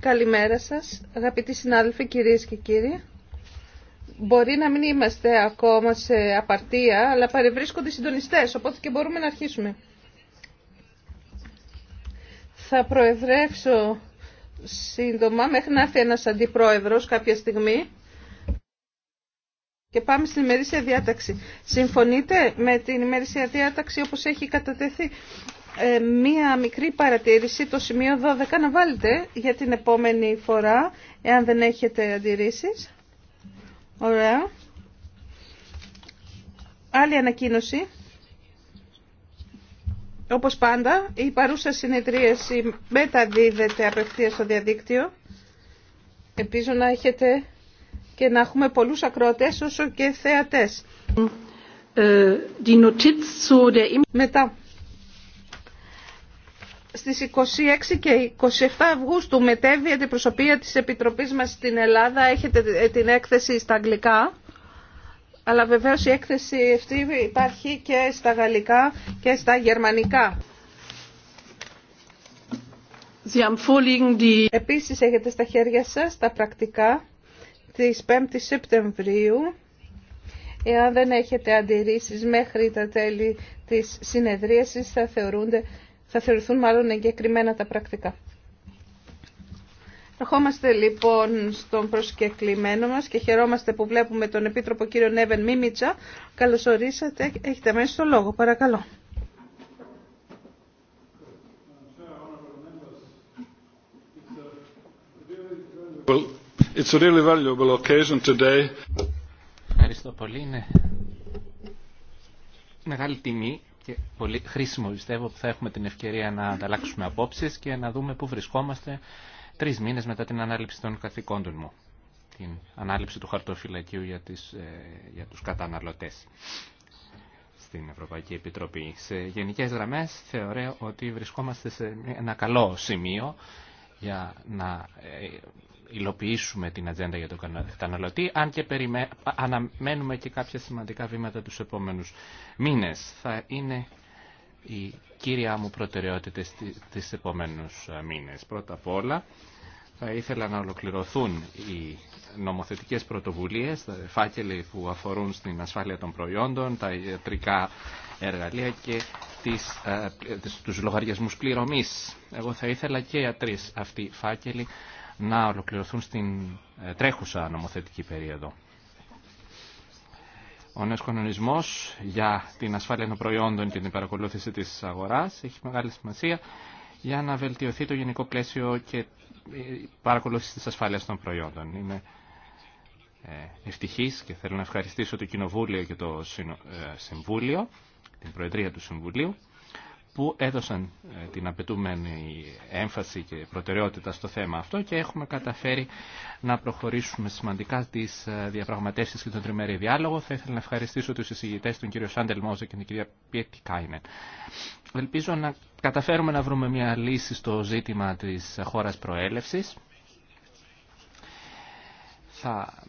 Καλημέρα σας, αγαπητοί συνάδελφοι, κυρίες και κύριοι. Μπορεί να μην είμαστε ακόμα σε απαρτία, αλλά παρευρίσκονται οι συντονιστές, οπότε και μπορούμε να αρχίσουμε. Θα προεδρεύσω σύντομα μέχρι να έρθει ένας αντιπρόεδρος κάποια στιγμή. Και πάμε στην ημερήσια διάταξη. Συμφωνείτε με την ημερήσια διάταξη όπως έχει κατατεθεί. Ε, μία μικρή παρατήρηση, το σημείο 12 να βάλετε για την επόμενη φορά, εάν δεν έχετε αντιρρήσεις. Ωραία. Άλλη ανακοίνωση. Όπως πάντα, η παρούσα συνεδρίαση μεταδίδεται απευθείας στο διαδίκτυο. Επίζω να έχετε και να έχουμε πολλούς ακροατές όσο και θεατές. Ε, Μετά στις 26 και 27 Αυγούστου μετέβει η αντιπροσωπεία της Επιτροπής μας στην Ελλάδα. Έχετε την έκθεση στα αγγλικά. Αλλά βεβαίως η έκθεση αυτή υπάρχει και στα γαλλικά και στα γερμανικά. Επίσης έχετε στα χέρια σας τα πρακτικά της 5 η Σεπτεμβρίου. Εάν δεν έχετε αντιρρήσεις μέχρι τα τέλη της συνεδρίασης θα θεωρούνται θα θεωρηθούν μάλλον εγκεκριμένα τα πρακτικά. Ερχόμαστε λοιπόν στον προσκεκλημένο μας και χαιρόμαστε που βλέπουμε τον Επίτροπο κύριο Νέβεν Μίμητσα. Καλώς ορίσατε. Έχετε μέσα στο λόγο. Παρακαλώ. It's a really valuable occasion today. Ευχαριστώ πολύ. Είναι μεγάλη τιμή και πολύ χρήσιμο πιστεύω που θα έχουμε την ευκαιρία να ανταλλάξουμε απόψεις και να δούμε πού βρισκόμαστε τρεις μήνες μετά την ανάληψη των καθηκόντων μου. Την ανάληψη του χαρτοφυλακίου για, τις, ε, για τους καταναλωτές στην Ευρωπαϊκή Επιτροπή. Σε γενικές γραμμές θεωρώ ότι βρισκόμαστε σε ένα καλό σημείο για να ε, υλοποιήσουμε την ατζέντα για τον καταναλωτή, αν και περιμέ... αναμένουμε και κάποια σημαντικά βήματα τους επόμενους μήνες. Θα είναι η κύρια μου προτεραιότητα στις επόμενους ε, μήνες. Πρώτα απ' όλα, θα ήθελα να ολοκληρωθούν οι νομοθετικές πρωτοβουλίες, τα φάκελοι που αφορούν στην ασφάλεια των προϊόντων, τα ιατρικά εργαλεία και τις, ε, τους λογαριασμούς πληρωμής. Εγώ θα ήθελα και οι τρεις αυτοί φάκελοι να ολοκληρωθούν στην ε, τρέχουσα νομοθετική περίοδο. Ο νέος κανονισμός για την ασφάλεια των προϊόντων και την παρακολούθηση της αγοράς έχει μεγάλη σημασία για να βελτιωθεί το γενικό πλαίσιο και η ε, παρακολούθηση της ασφάλειας των προϊόντων. Είμαι ε, ευτυχής και θέλω να ευχαριστήσω το Κοινοβούλιο και το Συμβούλιο, την Προεδρία του Συμβουλίου, που έδωσαν ε, την απαιτούμενη έμφαση και προτεραιότητα στο θέμα αυτό και έχουμε καταφέρει να προχωρήσουμε σημαντικά τι ε, διαπραγματεύσεις και τον τριμερή διάλογο. Θα ήθελα να ευχαριστήσω τους εισηγητές, τον κύριο Σάντελ Μόζε και την κυρία Πιέτη Κάινεν. Ελπίζω να καταφέρουμε να βρούμε μια λύση στο ζήτημα της ε, χώρας προέλευσης. Θα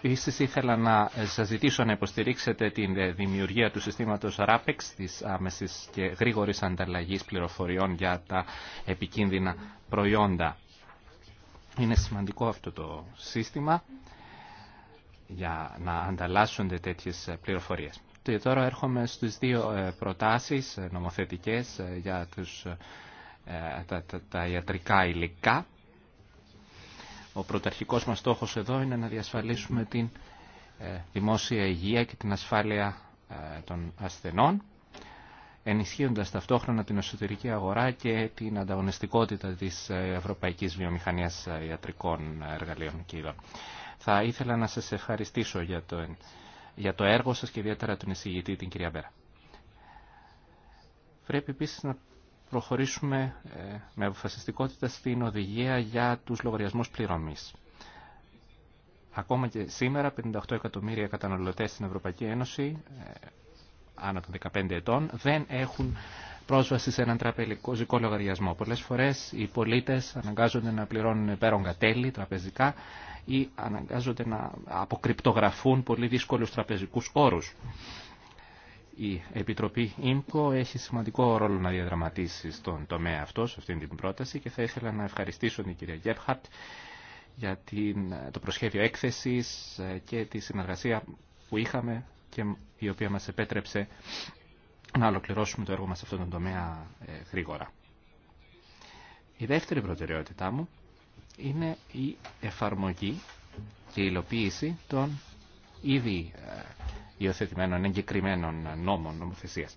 Επίσης ήθελα να σας ζητήσω να υποστηρίξετε την δημιουργία του συστήματος RAPEX, της άμεσης και γρήγορης ανταλλαγής πληροφοριών για τα επικίνδυνα προϊόντα. Είναι σημαντικό αυτό το σύστημα για να ανταλλάσσονται τέτοιες πληροφορίες. Και τώρα έρχομαι στις δύο ε, προτάσεις ε, νομοθετικές ε, για τους, τα, τα, τα ιατρικά υλικά. Ο πρωταρχικός μας στόχος εδώ είναι να διασφαλίσουμε την ε, δημόσια υγεία και την ασφάλεια ε, των ασθενών, ενισχύοντας ταυτόχρονα την εσωτερική αγορά και την ανταγωνιστικότητα της ε, Ευρωπαϊκής Βιομηχανίας Ιατρικών Εργαλείων και Θα ήθελα να σας ευχαριστήσω για το, για το έργο σας και ιδιαίτερα τον εισηγητή, την κυρία Μπέρα προχωρήσουμε ε, με αποφασιστικότητα στην οδηγία για τους λογαριασμούς πληρωμής. Ακόμα και σήμερα 58 εκατομμύρια καταναλωτές στην Ευρωπαϊκή Ένωση ε, άνω των 15 ετών δεν έχουν πρόσβαση σε έναν τραπεζικό λογαριασμό. Πολλές φορές οι πολίτες αναγκάζονται να πληρώνουν πέρον κατέλη τραπεζικά ή αναγκάζονται να αποκρυπτογραφούν πολύ δύσκολους τραπεζικούς όρους η Επιτροπή ΙΜΚΟ έχει σημαντικό ρόλο να διαδραματίσει στον τομέα αυτό, σε αυτήν την πρόταση και θα ήθελα να ευχαριστήσω την κυρία Γκέπχαρτ για την, το προσχέδιο έκθεσης ε, και τη συνεργασία που είχαμε και η οποία μας επέτρεψε να ολοκληρώσουμε το έργο μας σε αυτόν τον τομέα ε, γρήγορα. Η δεύτερη προτεραιότητά μου είναι η εφαρμογή και η υλοποίηση των ήδη ε, υιοθετημένων εγκεκριμένων νόμων νομοθεσίας.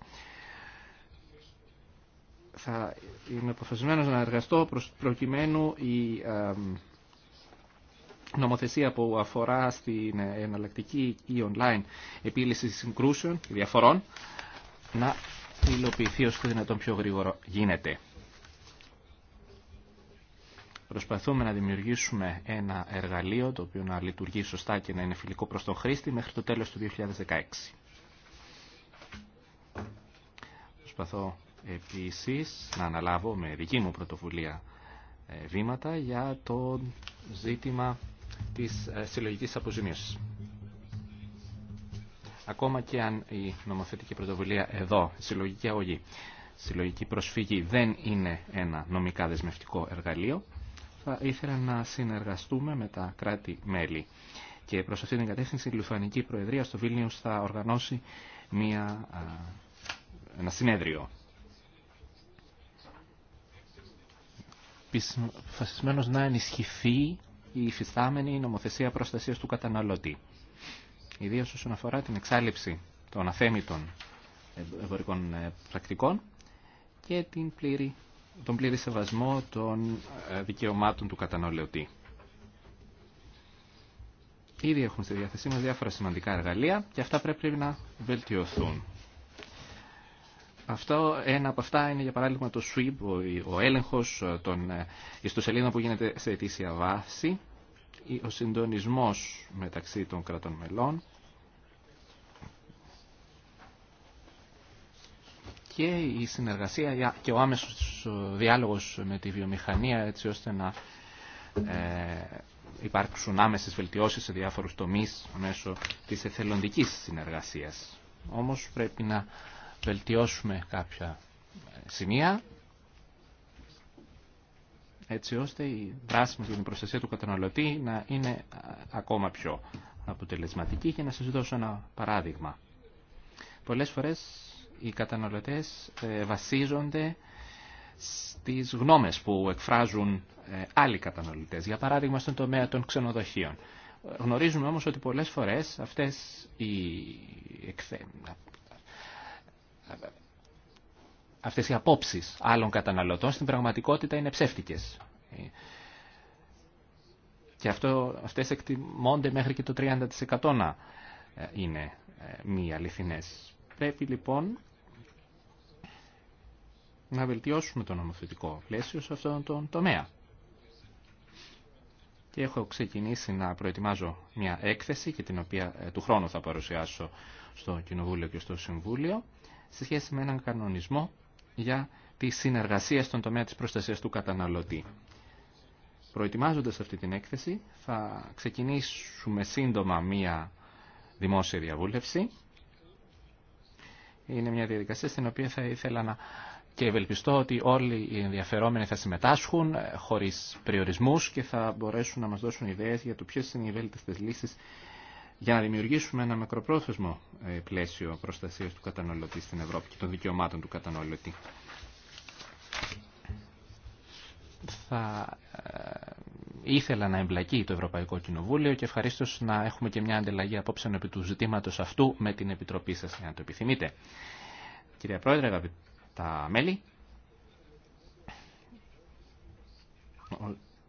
Θα είμαι αποφασισμένος να εργαστώ προκειμένου η νομοθεσία που αφορά στην εναλλακτική ή online επίλυση συγκρούσεων και διαφορών να υλοποιηθεί όσο δυνατόν πιο γρήγορο γίνεται. Προσπαθούμε να δημιουργήσουμε ένα εργαλείο το οποίο να λειτουργεί σωστά και να είναι φιλικό προς τον χρήστη μέχρι το τέλος του 2016. Προσπαθώ επίσης να αναλάβω με δική μου πρωτοβουλία ε, βήματα για το ζήτημα της ε, συλλογικής αποζημίωσης. Ακόμα και αν η νομοθετική πρωτοβουλία εδώ, η συλλογική αγωγή, συλλογική προσφυγή δεν είναι ένα νομικά δεσμευτικό εργαλείο, θα ήθελα να συνεργαστούμε με τα κράτη-μέλη. Και προς αυτήν την κατεύθυνση η Λουθανική Προεδρία στο Βίλνιους θα οργανώσει μια, ένα συνέδριο. Φασισμένος να ενισχυθεί η υφιστάμενη νομοθεσία προστασίας του καταναλωτή. Ιδίως όσον αφορά την εξάλληψη των αθέμητων εμπορικών ε, πρακτικών και την πλήρη τον πλήρη σεβασμό των ε, δικαιωμάτων του καταναλωτή. Ήδη έχουν στη διάθεσή μας διάφορα σημαντικά εργαλεία και αυτά πρέπει να βελτιωθούν. Αυτό, ένα από αυτά είναι για παράδειγμα το SWIB, ο, ο έλεγχος ε, των ε, ιστοσελίδων που γίνεται σε αιτήσια βάση, ο συντονισμός μεταξύ των κρατών μελών, και η συνεργασία και ο άμεσος διάλογος με τη βιομηχανία έτσι ώστε να ε, υπάρξουν άμεσες βελτιώσεις σε διάφορους τομείς μέσω της εθελοντικής συνεργασίας. Όμως πρέπει να βελτιώσουμε κάποια ε, σημεία έτσι ώστε η δράση με την προστασία του καταναλωτή να είναι ε, ακόμα πιο αποτελεσματική και να σας δώσω ένα παράδειγμα. Πολλές φορές οι καταναλωτές ε, βασίζονται στις γνώμες που εκφράζουν ε, άλλοι καταναλωτές, για παράδειγμα στον τομέα των ξενοδοχείων. Γνωρίζουμε όμως ότι πολλές φορές αυτές οι, αυτές οι απόψεις άλλων καταναλωτών στην πραγματικότητα είναι ψεύτικες. Και αυτό, αυτές εκτιμώνται μέχρι και το 30% να ε, είναι μη αληθινές. Πρέπει λοιπόν να βελτιώσουμε το νομοθετικό πλαίσιο σε αυτόν τον τομέα. Και έχω ξεκινήσει να προετοιμάζω μια έκθεση και την οποία ε, του χρόνου θα παρουσιάσω στο Κοινοβούλιο και στο Συμβούλιο σε σχέση με έναν κανονισμό για τη συνεργασία στον τομέα της προστασίας του καταναλωτή. Προετοιμάζοντας αυτή την έκθεση θα ξεκινήσουμε σύντομα μία δημόσια διαβούλευση. Είναι μια διαδικασία στην οποία θα ήθελα να και ευελπιστώ ότι όλοι οι ενδιαφερόμενοι θα συμμετάσχουν ε, χωρίς περιορισμούς και θα μπορέσουν να μας δώσουν ιδέες για το ποιες είναι οι βέλτιστες λύσεις για να δημιουργήσουμε ένα μακροπρόθεσμο ε, πλαίσιο προστασίας του καταναλωτή στην Ευρώπη και των δικαιωμάτων του καταναλωτή. Θα ε, ήθελα να εμπλακεί το Ευρωπαϊκό Κοινοβούλιο και ευχαρίστω να έχουμε και μια ανταλλαγή απόψεων επί του ζητήματο αυτού με την Επιτροπή σα. αν το επιθυμείτε. Κυρία Πρόεδρε, τα μέλη.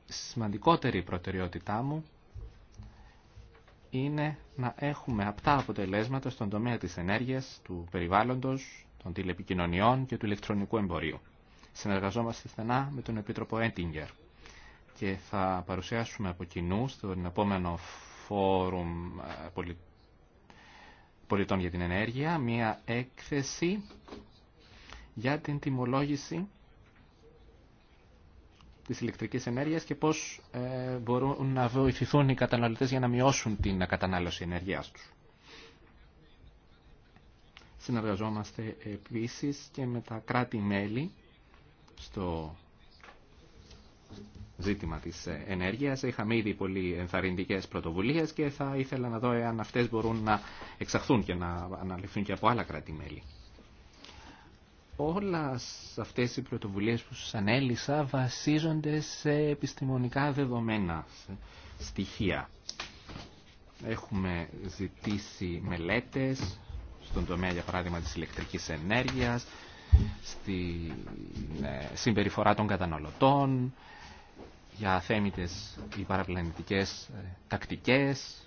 Σημαντικότερη προτεραιότητά μου είναι να έχουμε απτά αποτελέσματα στον τομέα της ενέργειας, του περιβάλλοντος, των τηλεπικοινωνιών και του ηλεκτρονικού εμπορίου. Συνεργαζόμαστε στενά με τον Επίτροπο Έντιγκερ και θα παρουσιάσουμε από κοινού στον επόμενο φόρουμ ε, πολιτών για την ενέργεια μία έκθεση για την τιμολόγηση της ηλεκτρικής ενέργειας και πώς ε, μπορούν να βοηθηθούν οι καταναλωτές για να μειώσουν την κατανάλωση ενέργειάς τους. Συνεργαζόμαστε επίσης και με τα κράτη-μέλη στο ζήτημα της ε, ενέργειας. Είχαμε ήδη πολύ ενθαρρυντικές πρωτοβουλίες και θα ήθελα να δω εάν αυτές μπορούν να εξαχθούν και να αναλυθούν και από άλλα κράτη-μέλη όλα αυτές οι πρωτοβουλίες που σας ανέλησα βασίζονται σε επιστημονικά δεδομένα, σε στοιχεία. Έχουμε ζητήσει μελέτες στον τομέα, για παράδειγμα, της ηλεκτρικής ενέργειας, στη ε, συμπεριφορά των καταναλωτών, για θέμητες ή παραπλανητικές ε, τακτικές,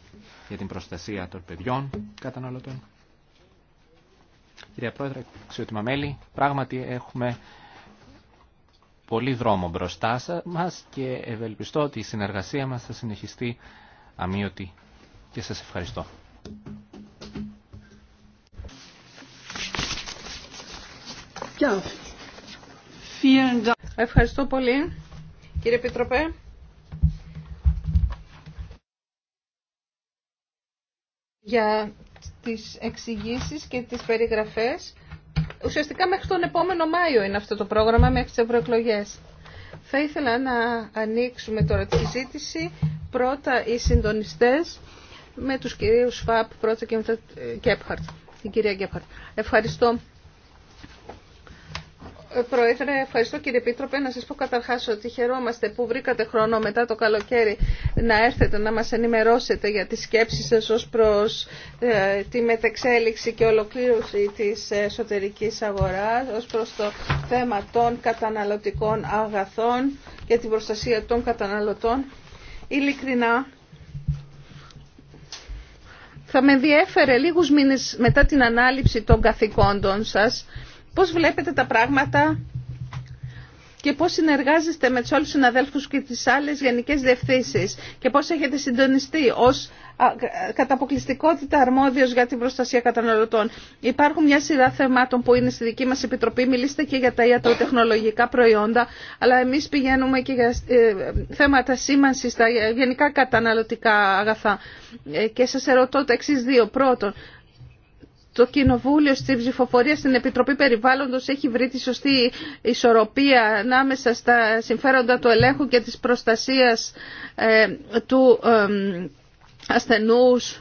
για την προστασία των παιδιών καταναλωτών. Κυρία Πρόεδρε, αξιότιμα μέλη, πράγματι έχουμε πολύ δρόμο μπροστά μας και ευελπιστώ ότι η συνεργασία μας θα συνεχιστεί αμύωτη και σας ευχαριστώ. Ευχαριστώ πολύ, κύριε Πίτροπε, για τις εξηγήσεις και τις περιγραφές. Ουσιαστικά μέχρι τον επόμενο Μάιο είναι αυτό το πρόγραμμα, μέχρι τις ευρωεκλογέ. Θα ήθελα να ανοίξουμε τώρα τη συζήτηση. Πρώτα οι συντονιστές με τους κυρίους Φαπ πρώτα και μετά ε, Την κυρία Γκέπχαρτ. Ευχαριστώ. Πρόεδρε, ευχαριστώ κύριε Επίτροπε. Να σα πω καταρχά ότι χαιρόμαστε που βρήκατε χρόνο μετά το καλοκαίρι να έρθετε να μα ενημερώσετε για τις σκέψεις σας ως προς ε, τη μετεξέλιξη και ολοκλήρωση της εσωτερική αγορά, ω προς το θέμα των καταναλωτικών αγαθών και την προστασία των καταναλωτών. Ειλικρινά, θα με ενδιέφερε λίγους μήνες μετά την ανάληψη των καθηκόντων σας Πώς βλέπετε τα πράγματα και πώς συνεργάζεστε με τους όλους τους συναδέλφους και τις άλλες γενικές διευθύνσεις και πώς έχετε συντονιστεί ως καταποκλειστικότητα αρμόδιος για την προστασία καταναλωτών. Υπάρχουν μια σειρά θεμάτων που είναι στη δική μας επιτροπή. Μιλήστε και για τα ιατροτεχνολογικά προϊόντα, αλλά εμείς πηγαίνουμε και για ε, θέματα σήμανσης, τα γενικά καταναλωτικά αγαθά. Ε, και σας ερωτώ τα εξής δύο. Πρώτον, το Κοινοβούλιο στη ψηφοφορία στην Επιτροπή Περιβάλλοντος έχει βρει τη σωστή ισορροπία ανάμεσα στα συμφέροντα του ελέγχου και της προστασίας ε, του ε, ασθενούς.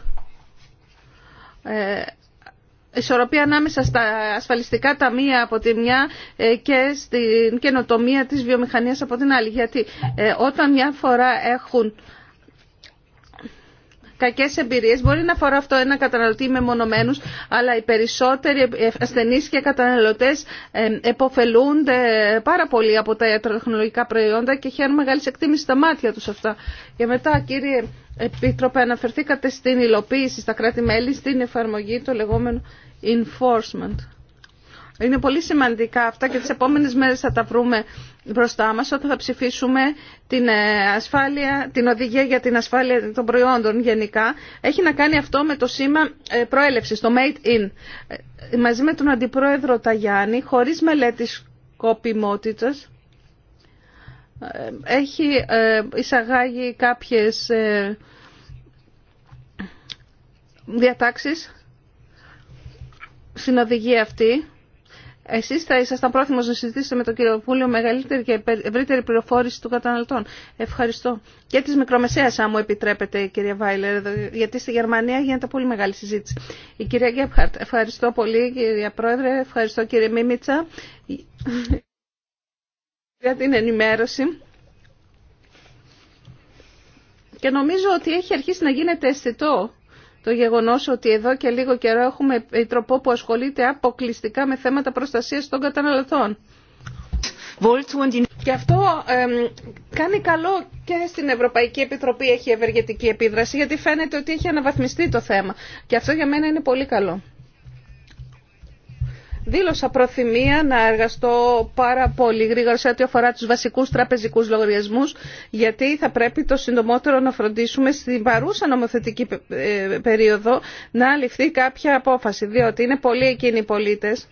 ισορροπία ανάμεσα στα ασφαλιστικά ταμεία από τη μια ε, και στην καινοτομία της βιομηχανίας από την άλλη. Γιατί ε, όταν μια φορά έχουν κακέ εμπειρίε. Μπορεί να αφορά αυτό ένα καταναλωτή με μονομένου, αλλά οι περισσότεροι ασθενεί και καταναλωτέ εποφελούνται πάρα πολύ από τα ιατροτεχνολογικά προϊόντα και χαίρουν μεγάλη εκτίμηση στα μάτια του αυτά. Και μετά, κύριε Επίτροπε, αναφερθήκατε στην υλοποίηση στα κράτη-μέλη, στην εφαρμογή, του λεγόμενο enforcement. Είναι πολύ σημαντικά αυτά και τις επόμενες μέρες θα τα βρούμε μπροστά μας όταν θα ψηφίσουμε την, ε, ασφάλεια, την οδηγία για την ασφάλεια των προϊόντων γενικά. Έχει να κάνει αυτό με το σήμα ε, προέλευσης, το Made In. Ε, μαζί με τον Αντιπρόεδρο Ταγιάννη, χωρίς μελέτη σκοπιμότητας, έχει εισαγάγει κάποιες διατάξεις στην οδηγία αυτή Εσεί θα ήσασταν πρόθυμο να συζητήσετε με τον κύριο Πούλιο μεγαλύτερη και ευρύτερη πληροφόρηση των καταναλωτών. Ευχαριστώ. Και τη μικρομεσαία, αν μου επιτρέπετε, κυρία Βάιλερ, γιατί στη Γερμανία γίνεται πολύ μεγάλη συζήτηση. Η κυρία Γκέμπχαρτ, ευχαριστώ πολύ, κυρία Πρόεδρε, ευχαριστώ κύριε Μίμητσα για την ενημέρωση. Και νομίζω ότι έχει αρχίσει να γίνεται αισθητό το γεγονός ότι εδώ και λίγο καιρό έχουμε τροπό που ασχολείται αποκλειστικά με θέματα προστασίας των καταναλωτών. Και αυτό κάνει καλό και στην Ευρωπαϊκή Επιτροπή έχει ευεργετική επίδραση γιατί φαίνεται ότι έχει αναβαθμιστεί το θέμα. Και αυτό για μένα είναι πολύ καλό δήλωσα προθυμία να εργαστώ πάρα πολύ γρήγορα σε ό,τι αφορά τους βασικούς τραπεζικούς λογαριασμούς, γιατί θα πρέπει το συντομότερο να φροντίσουμε στην παρούσα νομοθετική ε, περίοδο να ληφθεί κάποια απόφαση, διότι είναι πολλοί εκείνοι οι πολίτες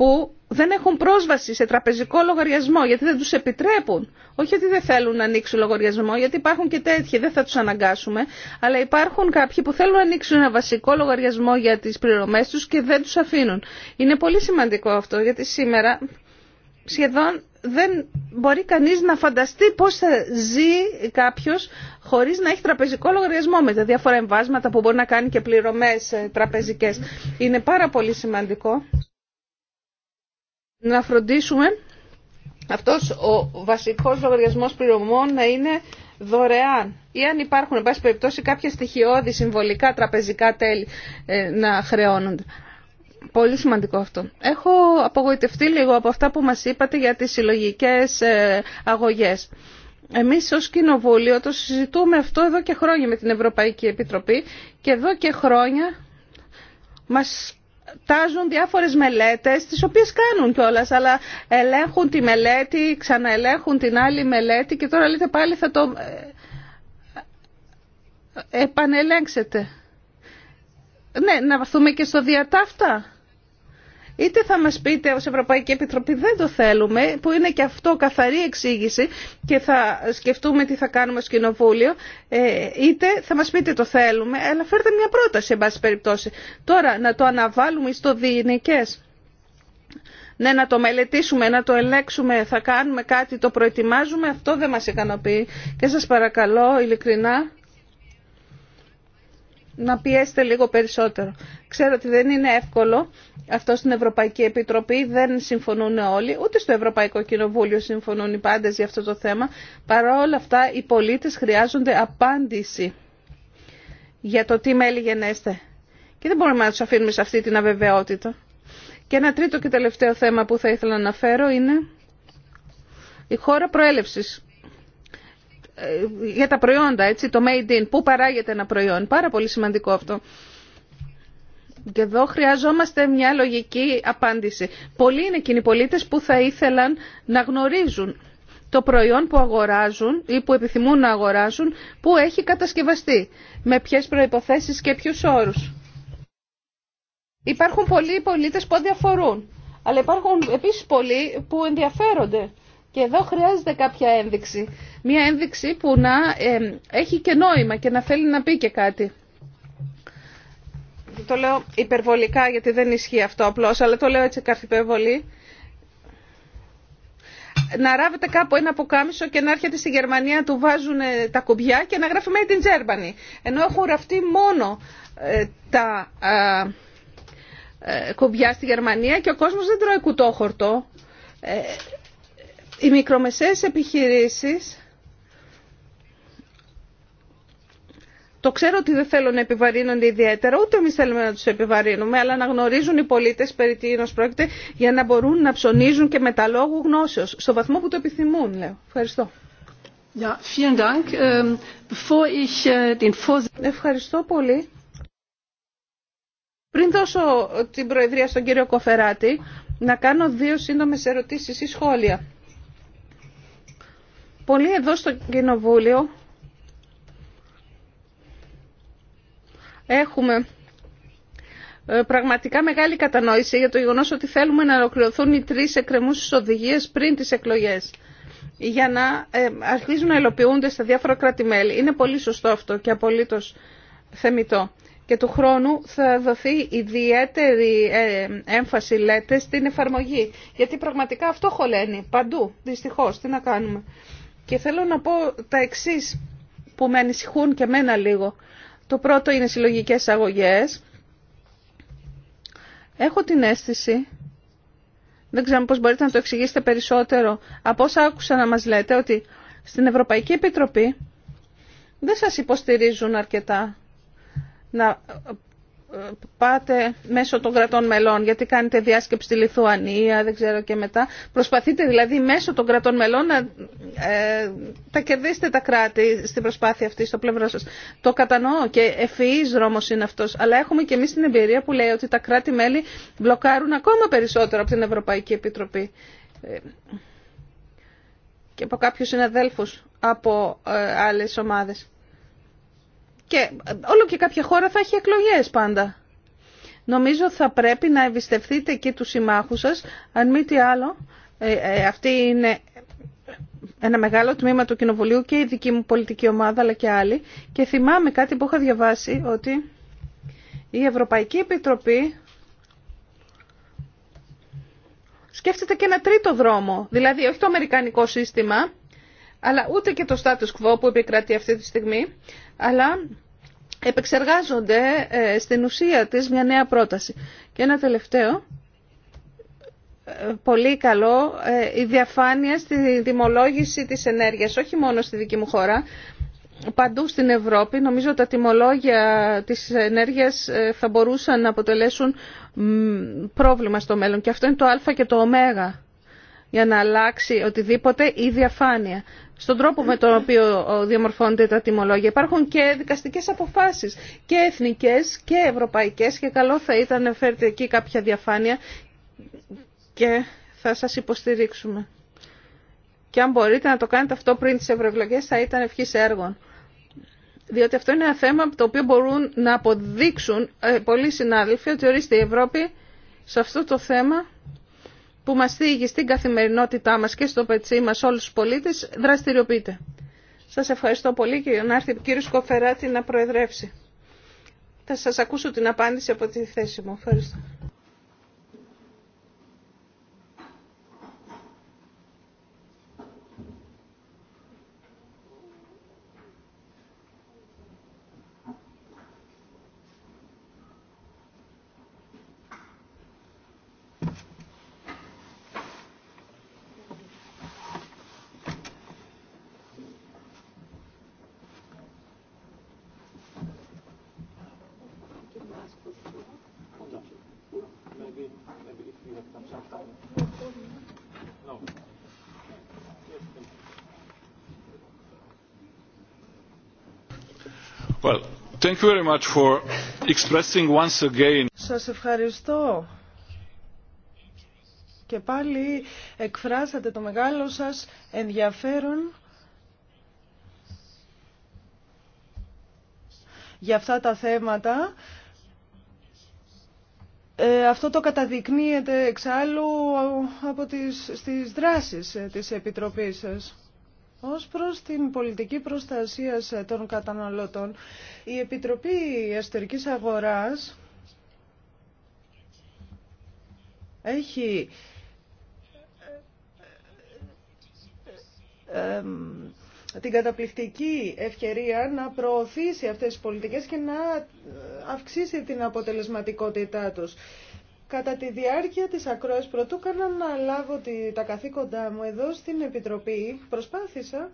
που δεν έχουν πρόσβαση σε τραπεζικό λογαριασμό γιατί δεν τους επιτρέπουν. Όχι ότι δεν θέλουν να ανοίξουν λογαριασμό, γιατί υπάρχουν και τέτοιοι, δεν θα τους αναγκάσουμε, αλλά υπάρχουν κάποιοι που θέλουν να ανοίξουν ένα βασικό λογαριασμό για τις πληρωμές τους και δεν τους αφήνουν. Είναι πολύ σημαντικό αυτό, γιατί σήμερα σχεδόν δεν μπορεί κανείς να φανταστεί πώς θα ζει κάποιος χωρίς να έχει τραπεζικό λογαριασμό με τα διάφορα εμβάσματα που μπορεί να κάνει και πληρωμές ε, τραπεζικές. Είναι πάρα πολύ σημαντικό να φροντίσουμε αυτός ο βασικός λογαριασμός πληρωμών να είναι δωρεάν ή αν υπάρχουν, εν πάση περιπτώσει, κάποια στοιχειώδη συμβολικά τραπεζικά τέλη ε, να χρεώνονται. Πολύ σημαντικό αυτό. Έχω απογοητευτεί λίγο από αυτά που μας είπατε για τις συλλογικές ε, αγωγές. Εμείς ως Κοινοβούλιο το συζητούμε αυτό εδώ και χρόνια με την Ευρωπαϊκή Επιτροπή και εδώ και χρόνια μας Ταζουν διάφορες μελέτες, τις οποίες κάνουν κιόλα, αλλά ελέγχουν τη μελέτη, ξαναελέγχουν την άλλη μελέτη και τώρα λέτε πάλι θα το ε, ε, επανελέγξετε. Ναι, να βαθούμε και στο διατάφτα. Είτε θα μας πείτε ως Ευρωπαϊκή Επιτροπή δεν το θέλουμε, που είναι και αυτό καθαρή εξήγηση και θα σκεφτούμε τι θα κάνουμε στο Κοινοβούλιο, ε, είτε θα μας πείτε το θέλουμε, αλλά φέρτε μια πρόταση, εν πάση περιπτώσει. Τώρα, να το αναβάλουμε στο διηνικές. Ναι, να το μελετήσουμε, να το ελέξουμε, θα κάνουμε κάτι, το προετοιμάζουμε, αυτό δεν μας ικανοποιεί. Και σας παρακαλώ, ειλικρινά, να πιέσετε λίγο περισσότερο. Ξέρω ότι δεν είναι εύκολο αυτό στην Ευρωπαϊκή Επιτροπή, δεν συμφωνούν όλοι, ούτε στο Ευρωπαϊκό Κοινοβούλιο συμφωνούν οι πάντες για αυτό το θέμα. Παρά όλα αυτά οι πολίτες χρειάζονται απάντηση για το τι μέλη γενέστε. Και δεν μπορούμε να του αφήνουμε σε αυτή την αβεβαιότητα. Και ένα τρίτο και τελευταίο θέμα που θα ήθελα να αναφέρω είναι η χώρα προέλευσης ε, για τα προϊόντα, έτσι, το made in, πού παράγεται ένα προϊόν. Πάρα πολύ σημαντικό αυτό. Και εδώ χρειαζόμαστε μια λογική απάντηση. Πολλοί είναι εκείνοι οι πολίτες που θα ήθελαν να γνωρίζουν το προϊόν που αγοράζουν ή που επιθυμούν να αγοράσουν, που έχει κατασκευαστεί, με ποιες προϋποθέσεις και ποιους όρους. Υπάρχουν πολλοί πολίτες που διαφορούν, αλλά υπάρχουν επίσης πολλοί που ενδιαφέρονται. Και εδώ χρειάζεται κάποια ένδειξη. Μια ένδειξη που να έχει και νόημα και να θέλει να πει και κάτι το λέω υπερβολικά γιατί δεν ισχύει αυτό απλώς, αλλά το λέω έτσι υπερβολή. να ράβετε κάπου ένα ποκάμισο και να έρχεται στη Γερμανία, του βάζουν τα κουμπιά και να γράφει Made in Germany. Ενώ έχουν ραφτεί μόνο ε, τα ε, κουμπιά στη Γερμανία και ο κόσμος δεν τρώει κουτόχορτο. Ε, οι μικρομεσαίες επιχειρήσεις Το ξέρω ότι δεν θέλουν να επιβαρύνονται ιδιαίτερα, ούτε εμεί θέλουμε να του επιβαρύνουμε, αλλά να γνωρίζουν οι πολίτε περί τίνο πρόκειται για να μπορούν να ψωνίζουν και με τα λόγου γνώσεω, στο βαθμό που το επιθυμούν, λέω. Ευχαριστώ. vielen Dank. Ähm, ich äh, den Ευχαριστώ πολύ. Πριν δώσω την Προεδρία στον κύριο Κοφεράτη, να κάνω δύο σύντομες ερωτήσεις ή σχόλια. Πολλοί εδώ στο Κοινοβούλιο έχουμε ε, πραγματικά μεγάλη κατανόηση για το γεγονός ότι θέλουμε να ολοκληρωθούν οι τρεις εκκρεμούσες οδηγίες πριν τις εκλογές για να ε, αρχίζουν να ελοποιούνται στα διάφορα κράτη-μέλη. Είναι πολύ σωστό αυτό και απολύτως θεμητό. Και του χρόνου θα δοθεί ιδιαίτερη ε, έμφαση, λέτε, στην εφαρμογή. Γιατί πραγματικά αυτό χωλαίνει παντού, δυστυχώς. Τι να κάνουμε. Και θέλω να πω τα εξής που με ανησυχούν και μένα λίγο. Το πρώτο είναι συλλογικές αγωγές. Έχω την αίσθηση, δεν ξέρω πώς μπορείτε να το εξηγήσετε περισσότερο, από όσα άκουσα να μας λέτε, ότι στην Ευρωπαϊκή Επιτροπή δεν σας υποστηρίζουν αρκετά να πάτε μέσω των κρατών μελών, γιατί κάνετε διάσκεψη στη Λιθουανία, δεν ξέρω και μετά. Προσπαθείτε δηλαδή μέσω των κρατών μελών να ε, τα κερδίσετε τα κράτη στην προσπάθεια αυτή στο πλευρό σας. Το κατανοώ και ευφυής δρόμος είναι αυτός, αλλά έχουμε και εμείς την εμπειρία που λέει ότι τα κράτη-μέλη μπλοκάρουν ακόμα περισσότερο από την Ευρωπαϊκή Επιτροπή. Ε, και από κάποιους συναδέλφους από ε, άλλες ομάδες. Και ε, όλο και κάποια χώρα θα έχει εκλογές πάντα. Νομίζω θα πρέπει να εμπιστευτείτε και τους συμμάχους σας, αν μη τι άλλο, ε, ε, αυτή είναι ένα μεγάλο τμήμα του Κοινοβουλίου και η δική μου πολιτική ομάδα αλλά και άλλοι και θυμάμαι κάτι που είχα διαβάσει ότι η Ευρωπαϊκή Επιτροπή σκέφτεται και ένα τρίτο δρόμο, δηλαδή όχι το αμερικανικό σύστημα αλλά ούτε και το status quo που επικρατεί αυτή τη στιγμή, αλλά επεξεργάζονται ε, στην ουσία της μια νέα πρόταση. Και ένα τελευταίο, ε, πολύ καλό, ε, η διαφάνεια στη δημολόγηση της ενέργειας, όχι μόνο στη δική μου χώρα, παντού στην Ευρώπη. Νομίζω τα τιμολόγια της ενέργειας θα μπορούσαν να αποτελέσουν πρόβλημα στο μέλλον. Και αυτό είναι το α και το ω για να αλλάξει οτιδήποτε ή διαφάνεια στον τρόπο με τον οποίο διαμορφώνονται τα τιμολόγια. Υπάρχουν και δικαστικές αποφάσεις και εθνικές και ευρωπαϊκές και καλό θα ήταν να φέρετε εκεί κάποια διαφάνεια και θα σας υποστηρίξουμε. Και αν μπορείτε να το κάνετε αυτό πριν τις ευρωεκλογέ θα ήταν ευχή έργων. Διότι αυτό είναι ένα θέμα το οποίο μπορούν να αποδείξουν ε, πολλοί συνάδελφοι ότι ορίστε η Ευρώπη σε αυτό το θέμα που μας θίγει στην καθημερινότητά μας και στο πετσί μας όλους τους πολίτες δραστηριοποιείται. Σας ευχαριστώ πολύ και να έρθει ο κύριος Κοφεράτη να προεδρεύσει. Θα σας ακούσω την απάντηση από τη θέση μου. Ευχαριστώ. Σας ευχαριστώ. Και πάλι εκφράσατε το μεγάλο σας ενδιαφέρον για αυτά τα θέματα. Ε, αυτό το καταδεικνύεται εξάλλου από τις, στις δράσεις ε, της Επιτροπής σας. Ως προς την πολιτική προστασία ε, των καταναλωτών, η Επιτροπή Εσωτερικής Αγοράς έχει ε, ε, την καταπληκτική ευκαιρία να προωθήσει αυτές τις πολιτικές και να αυξήσει την αποτελεσματικότητά τους. Κατά τη διάρκεια της ακρόας πρωτού κάνα να λάβω τα καθήκοντά μου εδώ στην Επιτροπή, προσπάθησα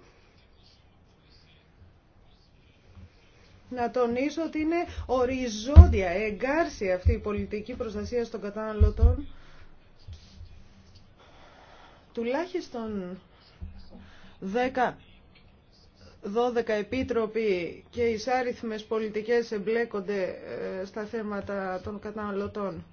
να τονίσω ότι είναι οριζόντια, εγκάρση αυτή η πολιτική προστασία των καταναλωτών. Τουλάχιστον 10 12 επίτροποι και οι άριθμες πολιτικές εμπλέκονται ε, στα θέματα των καταναλωτών.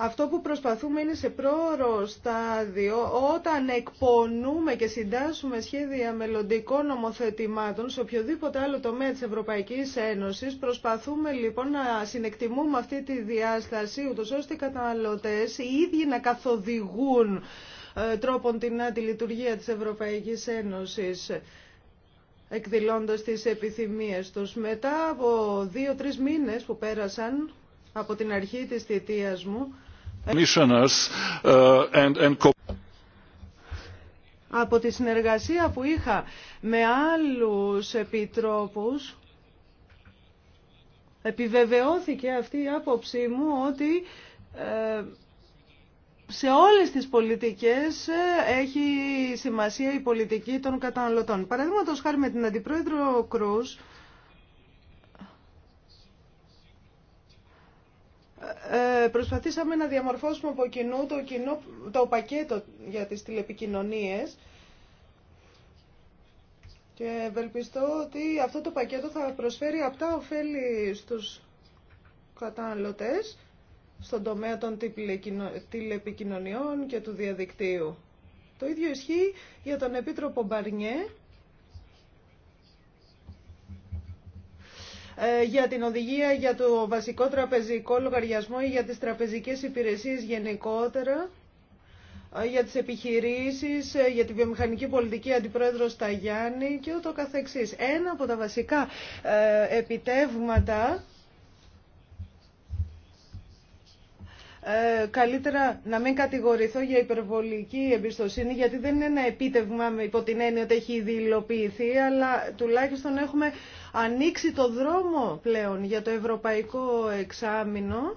Αυτό που προσπαθούμε είναι σε πρόωρο στάδιο όταν εκπονούμε και συντάσσουμε σχέδια μελλοντικών νομοθετημάτων σε οποιοδήποτε άλλο τομέα της Ευρωπαϊκής Ένωσης. Προσπαθούμε λοιπόν να συνεκτιμούμε αυτή τη διάσταση ούτως ώστε οι καταναλωτές οι ίδιοι να καθοδηγούν ε, τρόπον την τη λειτουργία της Ευρωπαϊκής Ένωσης εκδηλώντας τις επιθυμίες τους. Μετά από δύο-τρεις μήνες που πέρασαν από την αρχή της θητείας μου, Uh, Από τη συνεργασία που είχα με άλλους επιτρόπους, επιβεβαιώθηκε αυτή η άποψή μου ότι ε, σε όλες τις πολιτικές ε, έχει σημασία η πολιτική των καταναλωτών. Παραδείγματος χάρη με την Αντιπρόεδρο Κρούς, Ε, ε, προσπαθήσαμε να διαμορφώσουμε από κοινού το, το πακέτο για τις τηλεπικοινωνίες και ευελπιστώ ότι αυτό το πακέτο θα προσφέρει αυτά ωφέλη στους καταναλωτές στον τομέα των τηλεπικοινωνιών και του διαδικτύου. Το ίδιο ισχύει για τον Επίτροπο Μπαρνιέ Ε, για την οδηγία για το βασικό τραπεζικό λογαριασμό ή για τις τραπεζικές υπηρεσίες γενικότερα ε, για τις επιχειρήσεις, ε, για τη βιομηχανική πολιτική αντιπρόεδρος Ταγιάννη και ούτω καθεξής. Ένα από τα βασικά επιτεύγματα καλύτερα να μην κατηγορηθώ για υπερβολική εμπιστοσύνη, γιατί δεν είναι ένα επίτευγμα υπό την έννοια ότι έχει ήδη αλλά τουλάχιστον έχουμε ανοίξει το δρόμο πλέον για το ευρωπαϊκό εξάμεινο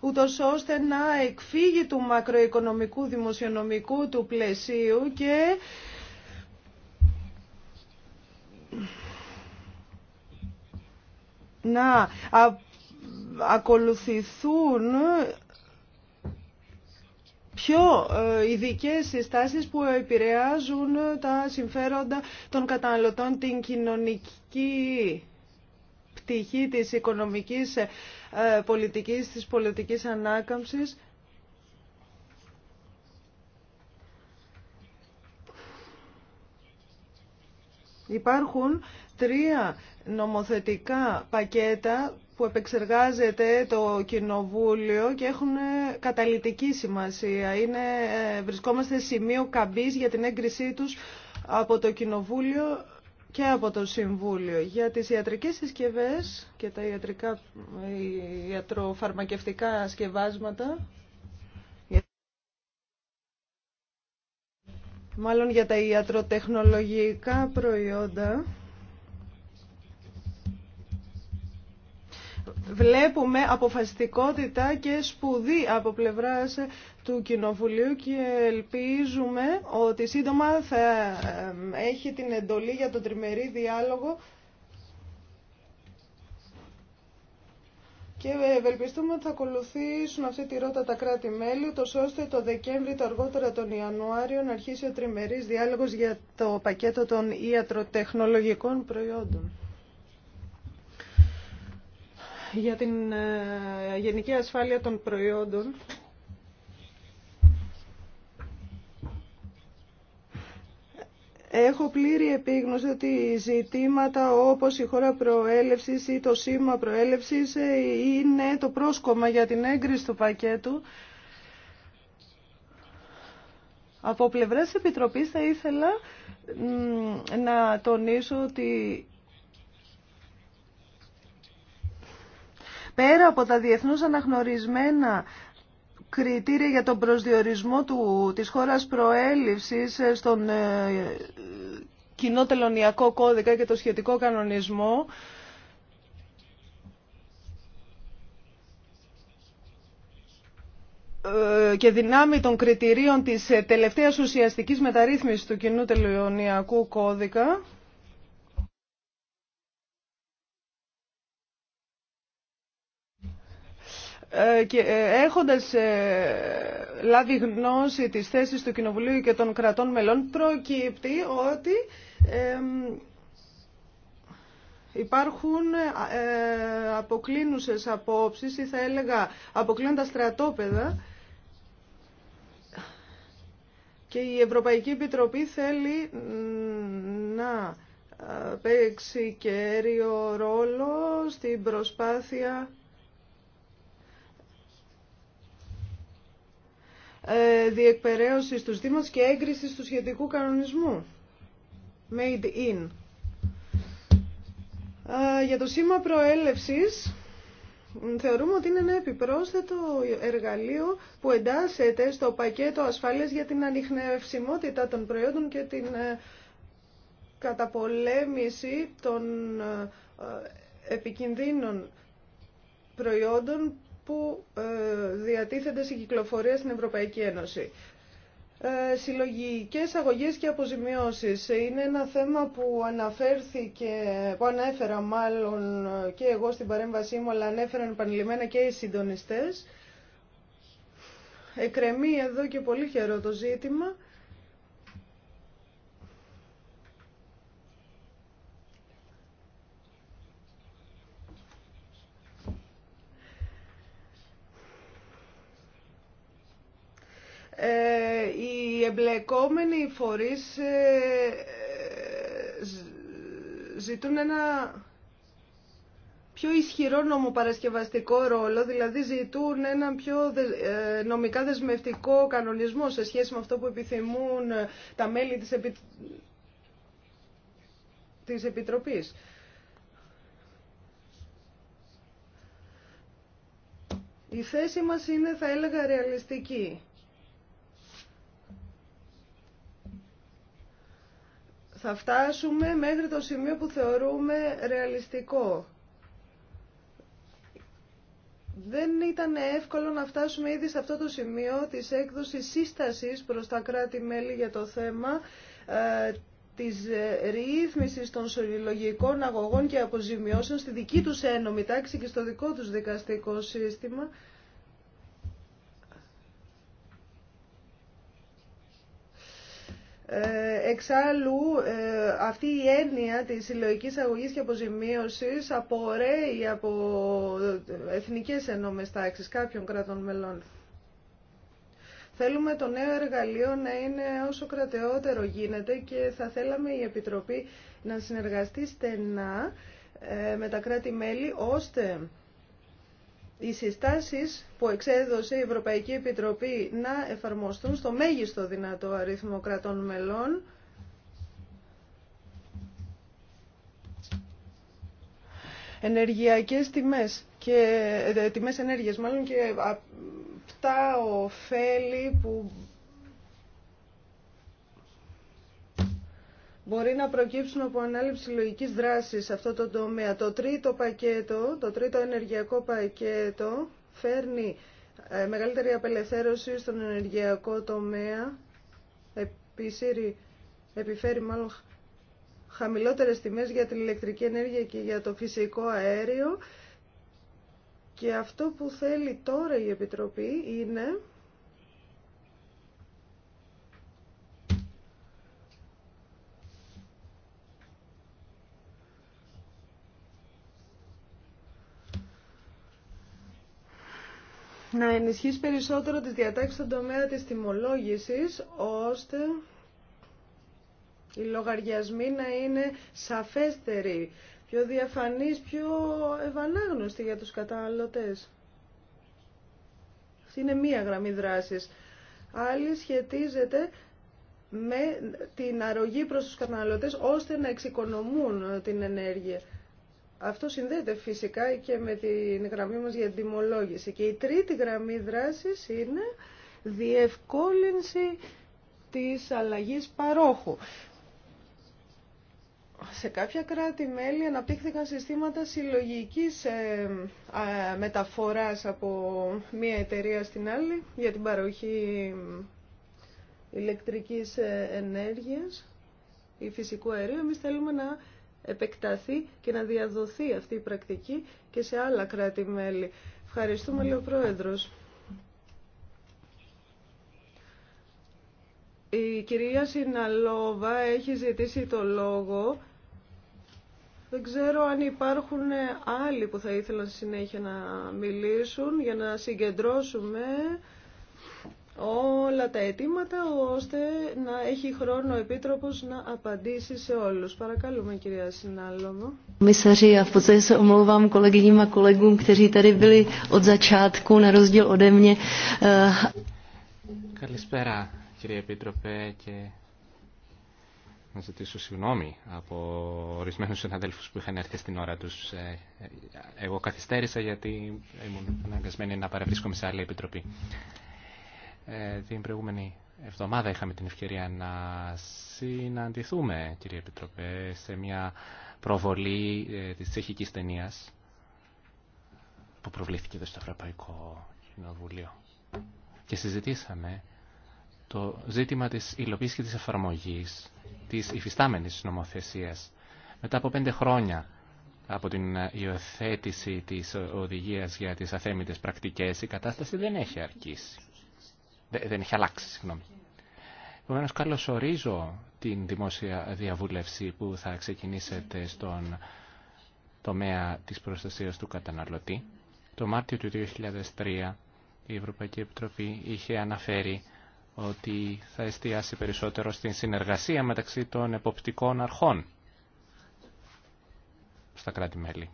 ούτω ώστε να εκφύγει του μακροοικονομικού δημοσιονομικού του πλαισίου και να ακολουθηθούν πιο ε, ειδικέ συστάσεις που επηρεάζουν τα συμφέροντα των καταναλωτών, την κοινωνική πτυχή της οικονομικής ε, πολιτικής, της πολιτικής ανάκαμψης. Υπάρχουν τρία νομοθετικά πακέτα που επεξεργάζεται το Κοινοβούλιο και έχουν καταλητική σημασία. Είναι, ε, βρισκόμαστε σημείο καμπής για την έγκρισή τους από το Κοινοβούλιο και από το Συμβούλιο. Για τις ιατρικές συσκευές και τα ιατρικά, ε, ιατροφαρμακευτικά σκευάσματα, μάλλον για τα ιατροτεχνολογικά προϊόντα, βλέπουμε αποφασιστικότητα και σπουδή από πλευράς του Κοινοβουλίου και ελπίζουμε ότι σύντομα θα ε, έχει την εντολή για τον τριμερή διάλογο Και ευελπιστούμε ότι θα ακολουθήσουν αυτή τη ρότα τα κράτη-μέλη, ώστε το Δεκέμβρη, το αργότερα τον Ιανουάριο, να αρχίσει ο τριμερής διάλογος για το πακέτο των ιατροτεχνολογικών προϊόντων για την ε, γενική ασφάλεια των προϊόντων. Έχω πλήρη επίγνωση ότι ζητήματα όπως η χώρα προέλευσης ή το σήμα προέλευσης ε, είναι το πρόσκομα για την έγκριση του πακέτου. Από πλευράς Επιτροπής θα ήθελα να τονίσω ότι πέρα από τα διεθνώς αναγνωρισμένα κριτήρια για τον προσδιορισμό του, της χώρας προέλευσης ε, στον ε, κοινό τελωνιακό κώδικα και το σχετικό κανονισμό, ε, και δυνάμει των κριτηρίων της τελευταίας ουσιαστικής μεταρρύθμισης του κοινού τελωνιακού κώδικα Ε, και ε, έχοντας ε, λάβει γνώση της θέσης του Κοινοβουλίου και των κρατών μελών προκύπτει ότι υπάρχουν αποκλίνουσες απόψεις ή θα έλεγα αποκλίνοντας στρατόπεδα και η Ευρωπαϊκή Επιτροπή θέλει να παίξει κέριο ρόλο στην προσπάθεια Ε, διεκπαιρέωση του Δήμους και έγκριση του σχετικού κανονισμού. Made in. Ε, για το σήμα προέλευσης, θεωρούμε ότι είναι ένα επιπρόσθετο εργαλείο που εντάσσεται στο πακέτο ασφάλειας για την ανιχνευσιμότητα των προϊόντων και την ε, καταπολέμηση των επικινδύνων προϊόντων που ε, διατίθενται σε κυκλοφορία στην Ευρωπαϊκή Ένωση. Ε, συλλογικές αγωγές και αποζημιώσεις είναι ένα θέμα που αναφέρθηκε, που ανέφερα μάλλον και εγώ στην παρέμβασή μου, αλλά ανέφεραν επανειλημμένα και οι συντονιστές. Εκρεμεί εδώ και πολύ χαιρό το ζήτημα. Ε, οι εμπλεκόμενοι φορείς ε, ζητούν ένα πιο ισχυρό νομοπαρασκευαστικό ρόλο, δηλαδή ζητούν έναν πιο ε, νομικά δεσμευτικό κανονισμό σε σχέση με αυτό που επιθυμούν τα μέλη της, της Επιτροπής. Η θέση μας είναι, θα έλεγα, ρεαλιστική. θα φτάσουμε μέχρι το σημείο που θεωρούμε ρεαλιστικό. Δεν ήταν εύκολο να φτάσουμε ήδη σε αυτό το σημείο της έκδοσης σύστασης προς τα κράτη-μέλη για το θέμα ε, της ρύθμισης των συλλογικών αγωγών και αποζημιώσεων στη δική τους ένωμη τάξη και στο δικό τους δικαστικό σύστημα. Ε, εξάλλου, ε, αυτή η έννοια της συλλογική αγωγής και αποζημίωσης απορρέει από εθνικές ενόμες τάξεις κάποιων κρατών μελών. Θέλουμε το νέο εργαλείο να είναι όσο κρατεότερο γίνεται και θα θέλαμε η Επιτροπή να συνεργαστεί στενά ε, με τα κράτη-μέλη ώστε οι συστάσεις που εξέδωσε η Ευρωπαϊκή Επιτροπή να εφαρμοστούν στο μέγιστο δυνατό αριθμό κρατών μελών ενεργειακές τιμές και ε, τιμές ενέργειας μάλλον και αυτά ωφέλη που μπορεί να προκύψουν από ανάληψη λογικής δράσης σε αυτό το τομέα. Το τρίτο πακέτο, το τρίτο ενεργειακό πακέτο φέρνει ε, μεγαλύτερη απελευθέρωση στον ενεργειακό τομέα, επισύρει, επιφέρει μάλλον χαμηλότερες τιμές για την ηλεκτρική ενέργεια και για το φυσικό αέριο. Και αυτό που θέλει τώρα η Επιτροπή είναι να ενισχύσει περισσότερο τις διατάξεις στον τομέα της τιμολόγησης, ώστε οι λογαριασμοί να είναι σαφέστεροι, πιο διαφανείς, πιο ευανάγνωστοι για τους καταναλωτές. Αυτή είναι μία γραμμή δράσης. Άλλη σχετίζεται με την αρρωγή προς τους καταναλωτές ώστε να εξοικονομούν την ενέργεια. Αυτό συνδέεται φυσικά και με την γραμμή μας για τιμολόγηση. Και η τρίτη γραμμή δράσης είναι διευκόλυνση της αλλαγής παρόχου. Σε κάποια κράτη-μέλη αναπτύχθηκαν συστήματα συλλογικής ε, μεταφοράς από μία εταιρεία στην άλλη για την παροχή ηλεκτρικής ε, ενέργειας ή φυσικού αερίου. Εμείς θέλουμε να επεκταθεί και να διαδοθεί αυτή η πρακτική και σε άλλα κράτη-μέλη. Ευχαριστούμε, λέει ο Πρόεδρος. Η κυρία Συναλόβα έχει ζητήσει το λόγο. Δεν ξέρω αν υπάρχουν άλλοι που θα ήθελαν συνέχεια να μιλήσουν για να συγκεντρώσουμε όλα τα αιτήματα ώστε να έχει χρόνο ο Επίτροπος να απαντήσει σε όλους. Παρακαλούμε κυρία Συνάλλομο. Eh, Καλησπέρα, κύριε Επίτροπε, και να ζητήσω συγγνώμη από ορισμένους συναδέλφους που είχαν έρθει στην ώρα τους. Ε, ε, εγώ καθυστέρησα γιατί ήμουν αναγκασμένη να παραβρίσκομαι σε άλλη επιτροπή. Ε, την προηγούμενη εβδομάδα είχαμε την ευκαιρία να συναντηθούμε, κύριε Επιτροπέ, σε μια προβολή ε, της τσεχικής ταινία που προβλήθηκε εδώ στο Ευρωπαϊκό Κοινοβουλίο. Και συζητήσαμε το ζήτημα της υλοποίησης και της εφαρμογής της υφιστάμενης νομοθεσίας. Μετά από πέντε χρόνια από την υιοθέτηση της οδηγίας για τις αθέμητες πρακτικές, η κατάσταση δεν έχει δεν έχει αλλάξει, συγγνώμη. Επομένω, καλωσορίζω την δημόσια διαβούλευση που θα ξεκινήσετε στον τομέα της προστασίας του καταναλωτή. Το Μάρτιο του 2003 η Ευρωπαϊκή Επιτροπή είχε αναφέρει ότι θα εστιάσει περισσότερο στην συνεργασία μεταξύ των εποπτικών αρχών στα κράτη-μέλη.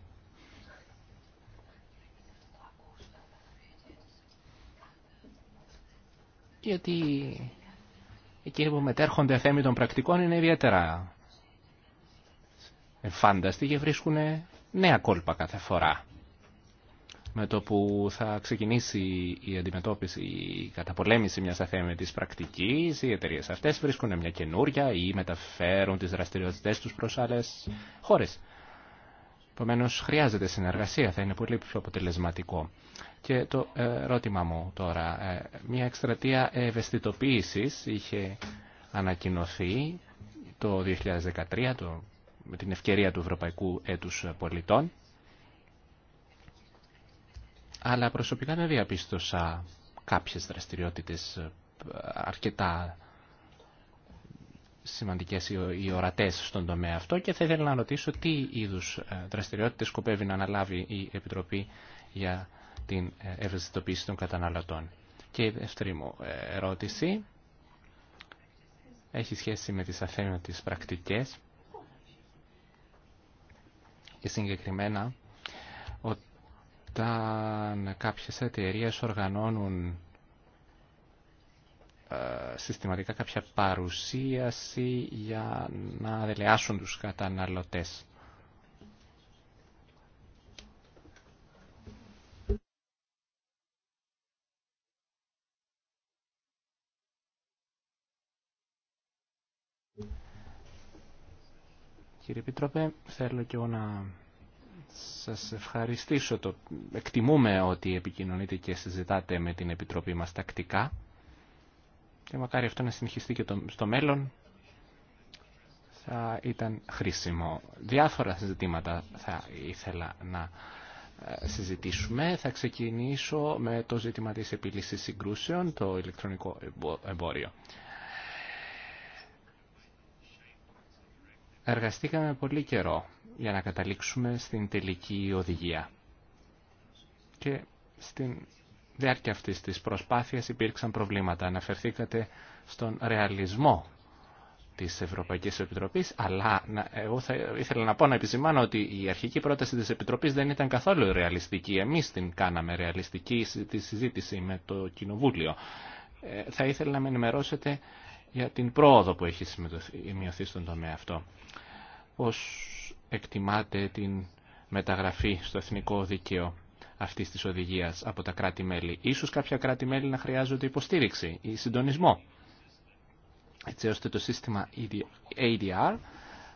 γιατί εκεί που μετέρχονται θέμη των πρακτικών είναι ιδιαίτερα εμφάνταστοι και βρίσκουν νέα κόλπα κάθε φορά. Με το που θα ξεκινήσει η αντιμετώπιση, η καταπολέμηση μιας αθέμετης πρακτικής, οι εταιρείε αυτές βρίσκουν μια καινούρια ή μεταφέρουν τις δραστηριότητες τους προς άλλες χώρες. Επομένω, χρειάζεται συνεργασία, θα είναι πολύ πιο αποτελεσματικό. Και το ερώτημα μου τώρα, ε, μια εκστρατεία ευαισθητοποίηση είχε ανακοινωθεί το 2013 το, με την ευκαιρία του Ευρωπαϊκού Έτους Πολιτών. Αλλά προσωπικά δεν διαπίστωσα κάποιες δραστηριότητες ε, αρκετά σημαντικές οι ορατές στον τομέα αυτό και θα ήθελα να ρωτήσω τι είδους ε, δραστηριότητες σκοπεύει να αναλάβει η Επιτροπή για την ε, ευαισθητοποίηση των καταναλωτών. Και η δεύτερη μου ε, ερώτηση έχει σχέση με τις αθέμητες πρακτικές και συγκεκριμένα όταν κάποιες εταιρείες οργανώνουν ε, συστηματικά κάποια παρουσίαση για να δελεάσουν τους καταναλωτές. Κύριε Επιτρόπε, θέλω και εγώ να σας ευχαριστήσω. Το... Εκτιμούμε ότι επικοινωνείτε και συζητάτε με την Επιτροπή μας τακτικά και μακάρι αυτό να συνεχιστεί και στο μέλλον θα ήταν χρήσιμο. Διάφορα ζητήματα θα ήθελα να ε, συζητήσουμε. Θα ξεκινήσω με το ζήτημα της επίλυσης συγκρούσεων, το ηλεκτρονικό εμπόριο. Εργαστήκαμε πολύ καιρό για να καταλήξουμε στην τελική οδηγία. Και στην διάρκεια αυτής της προσπάθειας υπήρξαν προβλήματα. Αναφερθήκατε στον ρεαλισμό της Ευρωπαϊκής Επιτροπής, αλλά εγώ θα ήθελα να πω να επισημάνω ότι η αρχική πρόταση της Επιτροπής δεν ήταν καθόλου ρεαλιστική. Εμείς την κάναμε ρεαλιστική τη συζήτηση με το Κοινοβούλιο. Ε, θα ήθελα να με ενημερώσετε για την πρόοδο που έχει σημειωθεί στον τομέα αυτό. Πώς εκτιμάτε την μεταγραφή στο εθνικό δίκαιο αυτή τη οδηγία από τα κράτη-μέλη. Ίσως κάποια κράτη-μέλη να χρειάζονται υποστήριξη ή συντονισμό, έτσι ώστε το σύστημα ADR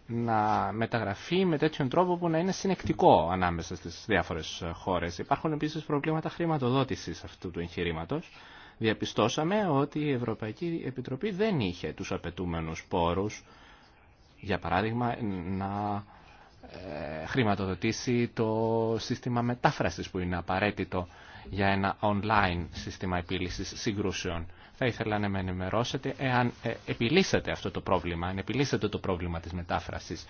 να μεταγραφεί με τέτοιον τρόπο που να είναι συνεκτικό ανάμεσα στις διάφορες χώρες. Υπάρχουν επίσης προβλήματα χρηματοδότηση αυτού του εγχειρήματο. Διαπιστώσαμε ότι η Ευρωπαϊκή Επιτροπή δεν είχε του απαιτούμενου πόρου, για παράδειγμα, να ε, χρηματοδοτήσει το σύστημα μετάφρασης που είναι απαραίτητο για ένα online σύστημα επίλυσης συγκρούσεων. Θα ήθελα να με ενημερώσετε εάν ε, επιλύσατε αυτό το πρόβλημα, αν επιλύσατε το πρόβλημα της μετάφρασης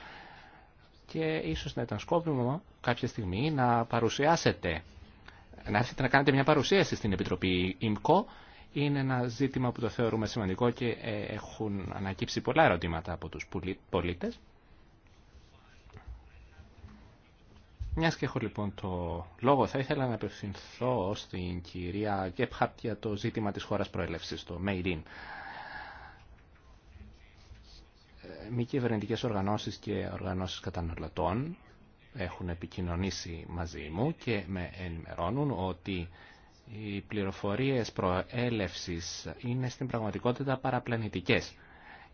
και ίσως να ήταν σκόπιμο κάποια στιγμή να παρουσιάσετε, να έρθετε να κάνετε μια παρουσίαση στην Επιτροπή ΙΜΚΟ. Είναι ένα ζήτημα που το θεωρούμε σημαντικό και ε, έχουν ανακύψει πολλά ερωτήματα από τους πολίτες. Μια και έχω λοιπόν το λόγο, θα ήθελα να απευθυνθώ στην κυρία Γκέπχαρτ για το ζήτημα της χώρας προέλευσης, το Made in. Ε, μη κυβερνητικέ οργανώσεις και οργανώσεις καταναλωτών έχουν επικοινωνήσει μαζί μου και με ενημερώνουν ότι οι πληροφορίες προέλευσης είναι στην πραγματικότητα παραπλανητικές,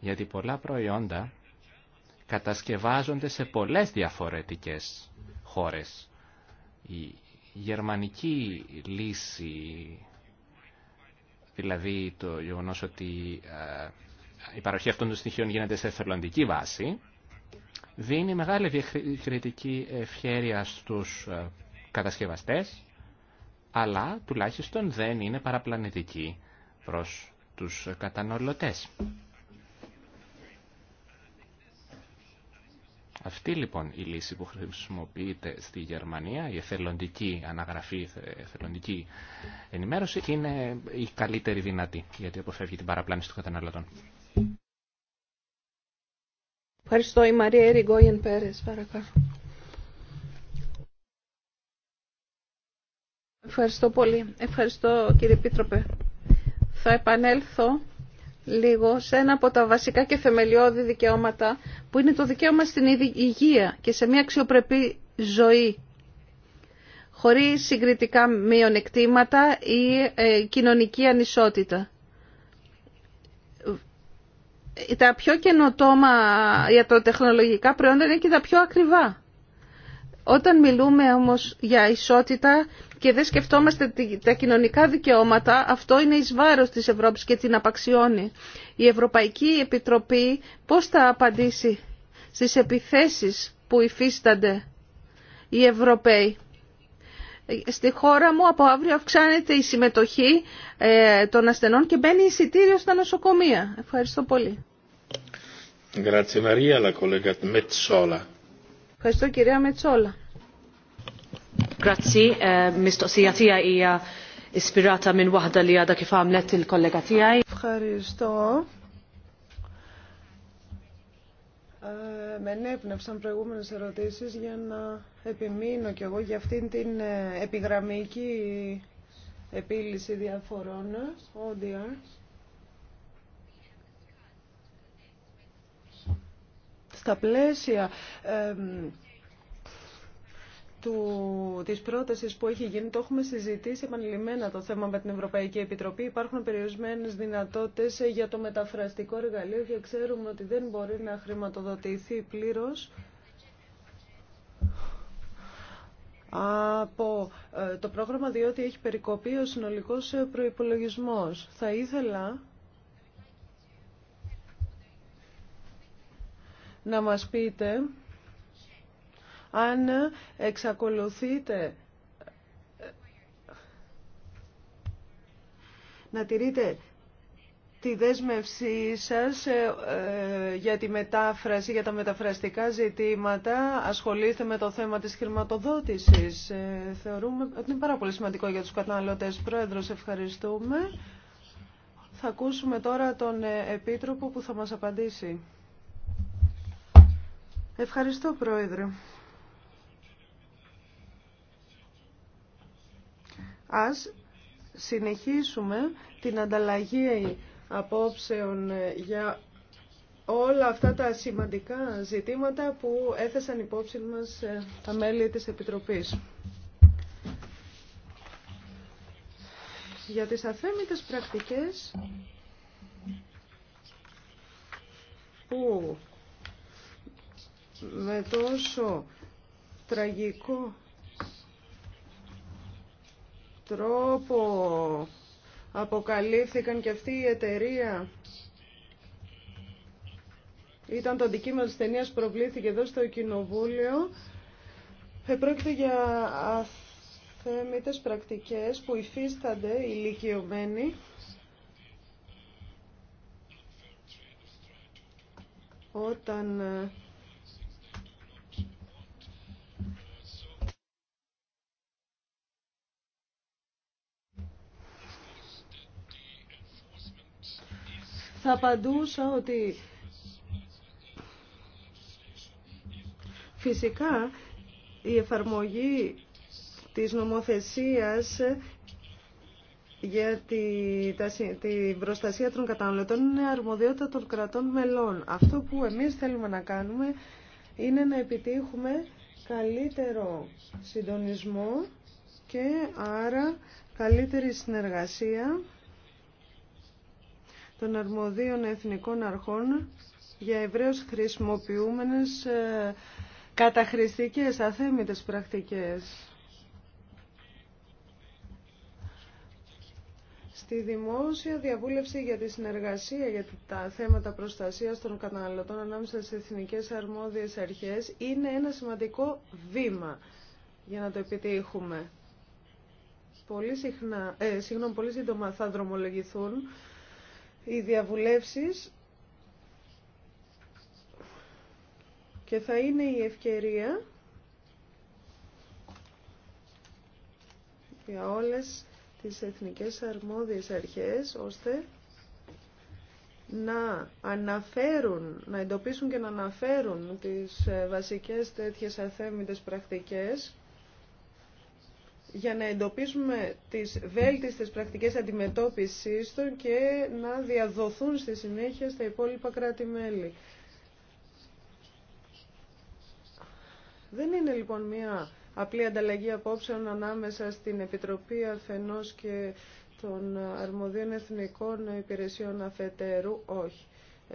γιατί πολλά προϊόντα κατασκευάζονται σε πολλές διαφορετικές χώρες. Η γερμανική λύση, δηλαδή το γεγονό ότι ε, η παροχή αυτών των στοιχείων γίνεται σε εθελοντική βάση, δίνει μεγάλη διακριτική ευχέρεια στους ε, κατασκευαστές, αλλά τουλάχιστον δεν είναι παραπλανητική προς τους καταναλωτές. Αυτή λοιπόν η λύση που χρησιμοποιείται στη Γερμανία, η εθελοντική αναγραφή, η εθελοντική ενημέρωση, είναι η καλύτερη δυνατή, γιατί αποφεύγει την παραπλάνηση των καταναλωτών. Ευχαριστώ. Η Μαρία Πέρες, παρακαλώ. Ευχαριστώ πολύ. Ευχαριστώ κύριε Πίτροπε. Θα επανέλθω λίγο σε ένα από τα βασικά και θεμελιώδη δικαιώματα που είναι το δικαίωμα στην υγεία και σε μια αξιοπρεπή ζωή χωρίς συγκριτικά μειονεκτήματα ή ε, κοινωνική ανισότητα. Τα πιο καινοτόμα ιατροτεχνολογικά προϊόντα είναι και τα πιο ακριβά. Όταν μιλούμε όμως για ισότητα και δεν σκεφτόμαστε τα κοινωνικά δικαιώματα, αυτό είναι εις βάρος της Ευρώπης και την απαξιώνει. Η Ευρωπαϊκή Επιτροπή πώς θα απαντήσει στις επιθέσεις που υφίστανται οι Ευρωπαίοι. Στη χώρα μου από αύριο αυξάνεται η συμμετοχή ε, των ασθενών και μπαίνει εισιτήριο στα νοσοκομεία. Ευχαριστώ πολύ. Ευχαριστώ κυρία Μετσόλα. Grazzi, eh, mistoqsija hija ispirata minn waħda li għadha kif għamlet il-kollega tiegħi. Ευχαριστώ. Ε, με ενέπνευσαν προηγούμενες ερωτήσεις για να επιμείνω κι εγώ για αυτήν την ε, επιγραμμική επίλυση διαφορών, ODR. Στα πλαίσια του, της πρότασης που έχει γίνει το έχουμε συζητήσει επανειλημμένα το θέμα με την Ευρωπαϊκή Επιτροπή. Υπάρχουν περιορισμένες δυνατότητες για το μεταφραστικό εργαλείο και ξέρουμε ότι δεν μπορεί να χρηματοδοτηθεί πλήρως από ε, το πρόγραμμα διότι έχει περικοπεί ο συνολικός ε, προϋπολογισμός. Θα ήθελα να μας πείτε αν εξακολουθείτε ε, να τηρείτε τη δέσμευσή σας ε, ε, για τη μετάφραση, για τα μεταφραστικά ζητήματα. Ασχολείστε με το θέμα της χρηματοδότησης. θεωρούμε ότι είναι πάρα πολύ σημαντικό για τους καταναλωτές. Πρόεδρος, ευχαριστούμε. Θα ακούσουμε τώρα τον Επίτροπο που θα μας απαντήσει. Ευχαριστώ, Πρόεδρε. Ας συνεχίσουμε την ανταλλαγή απόψεων για όλα αυτά τα σημαντικά ζητήματα που έθεσαν υπόψη μας ε, τα μέλη της Επιτροπής. Για τις αθέμητες πρακτικές που με τόσο τραγικό τρόπο αποκαλύφθηκαν και αυτή η εταιρεία. Ήταν το αντικείμενο της ταινία που προβλήθηκε εδώ στο Κοινοβούλιο. πρόκειται για αθέμητες πρακτικές που υφίστανται οι ηλικιωμένοι. Όταν ε, θα απαντούσα ότι φυσικά η εφαρμογή της νομοθεσίας για τη, τη προστασία των καταναλωτών είναι αρμοδιότητα των κρατών μελών. Αυτό που εμείς θέλουμε να κάνουμε είναι να επιτύχουμε καλύτερο συντονισμό και άρα καλύτερη συνεργασία των αρμοδίων εθνικών αρχών για ευρέως χρησιμοποιούμενες ε, καταχρηστικές αθέμητες πρακτικές. Στη δημόσια διαβούλευση για τη συνεργασία για τα θέματα προστασίας των καταναλωτών ανάμεσα στις εθνικές αρμόδιες αρχές είναι ένα σημαντικό βήμα για να το επιτύχουμε. Πολύ, συχνά, ε, συγγνώμη, πολύ σύντομα θα δρομολογηθούν οι διαβουλεύσεις και θα είναι η ευκαιρία για όλες τις εθνικές αρμόδιες αρχές ώστε να αναφέρουν, να εντοπίσουν και να αναφέρουν τις ε, βασικές τέτοιες αθέμητες πρακτικές για να εντοπίσουμε τις βέλτιστες πρακτικές αντιμετώπισης των και να διαδοθούν στη συνέχεια στα υπόλοιπα κράτη-μέλη. Δεν είναι λοιπόν μία απλή ανταλλαγή απόψεων ανάμεσα στην Επιτροπή Αφενός και των Αρμοδίων Εθνικών Υπηρεσιών Αφετέρου. Όχι.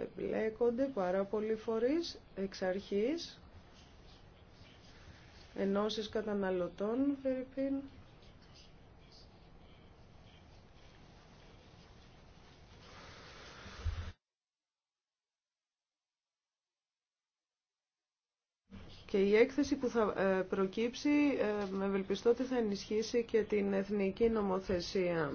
Εμπλέκονται πάρα πολλοί φορείς εξ αρχής ενώσεις καταναλωτών, Φερρυπίν. Και η έκθεση που θα ε, προκύψει, ε, με ευελπιστώ ότι θα ενισχύσει και την εθνική νομοθεσία.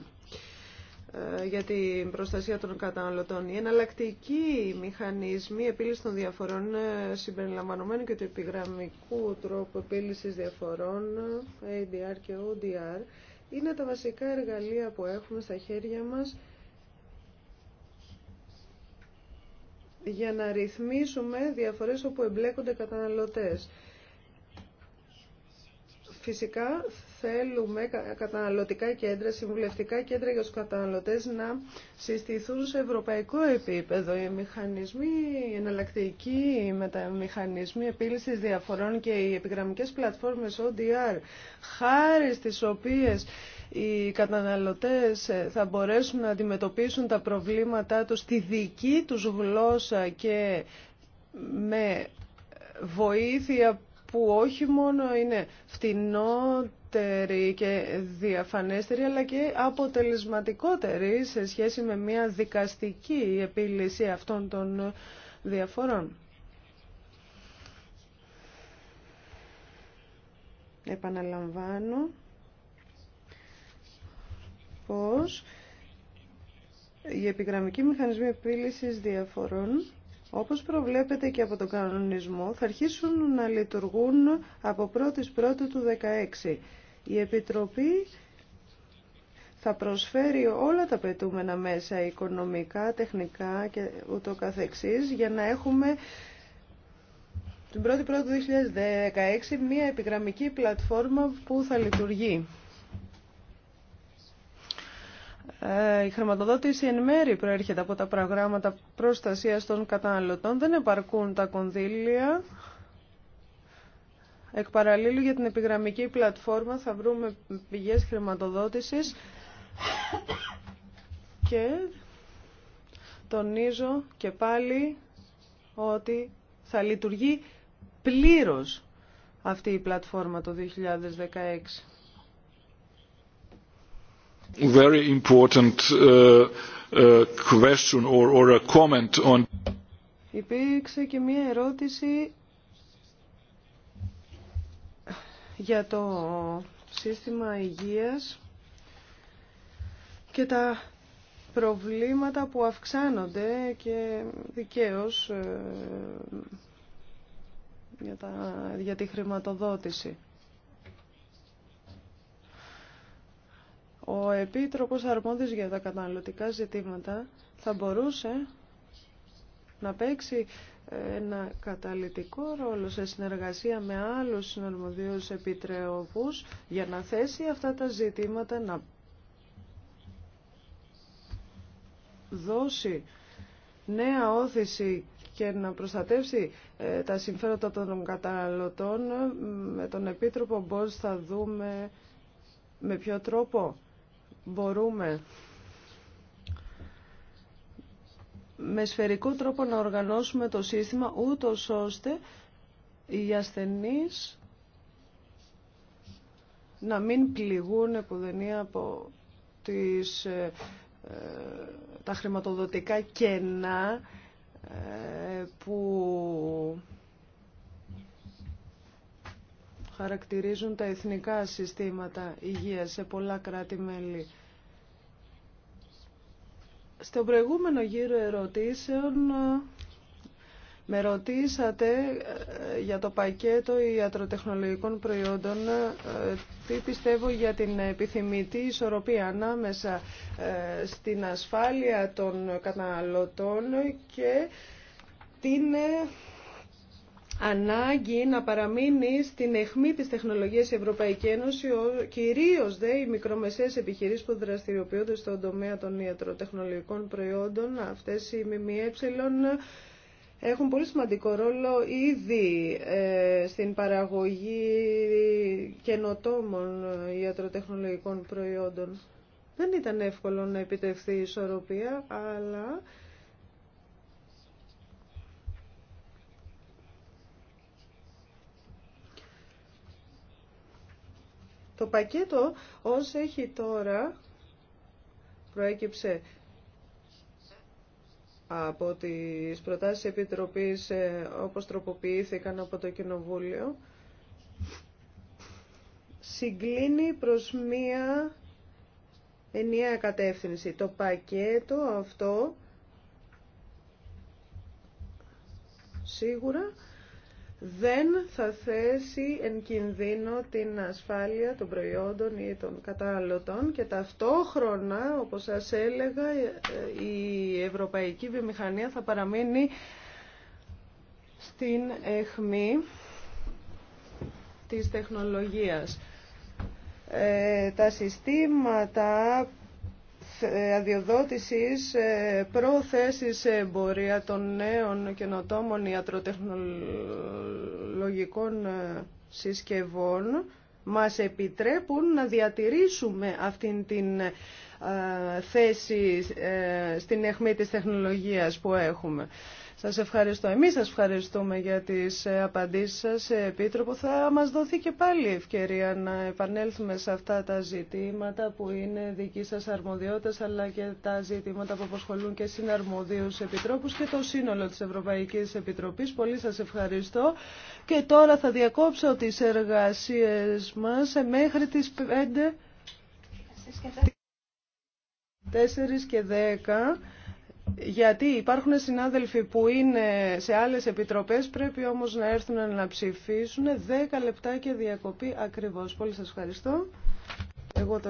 Ε, για την προστασία των καταναλωτών. Οι εναλλακτικοί μηχανισμοί επίλυση των διαφορών συμπεριλαμβανομένου και του επιγραμμικού τρόπου επίλυση διαφορών, ADR και ODR, είναι τα βασικά εργαλεία που έχουμε στα χέρια μας για να ρυθμίσουμε διαφορές όπου εμπλέκονται καταναλωτές. Φυσικά θέλουμε καταναλωτικά κέντρα, συμβουλευτικά κέντρα για τους καταναλωτές να συστηθούν σε ευρωπαϊκό επίπεδο. Οι μηχανισμοί, οι εναλλακτικοί μηχανισμοί επίλυσης διαφορών και οι επιγραμμικές πλατφόρμες ODR, χάρη στις οποίες οι καταναλωτές ε, θα μπορέσουν να αντιμετωπίσουν τα προβλήματά τους στη δική τους γλώσσα και με βοήθεια που όχι μόνο είναι φτηνό, και διαφανέστερη αλλά και αποτελεσματικότερη σε σχέση με μια δικαστική επίλυση αυτών των διαφορών. Επαναλαμβάνω πως οι επιγραμμικοί μηχανισμοί επίλυσης διαφορών όπως προβλέπετε και από τον κανονισμό, θα αρχίσουν να λειτουργούν από Πρώτη του 2016. Η Επιτροπή θα προσφέρει όλα τα πετούμενα μέσα οικονομικά, τεχνικά και ούτω καθεξής για να έχουμε την 1η πρώτη 2016 μια επιγραμμική πλατφόρμα που θα λειτουργεί. Ε, η χρηματοδότηση εν μέρη προέρχεται από τα προγράμματα προστασίας των καταναλωτών. Δεν επαρκούν τα κονδύλια Εκ παραλίλου για την επιγραμμική πλατφόρμα θα βρούμε πηγές χρηματοδότησης και τονίζω και πάλι ότι θα λειτουργεί πλήρως αυτή η πλατφόρμα το 2016. Very important uh, uh, question or, or a comment on. Υπήρξε και μία ερώτηση για το σύστημα υγείας και τα προβλήματα που αυξάνονται και δικαίως ε, για, τα, για τη χρηματοδότηση. Ο Επίτροπος Αρμόδης για τα καταναλωτικά ζητήματα θα μπορούσε να παίξει ένα καταλητικό ρόλο σε συνεργασία με άλλους συνορμοδίους επιτρεωβούς για να θέσει αυτά τα ζητήματα να δώσει νέα όθηση και να προστατεύσει ε, τα συμφέροντα των καταναλωτών. Με τον Επίτροπο Μπος θα δούμε με ποιο τρόπο μπορούμε με σφαιρικό τρόπο να οργανώσουμε το σύστημα ούτω ώστε οι ασθενείς να μην πληγούν επουδενή από τις, ε, ε, τα χρηματοδοτικά κενά ε, που χαρακτηρίζουν τα εθνικά συστήματα υγείας σε πολλά κράτη-μέλη. Στον προηγούμενο γύρο ερωτήσεων ε, με ρωτήσατε ε, για το πακέτο ιατροτεχνολογικών προϊόντων ε, τι πιστεύω για την επιθυμητή ισορροπία ανάμεσα στην ασφάλεια των καταναλωτών και την ανάγκη να παραμείνει στην αιχμή της τεχνολογίας η Ευρωπαϊκή Ένωση, κυρίως δε οι μικρομεσαίες επιχειρήσεις που δραστηριοποιούνται στον τομέα των ιατροτεχνολογικών προϊόντων, αυτές οι ΜΜΕ, έχουν πολύ σημαντικό ρόλο ήδη ε, στην παραγωγή καινοτόμων ιατροτεχνολογικών προϊόντων. Δεν ήταν εύκολο να επιτευχθεί η ισορροπία, αλλά Το πακέτο ως έχει τώρα προέκυψε από τις προτάσεις Επιτροπής ε, όπως τροποποιήθηκαν από το Κοινοβούλιο συγκλίνει προς μία ενιαία κατεύθυνση. Το πακέτο αυτό σίγουρα δεν θα θέσει εν κινδύνο την ασφάλεια των προϊόντων ή των καταναλωτών και ταυτόχρονα, όπως σας έλεγα, η των καταλλωτων και ταυτοχρονα οπως βιομηχανία θα παραμείνει στην εχμή της τεχνολογίας. Ε, τα συστήματα αδειοδότησης ε, προθέσεις εμπορία των νέων καινοτόμων ιατροτεχνολογικών ε, συσκευών μας επιτρέπουν να διατηρήσουμε αυτήν την ε, θέση στην αιχμή της τεχνολογίας που έχουμε. Σας ευχαριστώ. Εμείς σας ευχαριστούμε για τις ε, απαντήσεις σας, ε, Επίτροπο. Θα μας δοθεί και πάλι ευκαιρία να επανέλθουμε σε αυτά τα ζητήματα που είναι δική σας αρμοδιότητας, αλλά και τα ζητήματα που αποσχολούν και συναρμοδίους επιτρόπους και το σύνολο της Ευρωπαϊκής Επιτροπής. Πολύ σας ευχαριστώ. Και τώρα θα διακόψω τις εργασίες μας μέχρι τις 5... 4 και 10. Γιατί υπάρχουν συνάδελφοι που είναι σε άλλες επιτροπές, πρέπει όμως να έρθουν να ψηφίσουν. 10 λεπτά και διακοπή ακριβώς. Πολύ σας ευχαριστώ. Εγώ το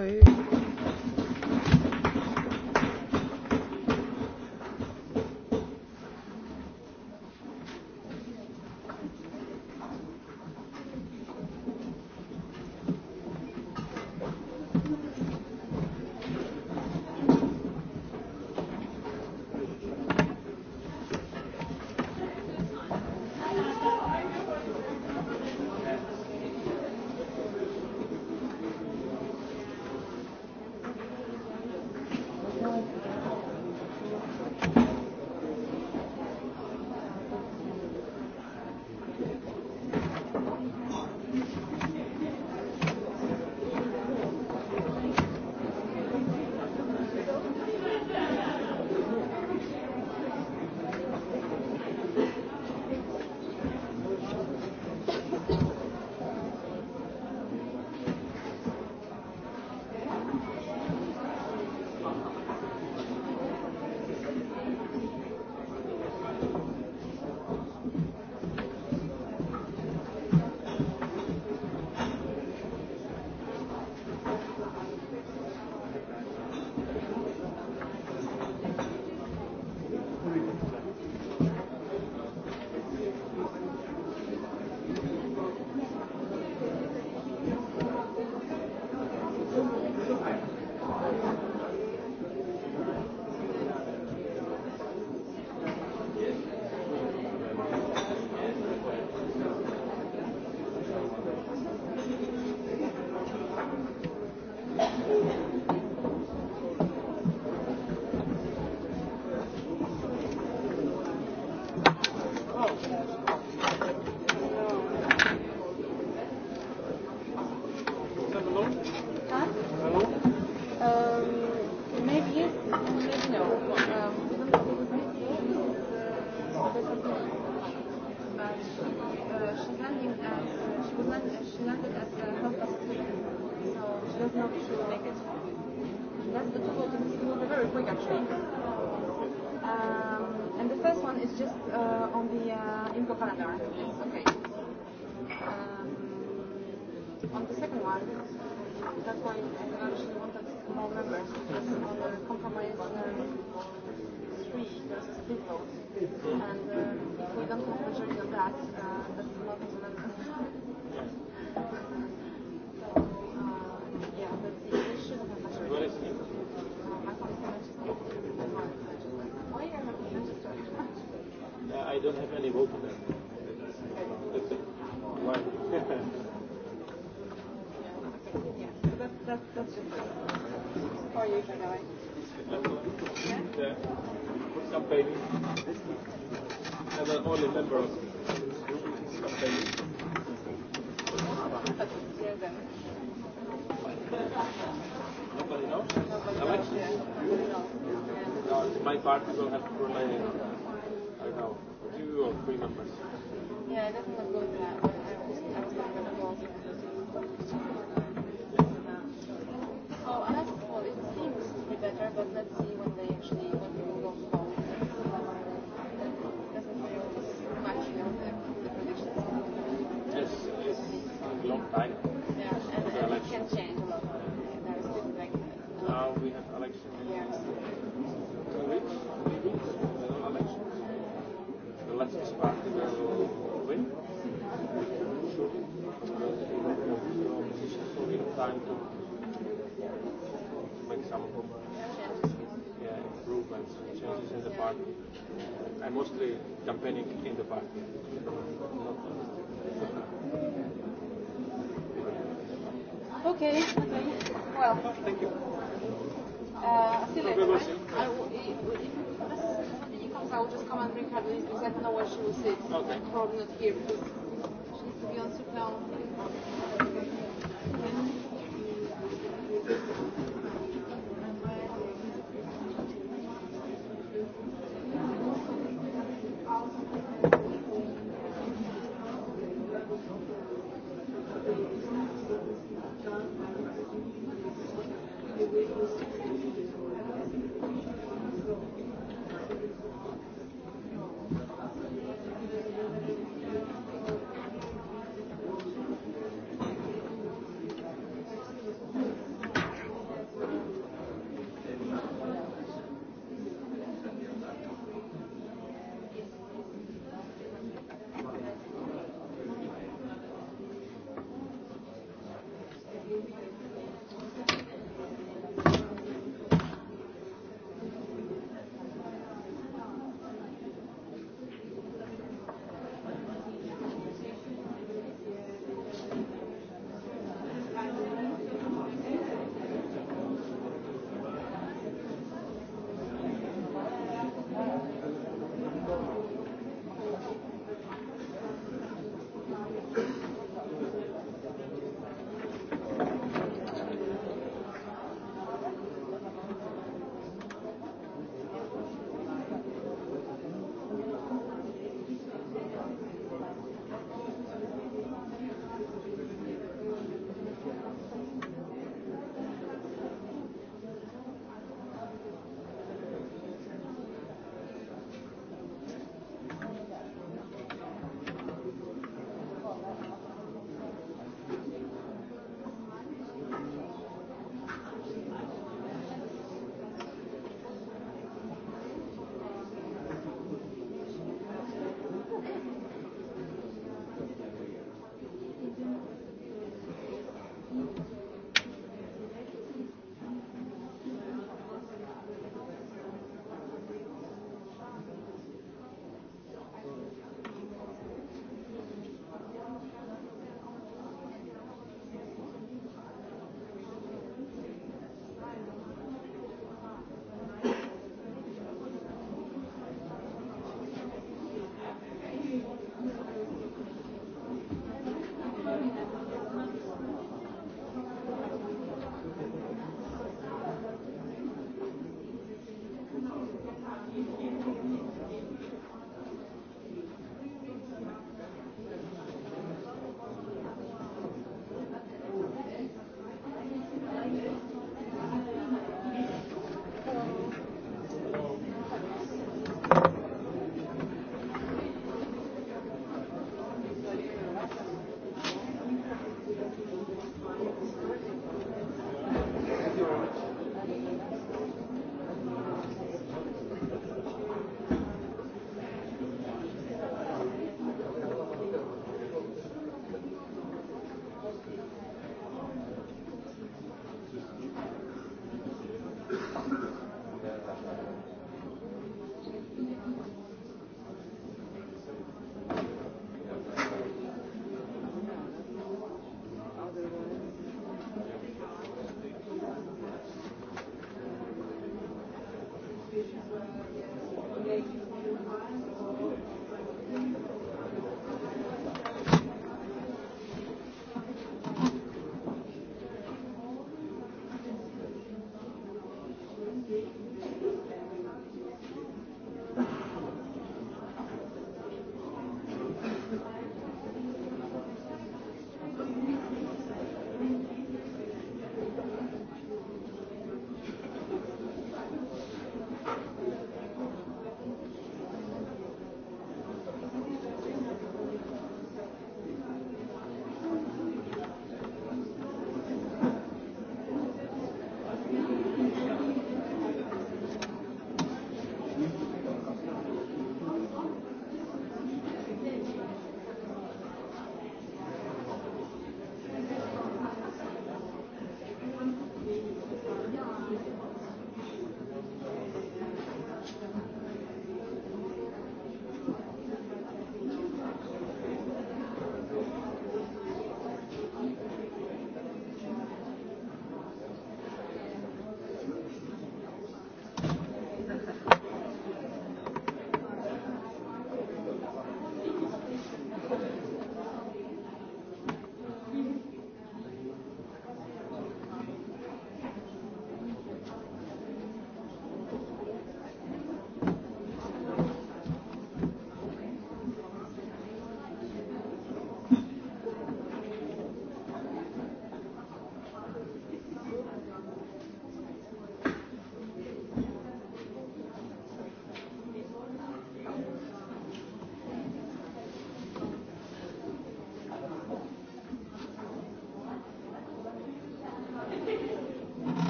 Thank you. parties will have to rely on, I don't know, two or three numbers. Yeah, it doesn't look good that.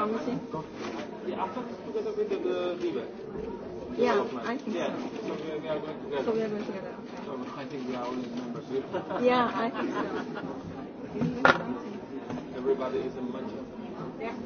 promising. The AFAC is together with the river. Yeah, I think yeah. so. So we are going together. So we are going together, So I think we are all members here. yeah, I think so. Everybody is a Manchester. Yeah.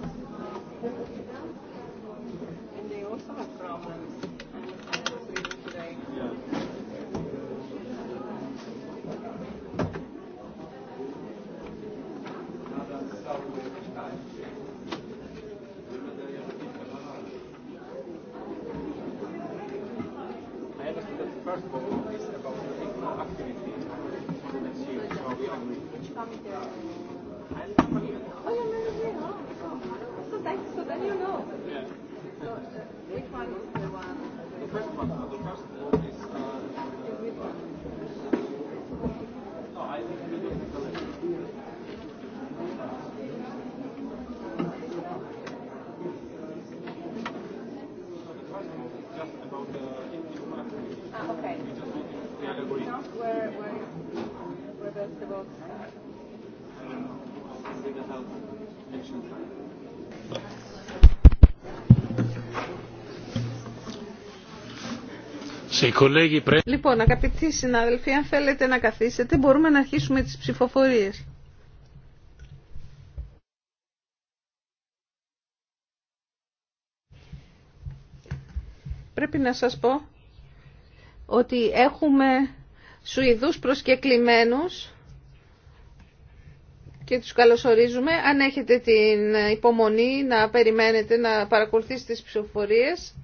Λοιπόν, αγαπητοί συνάδελφοι, αν θέλετε να καθίσετε, μπορούμε να αρχίσουμε τις ψηφοφορίες. Πρέπει να σας πω ότι έχουμε Σουηδούς προσκεκλημένους και τους καλωσορίζουμε. Αν έχετε την υπομονή να περιμένετε να παρακολουθήσετε τις ψηφοφορίες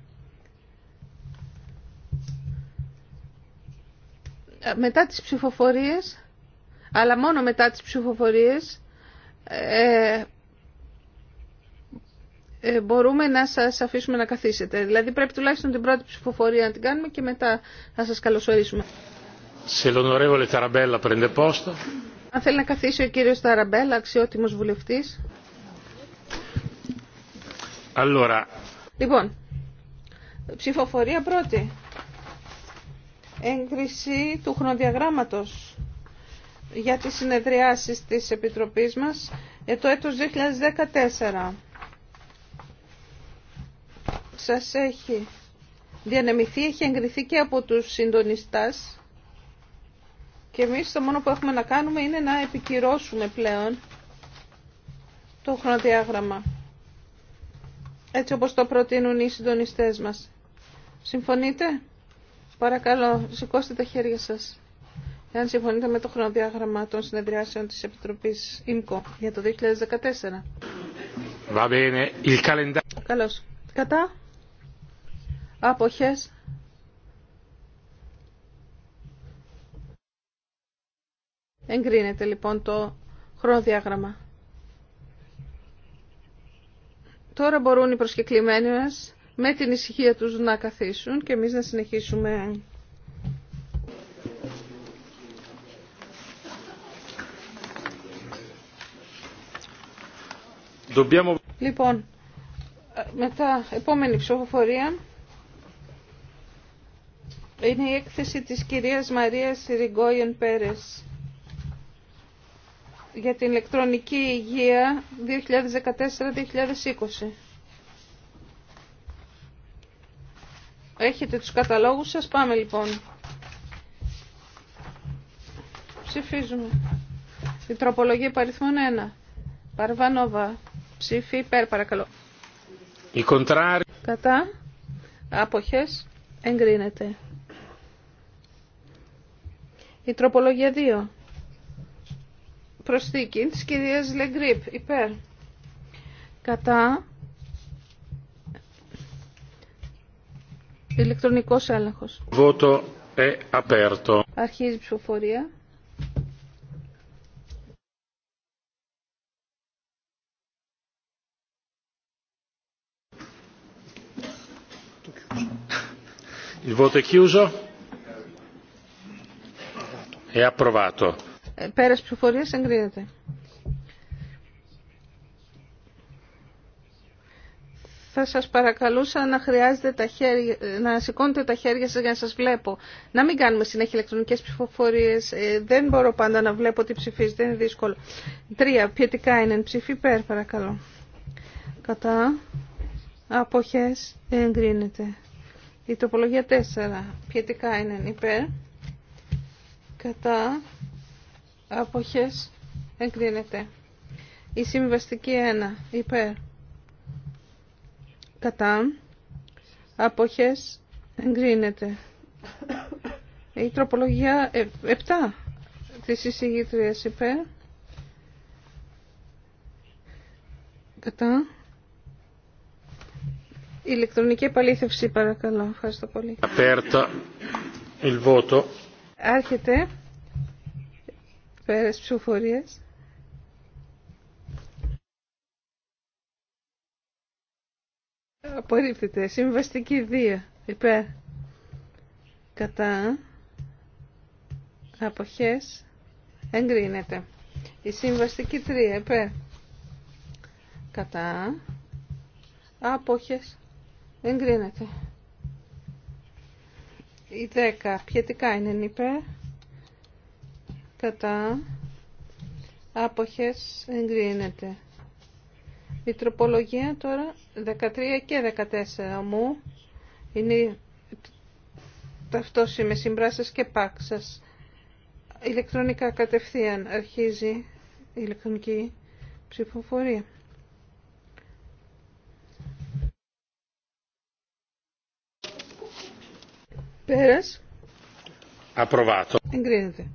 μετά τις ψηφοφορίες, αλλά μόνο μετά τις ψηφοφορίες, ε, ε, μπορούμε να σας αφήσουμε να καθίσετε. Δηλαδή πρέπει τουλάχιστον την πρώτη ψηφοφορία να την κάνουμε και μετά θα σας καλωσορίσουμε. Σε l'onorevole prende posto. Αν θέλει να καθίσει ο κύριος Ταραμπέλα, αξιότιμος βουλευτής. Allora. Λοιπόν, ψηφοφορία πρώτη έγκριση του χρονοδιαγράμματος για τις συνεδριάσεις της Επιτροπής μας για το έτος 2014. Σας έχει διανεμηθεί, έχει εγκριθεί και από τους συντονιστάς και εμείς το μόνο που έχουμε να κάνουμε είναι να επικυρώσουμε πλέον το χρονοδιάγραμμα έτσι όπως το προτείνουν οι συντονιστές μας. Συμφωνείτε? Παρακαλώ, σηκώστε τα χέρια σας. Εάν συμφωνείτε με το χρονοδιάγραμμα των συνεδριάσεων της Επιτροπής ΙΜΚΟ για το 2014. Va bene. Il Καλώς. Κατά. Αποχές. Εγκρίνεται λοιπόν το χρονοδιάγραμμα. Τώρα μπορούν οι προσκεκλημένοι μας με την ησυχία τους να καθίσουν και εμείς να συνεχίσουμε. Λοιπόν, μετά, επόμενη ψηφοφορία είναι η έκθεση της κυρίας Μαρίας Ριγκόιεν Πέρες για την ηλεκτρονική υγεία 2014-2020. Έχετε τους καταλόγους σας. Πάμε λοιπόν. Ψηφίζουμε. Η τροπολογία υπαριθμών 1. Παρβανόβα. Ψήφι υπέρ παρακαλώ. Η κοντράρι. Κατά. Αποχές. Εγκρίνεται. Η τροπολογία 2. Προσθήκη της κυρίας Λεγκρίπ. Υπέρ. Κατά. Ηλεκτρονικός έλεγχος. Voto è aperto. Αρχίζει η ψηφοφορία. Il voto è chiuso. È approvato. Ε, πέρας ψηφοφορίας εγκρίνεται. θα σας παρακαλούσα να, χρειάζεται τα χέρια, να σηκώνετε τα χέρια σας για να σας βλέπω. Να μην κάνουμε συνέχεια ηλεκτρονικές ψηφοφορίες. Ε, δεν μπορώ πάντα να βλέπω τι ψηφίζει, δεν είναι δύσκολο. Τρία, ποιοτικά είναι ψηφί παρακαλώ. Κατά, αποχές, εγκρίνεται. Η τοπολογία 4, Ποιετικά είναι υπέρ. Κατά, αποχές, εγκρίνεται. Η συμβαστική 1, υπέρ κατά αποχές εγκρίνεται. Η τροπολογία 7 ε, της εισηγήτριας είπε κατά ηλεκτρονική επαλήθευση παρακαλώ. Ευχαριστώ πολύ. il voto. Άρχεται πέρας ψηφοφορίας. Απορρίπτεται. Συμβαστική 2. Υπέρ. Κατά. Αποχές. Εγκρίνεται. Η συμβαστική 3. Υπέρ. Κατά. Αποχές. Εγκρίνεται. Η 10. Πιετικά είναι υπέρ. Κατά. Άποχες εγκρίνεται. Η τροπολογία τώρα 13 και 14 μου είναι με συμπράσεις και πάξας. Ηλεκτρονικά κατευθείαν αρχίζει η ηλεκτρονική ψηφοφορία. Πέρας. Απροβάτο. Εγκρίνεται.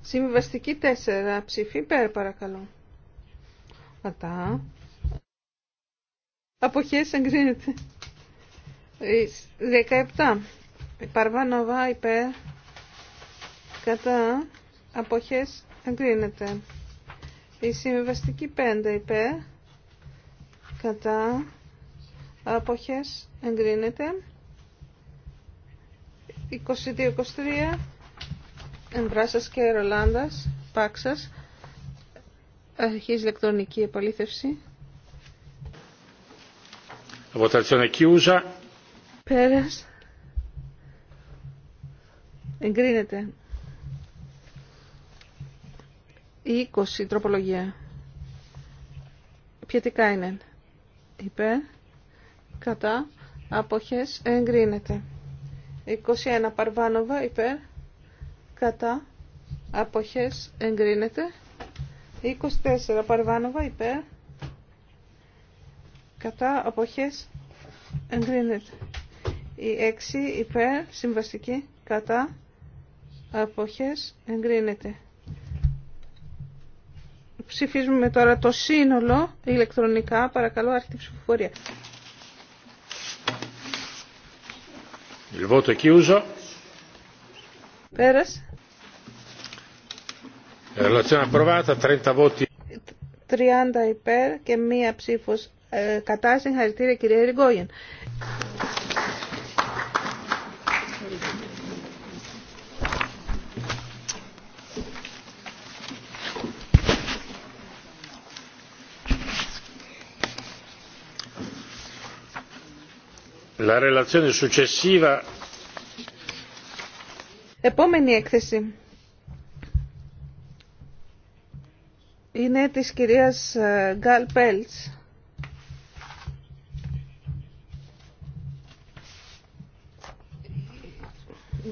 Συμβιβαστική 4 ψήφι Πέρα παρακαλώ. Κατά. Αποχές εγκρίνεται. 17. Παρβάνοβα υπέρ. Κατά. Αποχές εγκρίνεται. Η συμβιβαστική 5 υπέρ. Κατά. Αποχές εγκρίνεται. 22-23. Εμβράσας και Ρολάνδας. Πάξας. Αρχίζει ηλεκτρονική επαλήθευση. Πέρας. Εγκρίνεται. 20 τροπολογία. Ποιοτικά είναι. Υπέρ. Κατά. Αποχές. Εγκρίνεται. 21 Παρβάνοβα. Υπέρ. Κατά. Αποχές. Εγκρίνεται. 24 Παρβάνοβα υπέρ κατά αποχές εγκρίνεται η 6 υπέρ συμβαστική κατά αποχές εγκρίνεται ψηφίζουμε τώρα το σύνολο ηλεκτρονικά παρακαλώ άρχιτε ψηφοφορία Πέρασε. Relazione approvata, 30 voti. 30 υπέρ και μία ψήφο ε, κατά. Συγχαρητήρια κυρία Ριγκόγεν. La relazione successiva. Επόμενη έκθεση. είναι της κυρίας ε, Γκάλ Πέλτς.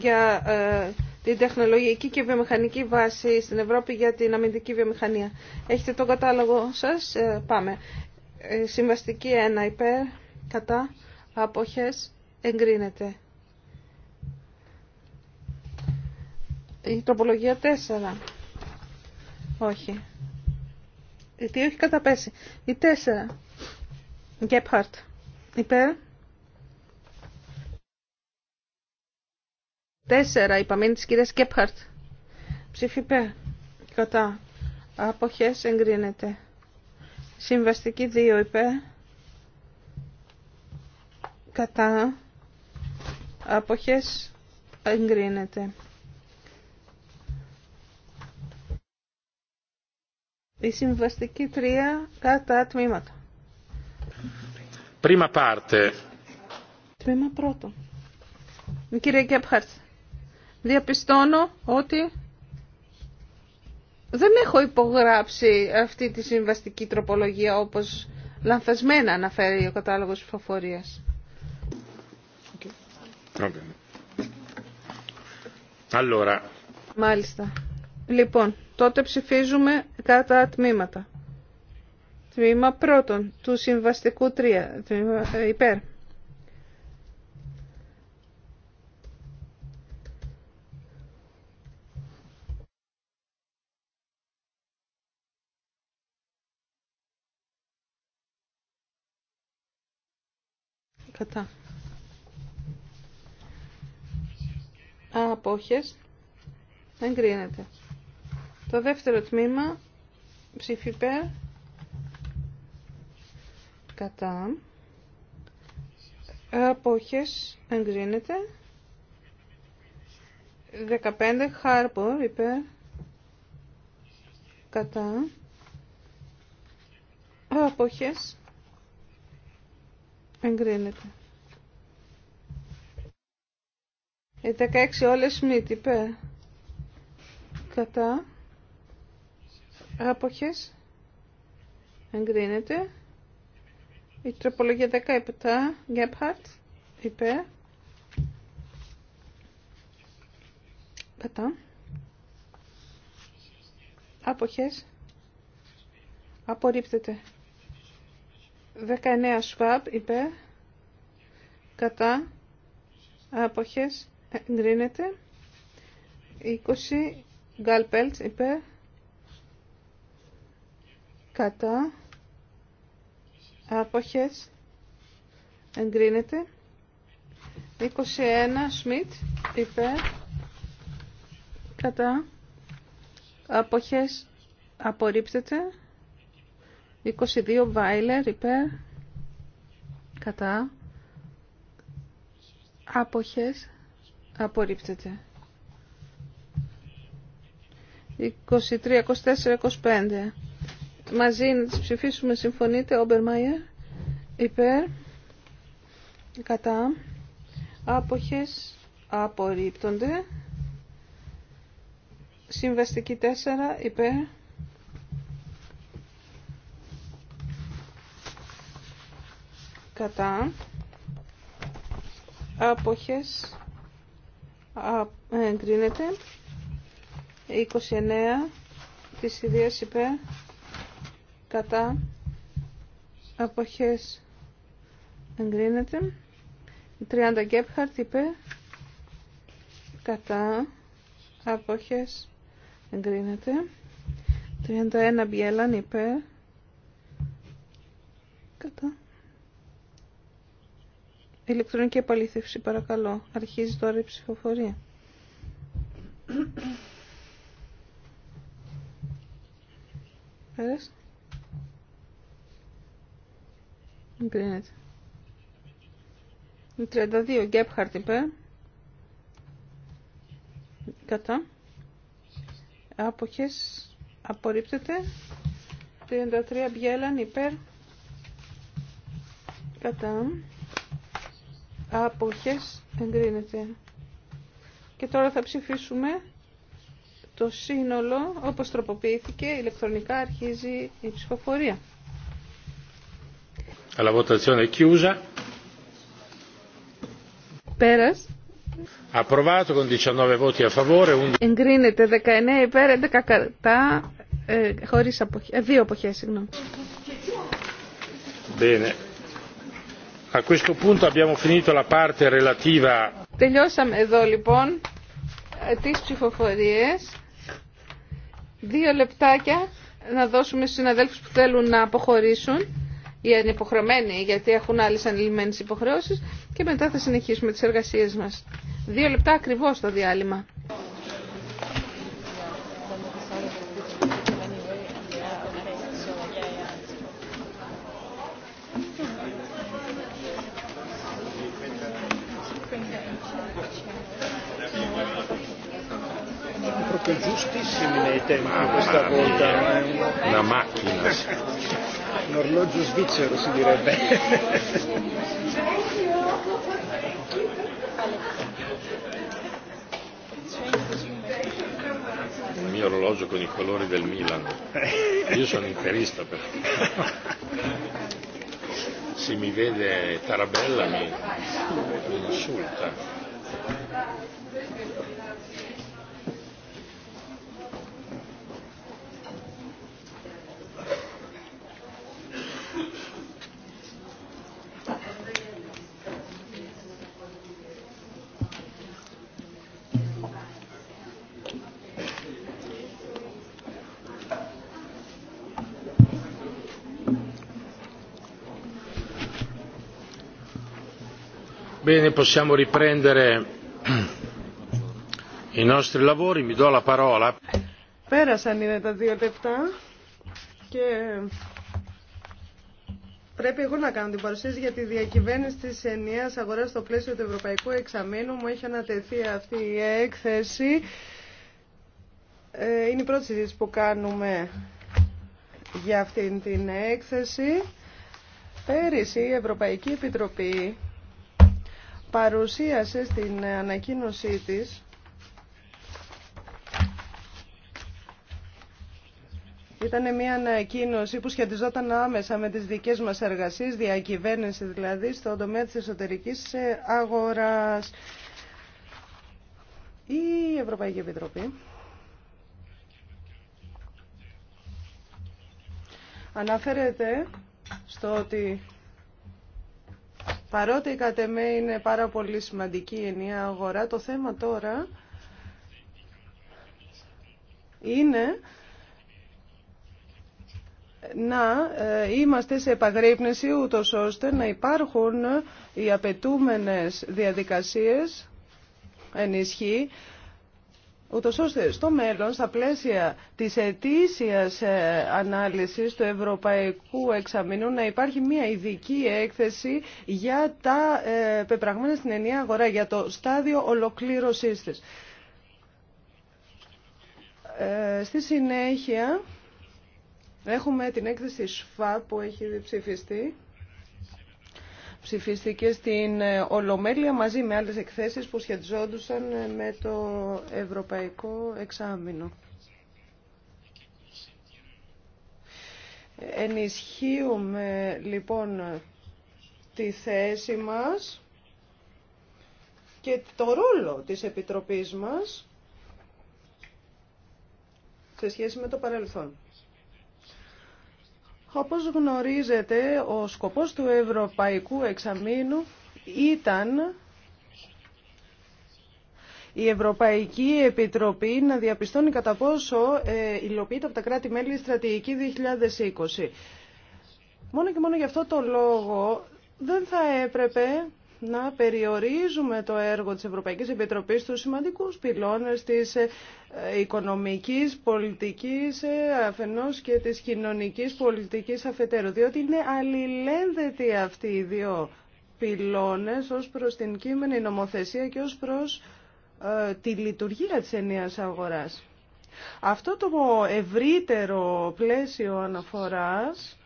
για ε, την τεχνολογική και βιομηχανική βάση στην Ευρώπη για την αμυντική βιομηχανία. Έχετε τον κατάλογο σας. Ε, πάμε. Ε, συμβαστική 1 υπέρ, κατά, αποχές, εγκρίνεται. Η τροπολογία 4. Όχι. Η δύο έχει καταπέσει. Η τέσσερα. Γκέπχαρτ. Υπέρ. Τέσσερα, η είναι της κυρίας Γκέπχαρτ. Ψήφι υπέρ. Κατά. Αποχές εγκρίνεται. Συμβαστική δύο, υπέρ. Κατά. Αποχές εγκρίνεται. Η συμβαστική τρία κατά τμήματα. Πρίμα πάρτε. Τμήμα πρώτο. Κύριε Γκέπχαρτ, διαπιστώνω ότι δεν έχω υπογράψει αυτή τη συμβαστική τροπολογία όπως λανθασμένα αναφέρει ο κατάλογος ψηφοφορίας. Okay. Okay. Μάλιστα. Λοιπόν, τότε ψηφίζουμε κατά τμήματα. Τμήμα πρώτον του συμβαστικού τρία, Τμήμα, ε, υπέρ. Κατά. Απόχες. Δεν κρίνεται. Το δεύτερο τμήμα, ψήφι κατά, απόχες, εγκρίνεται, 15, χάρπορ, υπέρ, κατά, απόχες, εγκρίνεται. 16 όλες μύτη υπέρ. Κατά. Άποχες. Εγκρίνεται. Η τροπολογία 17. Γκέπχαρτ. Υπέρ. Κατά. Άποχες. Απορρίπτεται. 19 Σφαμπ. είπε, Κατά. Άποχες. Εγκρίνεται. 20 Γκάλπελτ. Υπέρ κατά αποχές εγκρίνεται 21 Σμιτ υπέρ κατά αποχές απορρίπτεται 22 Βάιλερ υπέρ κατά άποχες απορρίπτεται 23, 24, 25 μαζί να τις ψηφίσουμε, συμφωνείτε, Όμπερ Μάιερ, υπέρ, κατά, άποχες, απορρίπτονται, συμβαστική 4, υπέρ, κατά, άποχες, α, εγκρίνεται, 29, της ιδέας υπέρ, κατά αποχές εγκρίνεται 30 Γκέπχαρτ είπε. κατά αποχές εγκρίνεται 31 Μπιέλαν είπε. κατά ηλεκτρονική επαλήθευση παρακαλώ αρχίζει τώρα η ψηφοφορία Πέρασε. Εγκρίνεται. 32 Γκέπχαρτ είπε Κατά. Άποχες. Απορρίπτεται. 33 Μπιέλαν υπέρ. Κατά. Άποχες. Εγκρίνεται. Και τώρα θα ψηφίσουμε το σύνολο όπως τροποποιήθηκε ηλεκτρονικά αρχίζει η ψηφοφορία. La votazione è chiusa. Πέρας. Approvato con 19 voti a favore. Εγκρίνεται 19 υπέρ, 11 κατά, ε, χωρίς αποχ... Ε, δύο αποχές, συγγνώμη. Bene. A questo punto abbiamo finito la parte relativa. Τελειώσαμε εδώ λοιπόν ε, τις ψηφοφορίες. Δύο λεπτάκια να δώσουμε στους συναδέλφους που θέλουν να αποχωρήσουν οι ανυποχρεωμένοι γιατί έχουν άλλες ανηλυμένε υποχρεώσεις και μετά θα συνεχίσουμε τις εργασίες μας. Δύο λεπτά ακριβώς το διάλειμμα. giustissimi Un orologio svizzero si direbbe. Il mio orologio con i colori del Milan. Io sono interista però. Se mi vede Tarabella mi, mi insulta. Bene, possiamo riprendere Πέρασαν είναι τα δύο λεπτά και πρέπει εγώ να κάνω την παρουσίαση για τη διακυβέρνηση της ενιαίας αγοράς στο πλαίσιο του Ευρωπαϊκού Εξαμήνου. Μου έχει ανατεθεί αυτή η έκθεση. Ε, είναι η πρώτη συζήτηση που κάνουμε για αυτήν την έκθεση. Πέρυσι η Ευρωπαϊκή Επιτροπή παρουσίασε στην ανακοίνωσή της Ήταν μια ανακοίνωση που σχετιζόταν άμεσα με τις δικές μας εργασίες, διακυβέρνηση δηλαδή, στον τομέα της εσωτερικής αγοράς. Η Ευρωπαϊκή Επιτροπή αναφέρεται στο ότι Παρότι η εμέ είναι πάρα πολύ σημαντική η ενιαία αγορά, το θέμα τώρα είναι να ε, είμαστε σε επαγρύπνηση ούτως ώστε να υπάρχουν οι απαιτούμενες διαδικασίες ενισχύ ούτως ώστε στο μέλλον, στα πλαίσια της ετήσιας ε, ανάλυσης του Ευρωπαϊκού Εξαμήνου, να υπάρχει μια ειδική έκθεση για τα ε, πεπραγμένα στην ενιαία αγορά, για το στάδιο ολοκλήρωσής της. Ε, στη συνέχεια, έχουμε την έκθεση ΣΦΑ που έχει ψηφιστεί ψηφίστηκε στην ε, Ολομέλεια μαζί με άλλες εκθέσεις που σχετιζόντουσαν ε, με το Ευρωπαϊκό Εξάμεινο. Ενισχύουμε λοιπόν τη θέση μας και το ρόλο της Επιτροπής μας σε σχέση με το παρελθόν. Όπως γνωρίζετε, ο σκοπός του Ευρωπαϊκού Εξαμήνου ήταν η Ευρωπαϊκή Επιτροπή να διαπιστώνει κατά πόσο ε, υλοποιείται από τα κράτη-μέλη η στρατηγική 2020. Μόνο και μόνο γι' αυτό το λόγο δεν θα έπρεπε να περιορίζουμε το έργο της Ευρωπαϊκής Επιτροπής στους σημαντικούς πυλώνες της ε, οικονομικής, πολιτικής ε, αφενός και της κοινωνικής πολιτικής αφετέρου, διότι είναι αλληλένδετοι αυτοί οι δύο πυλώνες ως προς την κείμενη νομοθεσία και ως προς ε, τη λειτουργία της ενίας αγοράς. Αυτό το ευρύτερο πλαίσιο αναφοράς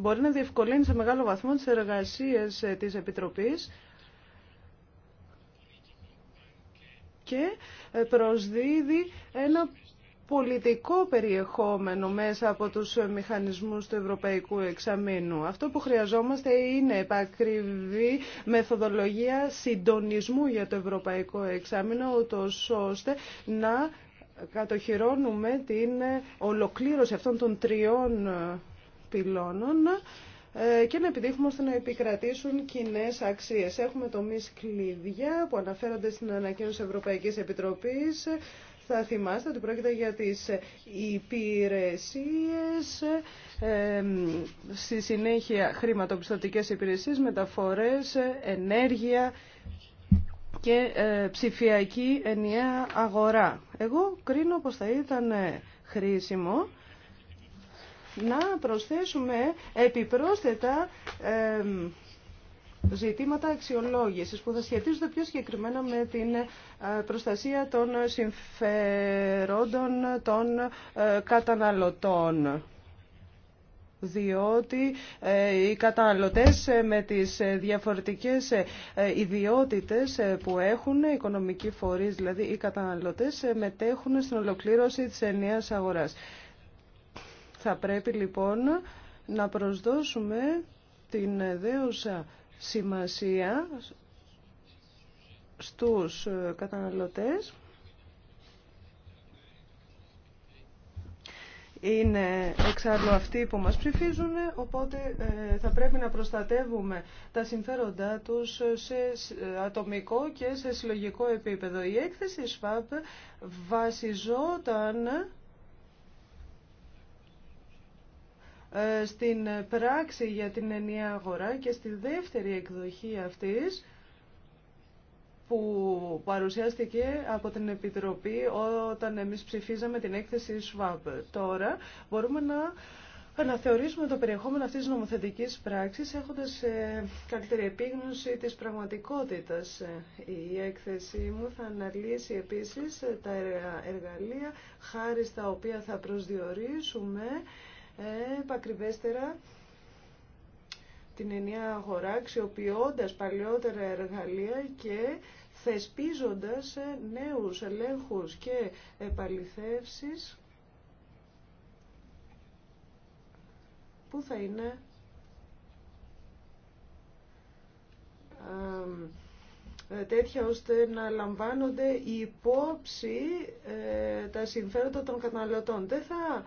μπορεί να διευκολύνει σε μεγάλο βαθμό τις εργασίες ε, της Επιτροπής και ε, προσδίδει ένα πολιτικό περιεχόμενο μέσα από τους μηχανισμούς του Ευρωπαϊκού Εξαμήνου. Αυτό που χρειαζόμαστε είναι επακριβή μεθοδολογία συντονισμού για το Ευρωπαϊκό Εξάμεινο, ούτως ώστε να κατοχυρώνουμε την ε, ολοκλήρωση αυτών των τριών πυλώνων ε, και να επιτύχουμε ώστε να επικρατήσουν κοινέ αξίε. Έχουμε τομεί κλειδιά που αναφέρονται στην ανακοίνωση Ευρωπαϊκή Επιτροπή. Θα θυμάστε ότι πρόκειται για τις υπηρεσίες, στη συνέχεια χρηματοπιστωτικέ υπηρεσίες, μεταφορές, ενέργεια και ε, ψηφιακή ενιαία αγορά. Εγώ κρίνω πως θα ήταν χρήσιμο να προσθέσουμε επιπρόσθετα ζητήματα αξιολόγησης που θα σχετίζονται πιο συγκεκριμένα με την ε, προστασία των συμφερόντων των ε, καταναλωτών διότι ε, οι καταναλωτές με τις διαφορετικές ιδιότητες που έχουν, οικονομικοί φορείς δηλαδή οι καταναλωτές, μετέχουν στην ολοκλήρωση της ενιαίας αγοράς. Θα πρέπει λοιπόν να προσδώσουμε την δέουσα σημασία στους ε, καταναλωτές. Είναι εξάλλου αυτοί που μας ψηφίζουν, οπότε ε, θα πρέπει να προστατεύουμε τα συμφέροντά τους σε ε, ατομικό και σε συλλογικό επίπεδο. Η έκθεση ΣΦΑΠ βασιζόταν Ε, στην πράξη για την ενιαία αγορά και στη δεύτερη εκδοχή αυτής που παρουσιάστηκε από την Επιτροπή όταν εμείς ψηφίζαμε την έκθεση σβαπ Τώρα μπορούμε να αναθεωρήσουμε το περιεχόμενο αυτής της νομοθετικής πράξης έχοντας ε, καλύτερη επίγνωση της πραγματικότητας. Η έκθεσή μου θα αναλύσει επίσης τα εργαλεία χάρη στα οποία θα προσδιορίσουμε επακριβέστερα την ενιαία αγορά, αξιοποιώντα παλαιότερα εργαλεία και θεσπίζοντας νέους ελέγχους και επαληθεύσεις που θα είναι τέτοια ώστε να λαμβάνονται υπόψη ε, τα συμφέροντα των καταναλωτών. Δεν θα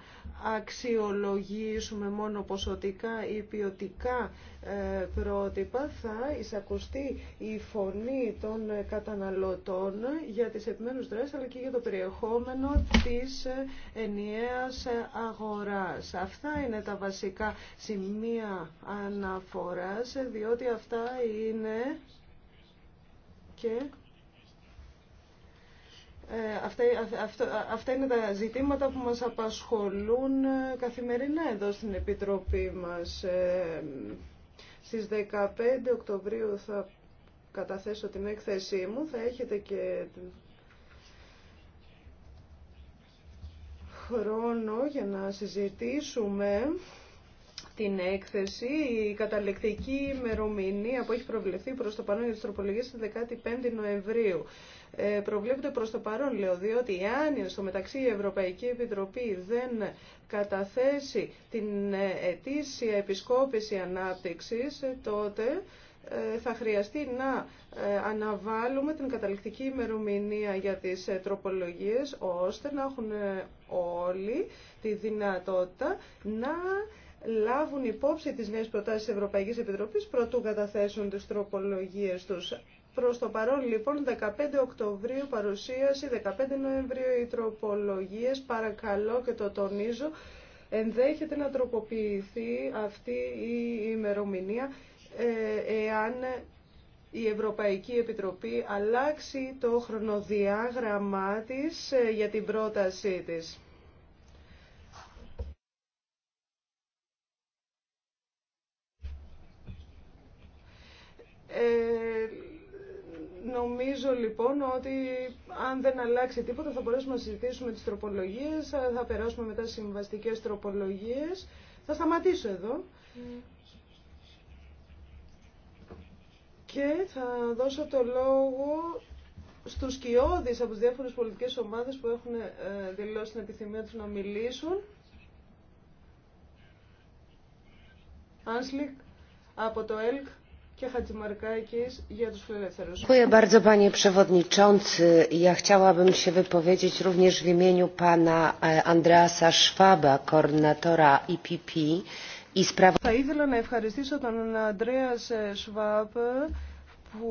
αξιολογήσουμε μόνο ποσοτικά ή ποιοτικά ε, πρότυπα, θα εισακουστεί η φωνή των καταναλωτών για τις επιμέρους δράσεις αλλά και για το περιεχόμενο της ε, ενιαίας αγοράς. Αυτά είναι τα βασικά σημεία αναφοράς, διότι αυτά είναι και ε, αυτά, αυτά είναι τα ζητήματα που μας απασχολούν ε, καθημερινά εδώ στην Επιτροπή μας. Ε, στις 15 Οκτωβρίου θα καταθέσω την έκθεσή μου, θα έχετε και χρόνο για να συζητήσουμε την έκθεση. Η καταληκτική ημερομηνία που έχει προβλεφθεί προς το παρόν για τις τροπολογίες είναι 15 Νοεμβρίου. Ε, προβλέπεται προς το παρόν, λέω, διότι αν στο μεταξύ η Ευρωπαϊκή Επιτροπή δεν καταθέσει την ε, ετήσια επισκόπηση ανάπτυξης, ε, τότε ε, θα χρειαστεί να αναβάλουμε την καταληκτική ημερομηνία για τις τροπολογίες ώστε να έχουν όλοι τη δυνατότητα να λάβουν υπόψη τις νέες προτάσεις της Ευρωπαϊκής Επιτροπής προτού καταθέσουν τις τροπολογίες τους. Προς το παρόν λοιπόν 15 Οκτωβρίου παρουσίαση, 15 Νοεμβρίου οι τροπολογίες, παρακαλώ και το τονίζω, ενδέχεται να τροποποιηθεί αυτή η ημερομηνία ε, εάν η Ευρωπαϊκή Επιτροπή αλλάξει το χρονοδιάγραμμά της ε, για την πρότασή της. Ε, νομίζω λοιπόν ότι αν δεν αλλάξει τίποτα θα μπορέσουμε να συζητήσουμε τις τροπολογίες, θα περάσουμε μετά στις συμβαστικές τροπολογίες. Θα σταματήσω εδώ και θα δώσω το λόγο στους κοιόδης από τις διάφορες πολιτικές ομάδες που έχουν ε, δηλώσει την επιθυμία τους να μιλήσουν. Άνσλικ από το ΕΛΚ. Dziękuję bardzo panie przewodniczący. Ja chciałabym się wypowiedzieć również w imieniu pana e, Andreasa Schwaba, koordynatora IPP e i sprawa... Θα ήθελα να ευχαριστήσω τον Αντρέα Σβάπ ε, που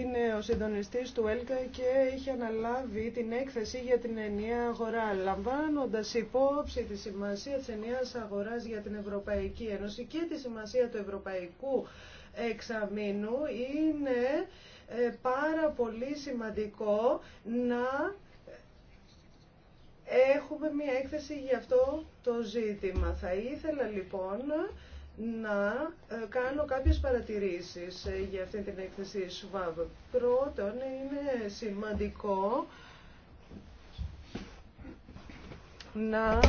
είναι ο συντονιστής του ΕΛΚΑ και έχει αναλάβει την έκθεση για την ενιαία αγορά, λαμβάνοντας υπόψη τη σημασία της ενιαίας αγοράς για την Ευρωπαϊκή Ένωση και τη σημασία του ευρωπαϊκού εξαμήνου είναι ε, πάρα πολύ σημαντικό να έχουμε μια έκθεση για αυτό το ζήτημα. Θα ήθελα λοιπόν να ε, κάνω κάποιες παρατηρήσεις ε, για αυτή την έκθεση ΣΒΑΒ. Πρώτον, είναι σημαντικό να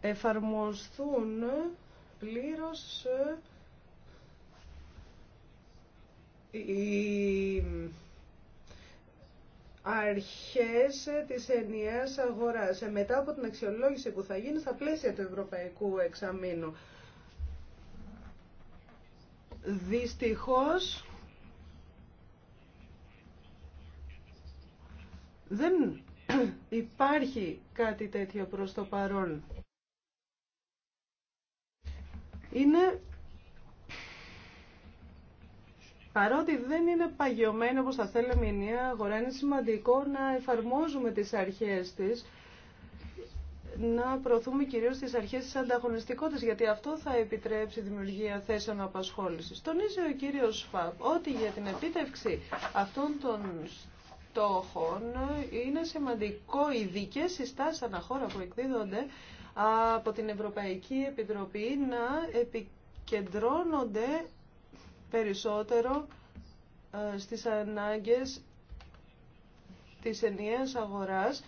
εφαρμοστούν πλήρως οι αρχές της ενιαίας αγοράς μετά από την αξιολόγηση που θα γίνει στα πλαίσια του Ευρωπαϊκού Εξαμήνου. Δυστυχώς δεν υπάρχει κάτι τέτοιο προς το παρόν. Είναι Παρότι δεν είναι παγιωμένο, όπως θα θέλαμε η νέα αγορά, είναι σημαντικό να εφαρμόζουμε τις αρχές της, να προωθούμε κυρίως τις αρχές της ανταγωνιστικότητας, γιατί αυτό θα επιτρέψει δημιουργία θέσεων απασχόλησης. Τονίζει ο κύριος Φαπ ότι για την επίτευξη αυτών των στόχων είναι σημαντικό οι δικές συστάσεις αναχώρα που εκδίδονται από την Ευρωπαϊκή Επιτροπή να επικεντρώνονται περισσότερο ε, στις ανάγκες της ενιαίας αγοράς.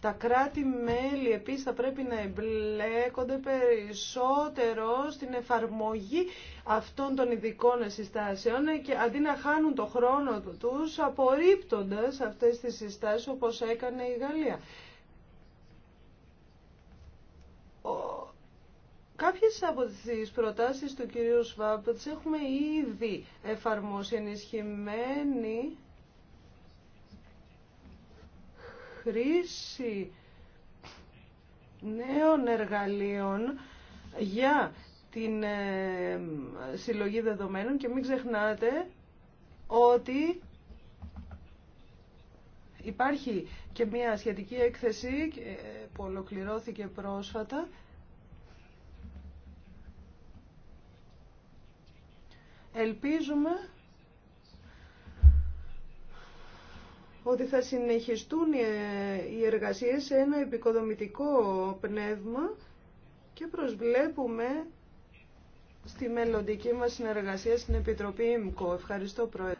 Τα κράτη-μέλη επίσης θα πρέπει να εμπλέκονται περισσότερο στην εφαρμογή αυτών των ειδικών συστάσεων και αντί να χάνουν το χρόνο τους απορρίπτοντας αυτές τις συστάσεις όπως έκανε η Γαλλία. Κάποιες από τις προτάσεις του κυρίου Σβάπ έχουμε ήδη εφαρμόσει ενισχυμένη χρήση νέων εργαλείων για την ε, συλλογή δεδομένων και μην ξεχνάτε ότι υπάρχει και μια σχετική έκθεση ε, που ολοκληρώθηκε πρόσφατα Ελπίζουμε ότι θα συνεχιστούν οι εργασίες σε ένα επικοδομητικό πνεύμα και προσβλέπουμε στη μελλοντική μας συνεργασία στην Επιτροπή ΙΜΚΟ. Ευχαριστώ, Πρόεδρε.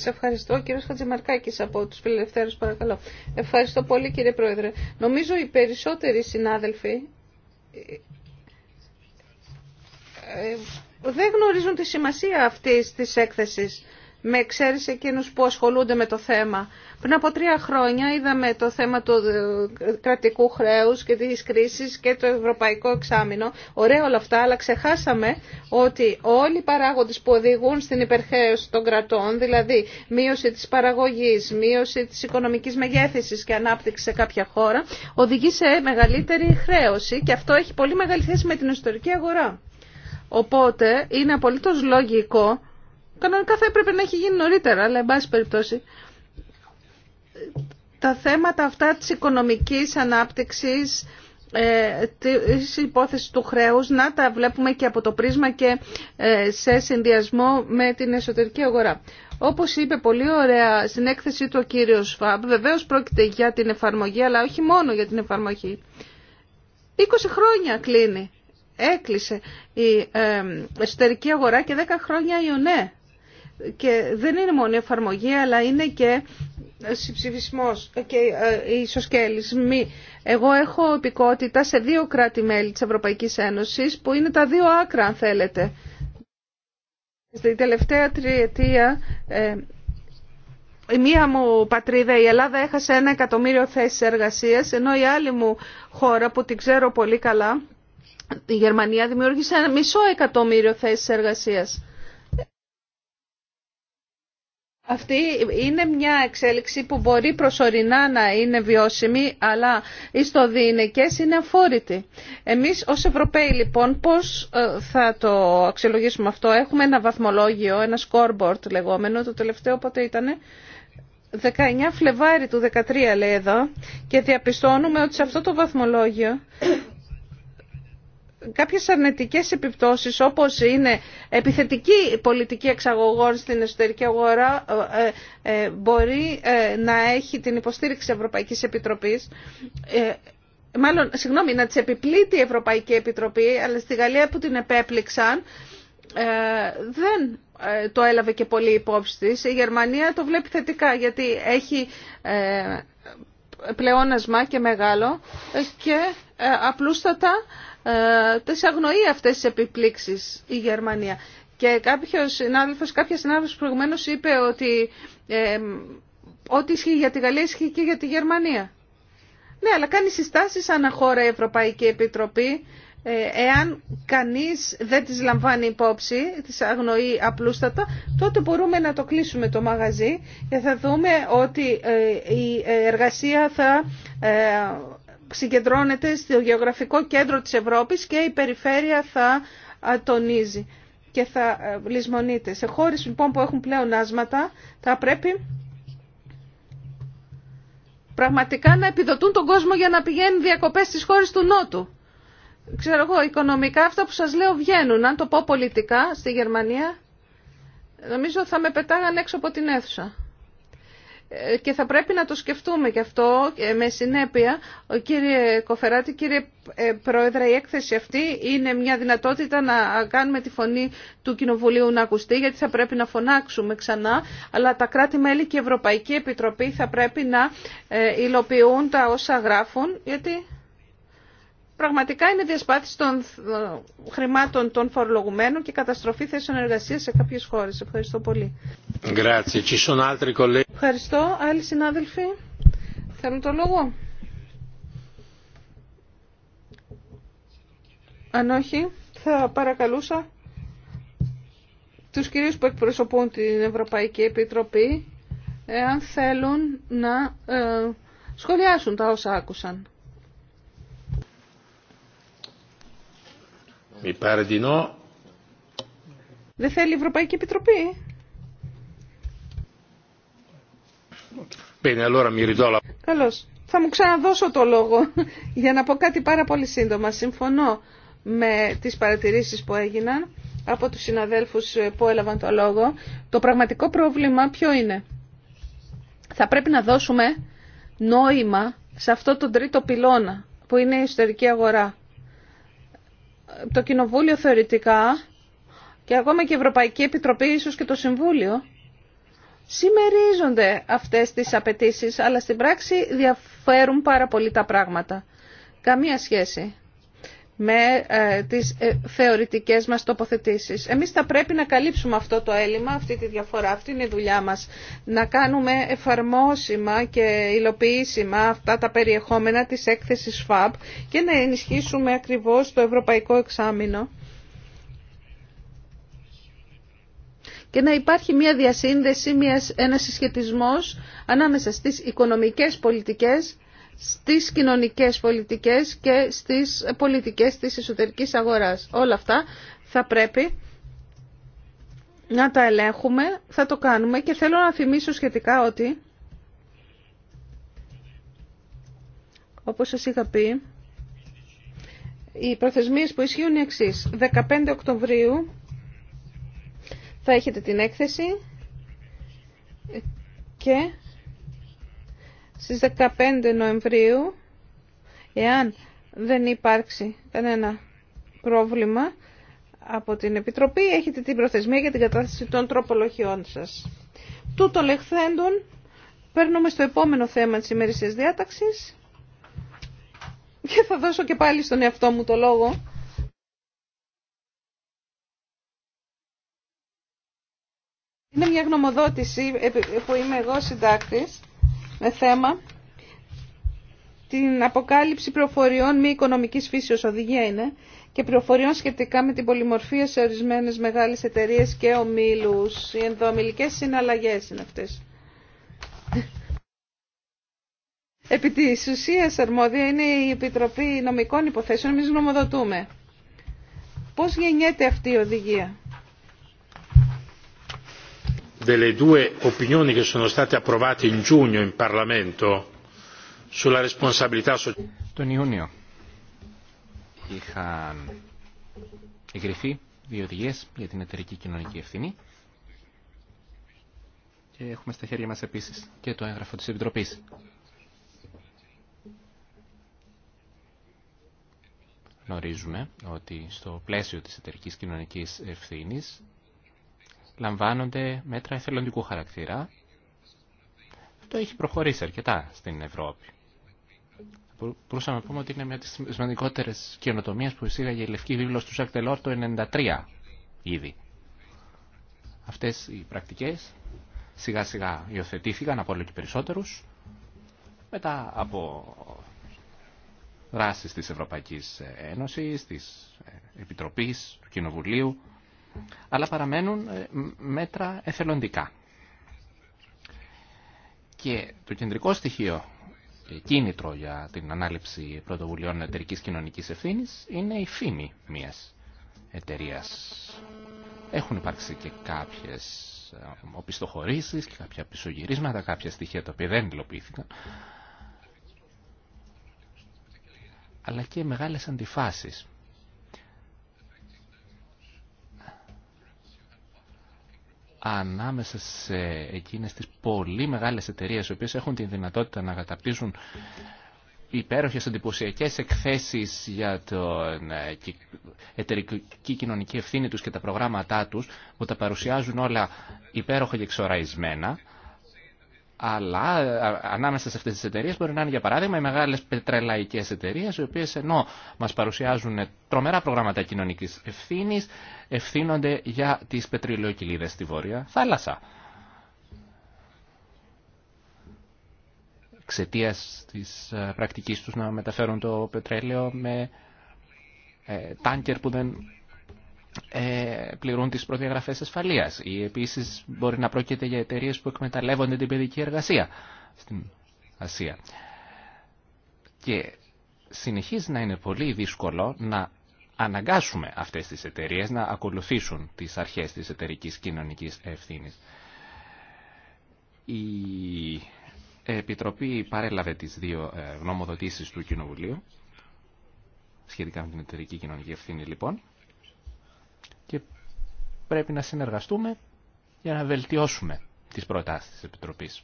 Σα ευχαριστώ κύριο Χατζημαρκάκη από του Φιλελευθέρου, παρακαλώ. Ευχαριστώ πολύ κύριε Πρόεδρε. Νομίζω οι περισσότεροι συνάδελφοι δεν γνωρίζουν τη σημασία αυτής της έκθεσης με εξαίρεση εκείνους που ασχολούνται με το θέμα. Πριν από τρία χρόνια είδαμε το θέμα του ε, κρατικού χρέους και της κρίσης και το ευρωπαϊκό εξάμεινο. Ωραία όλα αυτά, αλλά ξεχάσαμε ότι όλοι οι παράγοντες που οδηγούν στην υπερχέωση των κρατών, δηλαδή μείωση της παραγωγής, μείωση της οικονομικής μεγέθυνσης και ανάπτυξη σε κάποια χώρα, οδηγεί σε μεγαλύτερη χρέωση και αυτό έχει πολύ μεγάλη θέση με την ιστορική αγορά. Οπότε είναι απολύτω λογικό Κανονικά θα έπρεπε να έχει γίνει νωρίτερα, αλλά εν πάση περιπτώσει τα θέματα αυτά της οικονομικής ανάπτυξης, ε, της υπόθεσης του χρέους, να τα βλέπουμε και από το πρίσμα και ε, σε συνδυασμό με την εσωτερική αγορά. Όπως είπε πολύ ωραία στην έκθεση του ο κύριος Φαμπ, βεβαίως πρόκειται για την εφαρμογή, αλλά όχι μόνο για την εφαρμογή. 20 χρόνια κλείνει, έκλεισε η ε, εσωτερική αγορά και 10 χρόνια η ΟΝΕ και δεν είναι μόνο η εφαρμογή αλλά είναι και συμψηφισμός και ε, μη Εγώ έχω επικότητα σε δύο κράτη-μέλη της Ευρωπαϊκής Ένωσης που είναι τα δύο άκρα αν θέλετε. Στην τελευταία τριετία ε, η μία μου πατρίδα, η Ελλάδα, έχασε ένα εκατομμύριο θέσεις εργασίας, ενώ η άλλη μου χώρα που την ξέρω πολύ καλά, η Γερμανία, δημιούργησε ένα μισό εκατομμύριο θέσεις εργασίας. Αυτή είναι μια εξέλιξη που μπορεί προσωρινά να είναι βιώσιμη, αλλά εις το διηνεκές είναι αφόρητη. Εμείς ως Ευρωπαίοι λοιπόν πώς ε, θα το αξιολογήσουμε αυτό. Έχουμε ένα βαθμολόγιο, ένα scoreboard λεγόμενο, το τελευταίο πότε ήτανε. 19 Φλεβάρι του 2013 λέει εδώ και διαπιστώνουμε ότι σε αυτό το βαθμολόγιο κάποιες αρνητικές επιπτώσεις όπως είναι επιθετική πολιτική εξαγωγών στην εσωτερική αγορά ε, ε, ε, μπορεί να έχει την υποστήριξη Ευρωπαϊκής Επιτροπής μάλλον, συγγνώμη, να τις επιπλήττει η Ευρωπαϊκή Επιτροπή αλλά στη Γαλλία που την επέπληξαν δεν το έλαβε και πολύ υπόψη της. Η Γερμανία το βλέπει θετικά γιατί έχει πλεόνασμα και μεγάλο και απλούστατα ε, τις αγνοεί αυτές τις επιπλήξεις η Γερμανία. Και κάποιος συνάδελφος, κάποια συνάδελφος προηγουμένως είπε ότι ε, ό,τι ισχύει για τη Γαλλία ισχύει και για τη Γερμανία. Ναι, αλλά κάνει συστάσεις χώρα η Ευρωπαϊκή Επιτροπή ε, εάν κανείς δεν τις λαμβάνει υπόψη, τις αγνοεί απλούστατα, τότε μπορούμε να το κλείσουμε το μαγαζί και θα δούμε ότι η εργασία θα συγκεντρώνεται στο γεωγραφικό κέντρο της Ευρώπης και η περιφέρεια θα τονίζει και θα ε, λησμονείται. Σε χώρες λοιπόν που έχουν πλέον άσματα θα πρέπει πραγματικά να επιδοτούν τον κόσμο για να πηγαίνουν διακοπές στις χώρες του Νότου. Ξέρω εγώ, οικονομικά αυτά που σας λέω βγαίνουν. Αν το πω πολιτικά στη Γερμανία, νομίζω θα με πετάγαν έξω από την αίθουσα και θα πρέπει να το σκεφτούμε και αυτό ε, με συνέπεια. Ο κύριε Κοφεράτη, κύριε ε, Πρόεδρε, η έκθεση αυτή είναι μια δυνατότητα να κάνουμε τη φωνή του Κοινοβουλίου να ακουστεί, γιατί θα πρέπει να φωνάξουμε ξανά, αλλά τα κράτη-μέλη και η Ευρωπαϊκή Επιτροπή θα πρέπει να ε, υλοποιούν τα όσα γράφουν, γιατί πραγματικά είναι διασπάθηση των χρημάτων των φορολογουμένων και καταστροφή θέσεων εργασίας σε κάποιες χώρες. Ευχαριστώ πολύ. Ευχαριστώ. Άλλοι συνάδελφοι θέλουν το λόγο. Αν όχι, θα παρακαλούσα τους κυρίους που εκπροσωπούν την Ευρωπαϊκή Επιτροπή εάν θέλουν να ε, σχολιάσουν τα όσα άκουσαν. Δεν θέλει η Ευρωπαϊκή Επιτροπή. Καλώς. Θα μου ξαναδώσω το λόγο για να πω κάτι πάρα πολύ σύντομα. Συμφωνώ με τις παρατηρήσεις που έγιναν από τους συναδέλφους ε, που έλαβαν το λόγο. Το πραγματικό πρόβλημα ποιο είναι. Θα πρέπει να δώσουμε νόημα σε αυτό το τρίτο πυλώνα που είναι η ιστορική αγορά. Το Κοινοβούλιο θεωρητικά και ακόμα και η Ευρωπαϊκή Επιτροπή ίσως και το Συμβούλιο Σημερίζονται αυτές τις απαιτήσει, αλλά στην πράξη διαφέρουν πάρα πολύ τα πράγματα. Καμία σχέση με ε, τις ε, θεωρητικές μας τοποθετήσεις. Εμείς θα πρέπει να καλύψουμε αυτό το έλλειμμα, αυτή τη διαφορά, αυτή είναι η δουλειά μας. Να κάνουμε εφαρμόσιμα και υλοποιήσιμα αυτά τα περιεχόμενα της έκθεσης ΦΑΠ και να ενισχύσουμε ακριβώς το ευρωπαϊκό εξάμεινο και να υπάρχει μια διασύνδεση, μίας ένας συσχετισμός ανάμεσα στις οικονομικές πολιτικές, στις κοινωνικές πολιτικές και στις πολιτικές της εσωτερικής αγοράς. Όλα αυτά θα πρέπει να τα ελέγχουμε, θα το κάνουμε και θέλω να θυμίσω σχετικά ότι, όπως σας είχα πει, οι προθεσμίες που ισχύουν είναι εξής. 15 Οκτωβρίου θα έχετε την έκθεση και στις 15 Νοεμβρίου, εάν δεν υπάρξει κανένα πρόβλημα από την Επιτροπή, έχετε την προθεσμία για την κατάσταση των τροπολογιών σας. Τούτο λεχθέντων, παίρνουμε στο επόμενο θέμα της ημερησίας διάταξης και θα δώσω και πάλι στον εαυτό μου το λόγο Είναι μια γνωμοδότηση ε, που είμαι εγώ συντάκτης με θέμα την αποκάλυψη προφοριών μη οικονομικής φύσεως οδηγία είναι και προφοριών σχετικά με την πολυμορφία σε ορισμένες μεγάλες εταιρείες και ομίλους. Οι ενδοομιλικές συναλλαγές είναι αυτές. Επί τη ουσία αρμόδια είναι η Επιτροπή Νομικών Υποθέσεων, εμείς γνωμοδοτούμε. Πώς γεννιέται αυτή η οδηγία delle due opinioni είχαν εγκριθεί δύο οδηγίε για την εταιρική κοινωνική ευθύνη και έχουμε στα χέρια μας επίσης και το έγγραφο της Επιτροπής. Γνωρίζουμε ότι στο πλαίσιο της εταιρικής κοινωνικής ευθύνης λαμβάνονται μέτρα εθελοντικού χαρακτήρα. Αυτό έχει προχωρήσει αρκετά στην Ευρώπη. Μπορούσαμε να πούμε ότι είναι μια από τι σημαντικότερε καινοτομίε που εισήγαγε η Λευκή Βίβλο του Ζακ Τελόρ το 1993 ήδη. Αυτέ οι πρακτικέ σιγά σιγά υιοθετήθηκαν από όλο και περισσότερου μετά από δράσει τη Ευρωπαϊκή Ένωση, τη επιτροπή του Κοινοβουλίου, αλλά παραμένουν ε, μέτρα εθελοντικά. Και το κεντρικό στοιχείο ε, κίνητρο για την ανάληψη πρωτοβουλειών εταιρικής κοινωνικής ευθύνης είναι η φήμη μιας εταιρείας. Έχουν υπάρξει και κάποιες ε, οπισθοχωρήσεις και κάποια πισωγυρίσματα, κάποια στοιχεία τα οποία δεν υλοποιήθηκαν. Αλλά και μεγάλες αντιφάσεις ανάμεσα σε εκείνες τις πολύ μεγάλες εταιρείες οι οποίες έχουν τη δυνατότητα να καταπτύσσουν υπέροχες εντυπωσιακέ εκθέσεις για την ε, εταιρική κοινωνική ευθύνη τους και τα προγράμματά τους που τα παρουσιάζουν όλα υπέροχα και εξοραϊσμένα αλλά ανάμεσα σε αυτές τις εταιρείε μπορεί να είναι για παράδειγμα οι μεγάλες πετρελαϊκές εταιρείε, οι οποίες ενώ μας παρουσιάζουν τρομερά προγράμματα κοινωνική ευθύνη, ευθύνονται για τις πετρελαιοκυλίδες στη Βόρεια Θάλασσα. Εξαιτία τη ε, πρακτική του να μεταφέρουν το πετρέλαιο με ε, τάνκερ που δεν ε, πληρούν τις προδιαγραφές ασφαλείας ή επίσης μπορεί να πρόκειται για εταιρείε που εκμεταλλεύονται την παιδική εργασία στην Ασία. Και συνεχίζει να είναι πολύ δύσκολο να αναγκάσουμε αυτές τις εταιρείες να ακολουθήσουν τις αρχές της εταιρικής κοινωνικής ευθύνης. Η επισης μπορει να προκειται για εταιρειες που εκμεταλλευονται την παιδικη εργασια παρέλαβε τις δύο ε, γνωμοδοτήσεις του Κοινοβουλίου σχετικά με την εταιρική κοινωνική ευθύνη λοιπόν πρέπει να συνεργαστούμε για να βελτιώσουμε τις προτάσεις της Επιτροπής.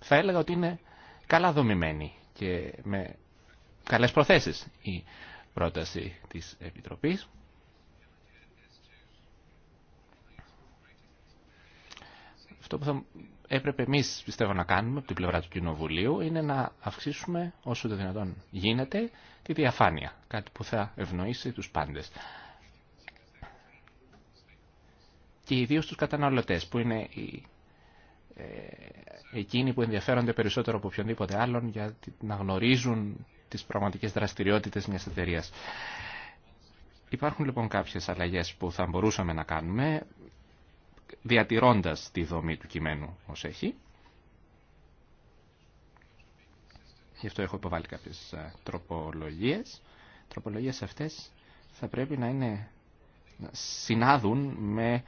Θα έλεγα ότι είναι καλά δομημένη και με καλές προθέσεις η πρόταση της Επιτροπής. Αυτό που θα έπρεπε εμείς πιστεύω να κάνουμε από την πλευρά του Κοινοβουλίου είναι να αυξήσουμε όσο το δυνατόν γίνεται τη διαφάνεια, κάτι που θα ευνοήσει τους πάντες και ιδίω του καταναλωτέ, που είναι οι, ε, εκείνοι που ενδιαφέρονται περισσότερο από οποιονδήποτε άλλον για να γνωρίζουν τις πραγματικές δραστηριότητες μιας εταιρεία. Υπάρχουν λοιπόν κάποιες αλλαγές που θα μπορούσαμε να κάνουμε διατηρώντας τη δομή του κειμένου ως έχει. Γι' αυτό έχω υποβάλει κάποιες ε, τροπολογίες. τροπολογίες αυτές θα πρέπει να είναι να συνάδουν με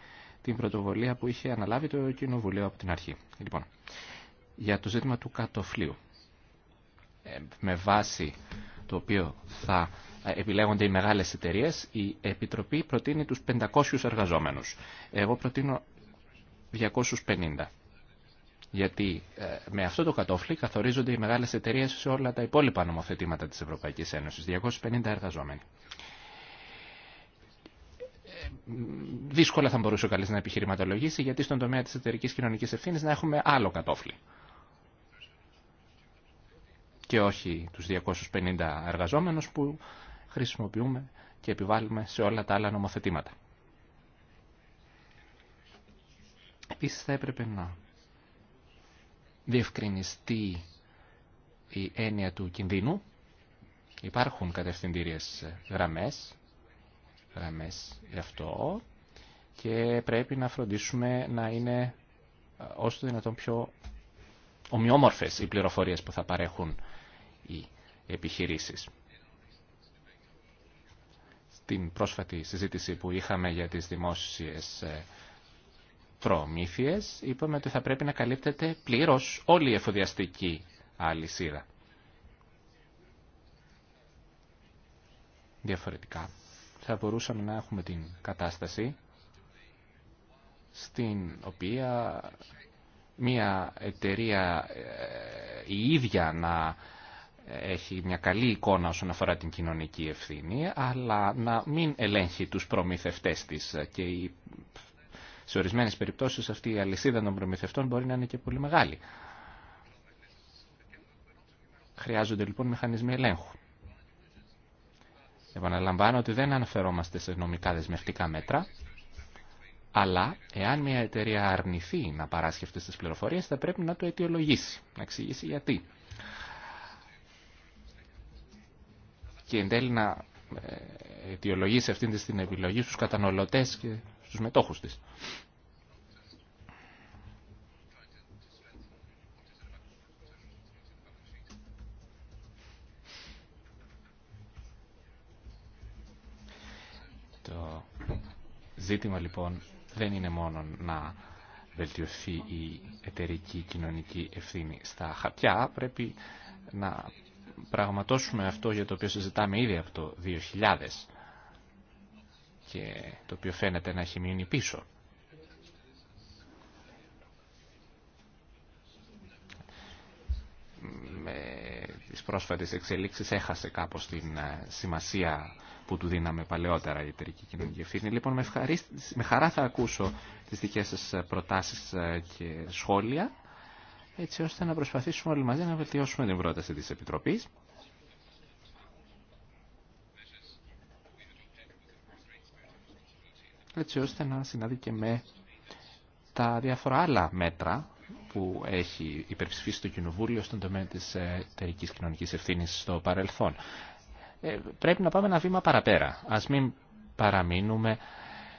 την πρωτοβολία που είχε αναλάβει το Κοινοβουλίο από την αρχή. Λοιπόν, για το ζήτημα του κατοφλίου, ε, με βάση το οποίο θα ε, επιλέγονται οι μεγάλες εταιρείες, η Επιτροπή προτείνει τους 500 εργαζόμενους. Εγώ προτείνω 250. Γιατί ε, με αυτό το κατόφλι καθορίζονται οι μεγάλες εταιρείες σε όλα τα υπόλοιπα νομοθετήματα της Ευρωπαϊκής Ένωσης. 250 εργαζόμενοι δύσκολα θα μπορούσε ο να επιχειρηματολογήσει, γιατί στον τομέα της εταιρικής κοινωνικής ευθύνης να έχουμε άλλο κατόφλι. Και όχι τους 250 εργαζόμενους που χρησιμοποιούμε και επιβάλλουμε σε όλα τα άλλα νομοθετήματα. Επίσης θα έπρεπε να διευκρινιστεί η έννοια του κινδύνου. Υπάρχουν κατευθυντήριες γραμμές γι' αυτό και πρέπει να φροντίσουμε να είναι ε, όσο δυνατόν πιο ομοιόμορφες οι πληροφορίες που θα παρέχουν οι επιχειρήσεις. Στην πρόσφατη συζήτηση που είχαμε για τις δημόσιες ε, προμήθειες, είπαμε ότι θα πρέπει να καλύπτεται πλήρως όλη η εφοδιαστική αλυσίδα. Διαφορετικά θα μπορούσαμε να έχουμε την κατάσταση στην οποία μια εταιρεία ε, η ίδια να έχει μια καλή εικόνα όσον αφορά την κοινωνική ευθύνη, αλλά να μην ελέγχει τους προμηθευτές της και οι... σε ορισμένες περιπτώσεις αυτή η αλυσίδα των προμηθευτών μπορεί να είναι και πολύ μεγάλη. Χρειάζονται λοιπόν μηχανισμοί ελέγχου. Επαναλαμβάνω ότι δεν αναφερόμαστε σε νομικά δεσμευτικά μέτρα, αλλά εάν μια εταιρεία αρνηθεί να παράσχει αυτές τις πληροφορίες, θα πρέπει να το αιτιολογήσει, να εξηγήσει γιατί. Και εν τέλει να ε, αιτιολογήσει αυτήν την επιλογή στους καταναλωτές και στους μετόχους της. Το ζήτημα λοιπόν δεν είναι μόνο να βελτιωθεί η εταιρική κοινωνική ευθύνη στα χαρτιά, πρέπει να πραγματώσουμε αυτό για το οποίο συζητάμε ήδη από το 2000 και το οποίο φαίνεται να έχει μείνει πίσω. Με τις πρόσφατες εξελίξεις έχασε κάπως την ε, σημασία που του δίναμε παλαιότερα η εταιρική κοινωνική ευθύνη. Λοιπόν, με, με χαρά θα ακούσω τις δικές σας προτάσεις ε, και σχόλια, έτσι ώστε να προσπαθήσουμε όλοι μαζί να βελτιώσουμε την πρόταση της Επιτροπής. έτσι ώστε να συνάδει και με τα διάφορα άλλα μέτρα που έχει υπερψηφίσει το Κοινοβούλιο στον τομέα της ε, εταιρική κοινωνικής ευθύνης στο παρελθόν. Ε, πρέπει να πάμε ένα βήμα παραπέρα. Ας μην παραμείνουμε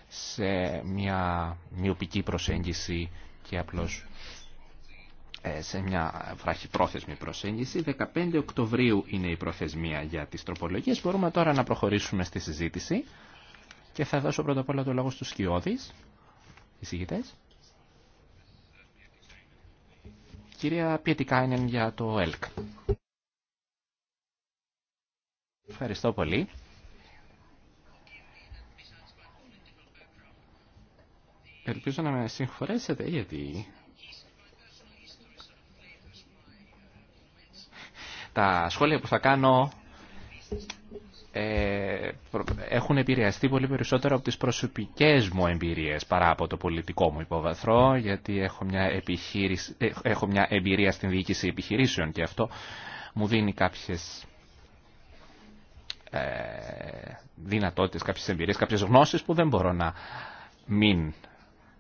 σε μια μειοπική προσέγγιση και απλώς ε, σε μια βραχυπρόθεσμη προσέγγιση. 15 Οκτωβρίου είναι η προθεσμία για τις τροπολογίες. Μπορούμε τώρα να προχωρήσουμε στη συζήτηση και θα δώσω πρώτα απ' όλα το λόγο στους Σκιώδης, εισηγητές. Κυρία Πιετικάινεν για το ΕΛΚ. Ευχαριστώ πολύ. Ελπίζω να με συγχωρέσετε γιατί τα σχόλια που θα κάνω ε, έχουν επηρεαστεί πολύ περισσότερο από τις προσωπικές μου εμπειρίες παρά από το πολιτικό μου υποβαθρό γιατί έχω μια, επιχείρηση, ε, έχω μια εμπειρία στην διοίκηση επιχειρήσεων και αυτό μου δίνει κάποιες ε, δυνατότητες, κάποιες εμπειρίες, κάποιες γνώσεις που δεν μπορώ να μην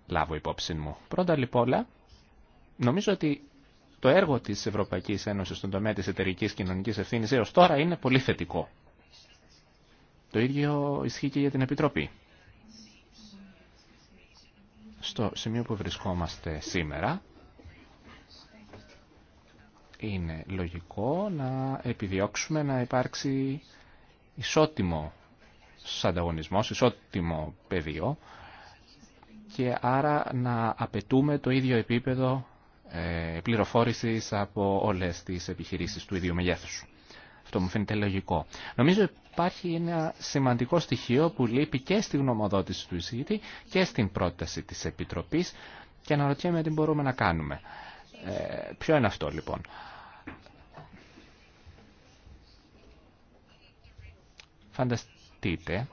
λάβω υπόψη μου. Πρώτα λοιπόν, νομίζω ότι το έργο της Ευρωπαϊκής Ένωσης στον τομέα της εταιρικής κοινωνικής ευθύνης έως τώρα είναι πολύ θετικό. Το ίδιο ισχύει και για την Επιτροπή. Στο σημείο που βρισκόμαστε σήμερα, είναι λογικό να επιδιώξουμε να υπάρξει ισότιμο ανταγωνισμό, ισότιμο πεδίο και άρα να απαιτούμε το ίδιο επίπεδο ε, πληροφόρησης από όλες τις επιχειρήσεις του ίδιου μεγέθους. Αυτό μου φαίνεται λογικό. Νομίζω υπάρχει ένα σημαντικό στοιχείο που λείπει και στη γνωμοδότηση του εισηγητή και στην πρόταση της Επιτροπής και αναρωτιέμαι τι μπορούμε να κάνουμε. Ε, ποιο είναι αυτό λοιπόν. φανταστείτε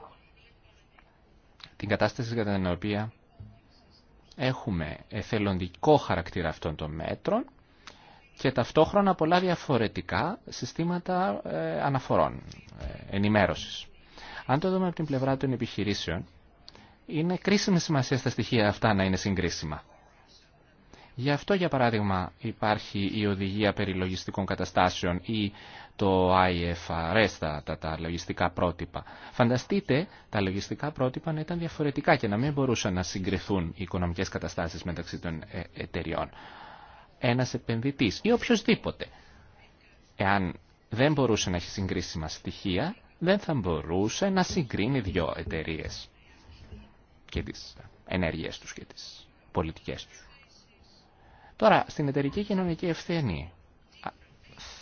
την κατάσταση κατά την οποία έχουμε εθελοντικό χαρακτήρα αυτών των μέτρων και ταυτόχρονα πολλά διαφορετικά συστήματα ε, αναφορών, ε, ενημέρωσης. Αν το δούμε από την πλευρά των επιχειρήσεων, είναι κρίσιμη σημασία στα στοιχεία αυτά να είναι συγκρίσιμα. Γι' αυτό, για παράδειγμα, υπάρχει η οδηγία περιλογιστικών καταστάσεων ή το IFRS, τα, τα, λογιστικά πρότυπα. Φανταστείτε τα λογιστικά πρότυπα να ήταν διαφορετικά και να μην μπορούσαν να συγκριθούν οι οικονομικές καταστάσεις μεταξύ των ε, εταιριών. Ένας επενδυτής ή οποιοδήποτε, εάν δεν μπορούσε να έχει συγκρίσιμα στοιχεία, δεν θα μπορούσε να συγκρίνει δύο εταιρείε και τις ενέργειές τους και τις πολιτικές τους. Τώρα, στην εταιρική κοινωνική ευθύνη,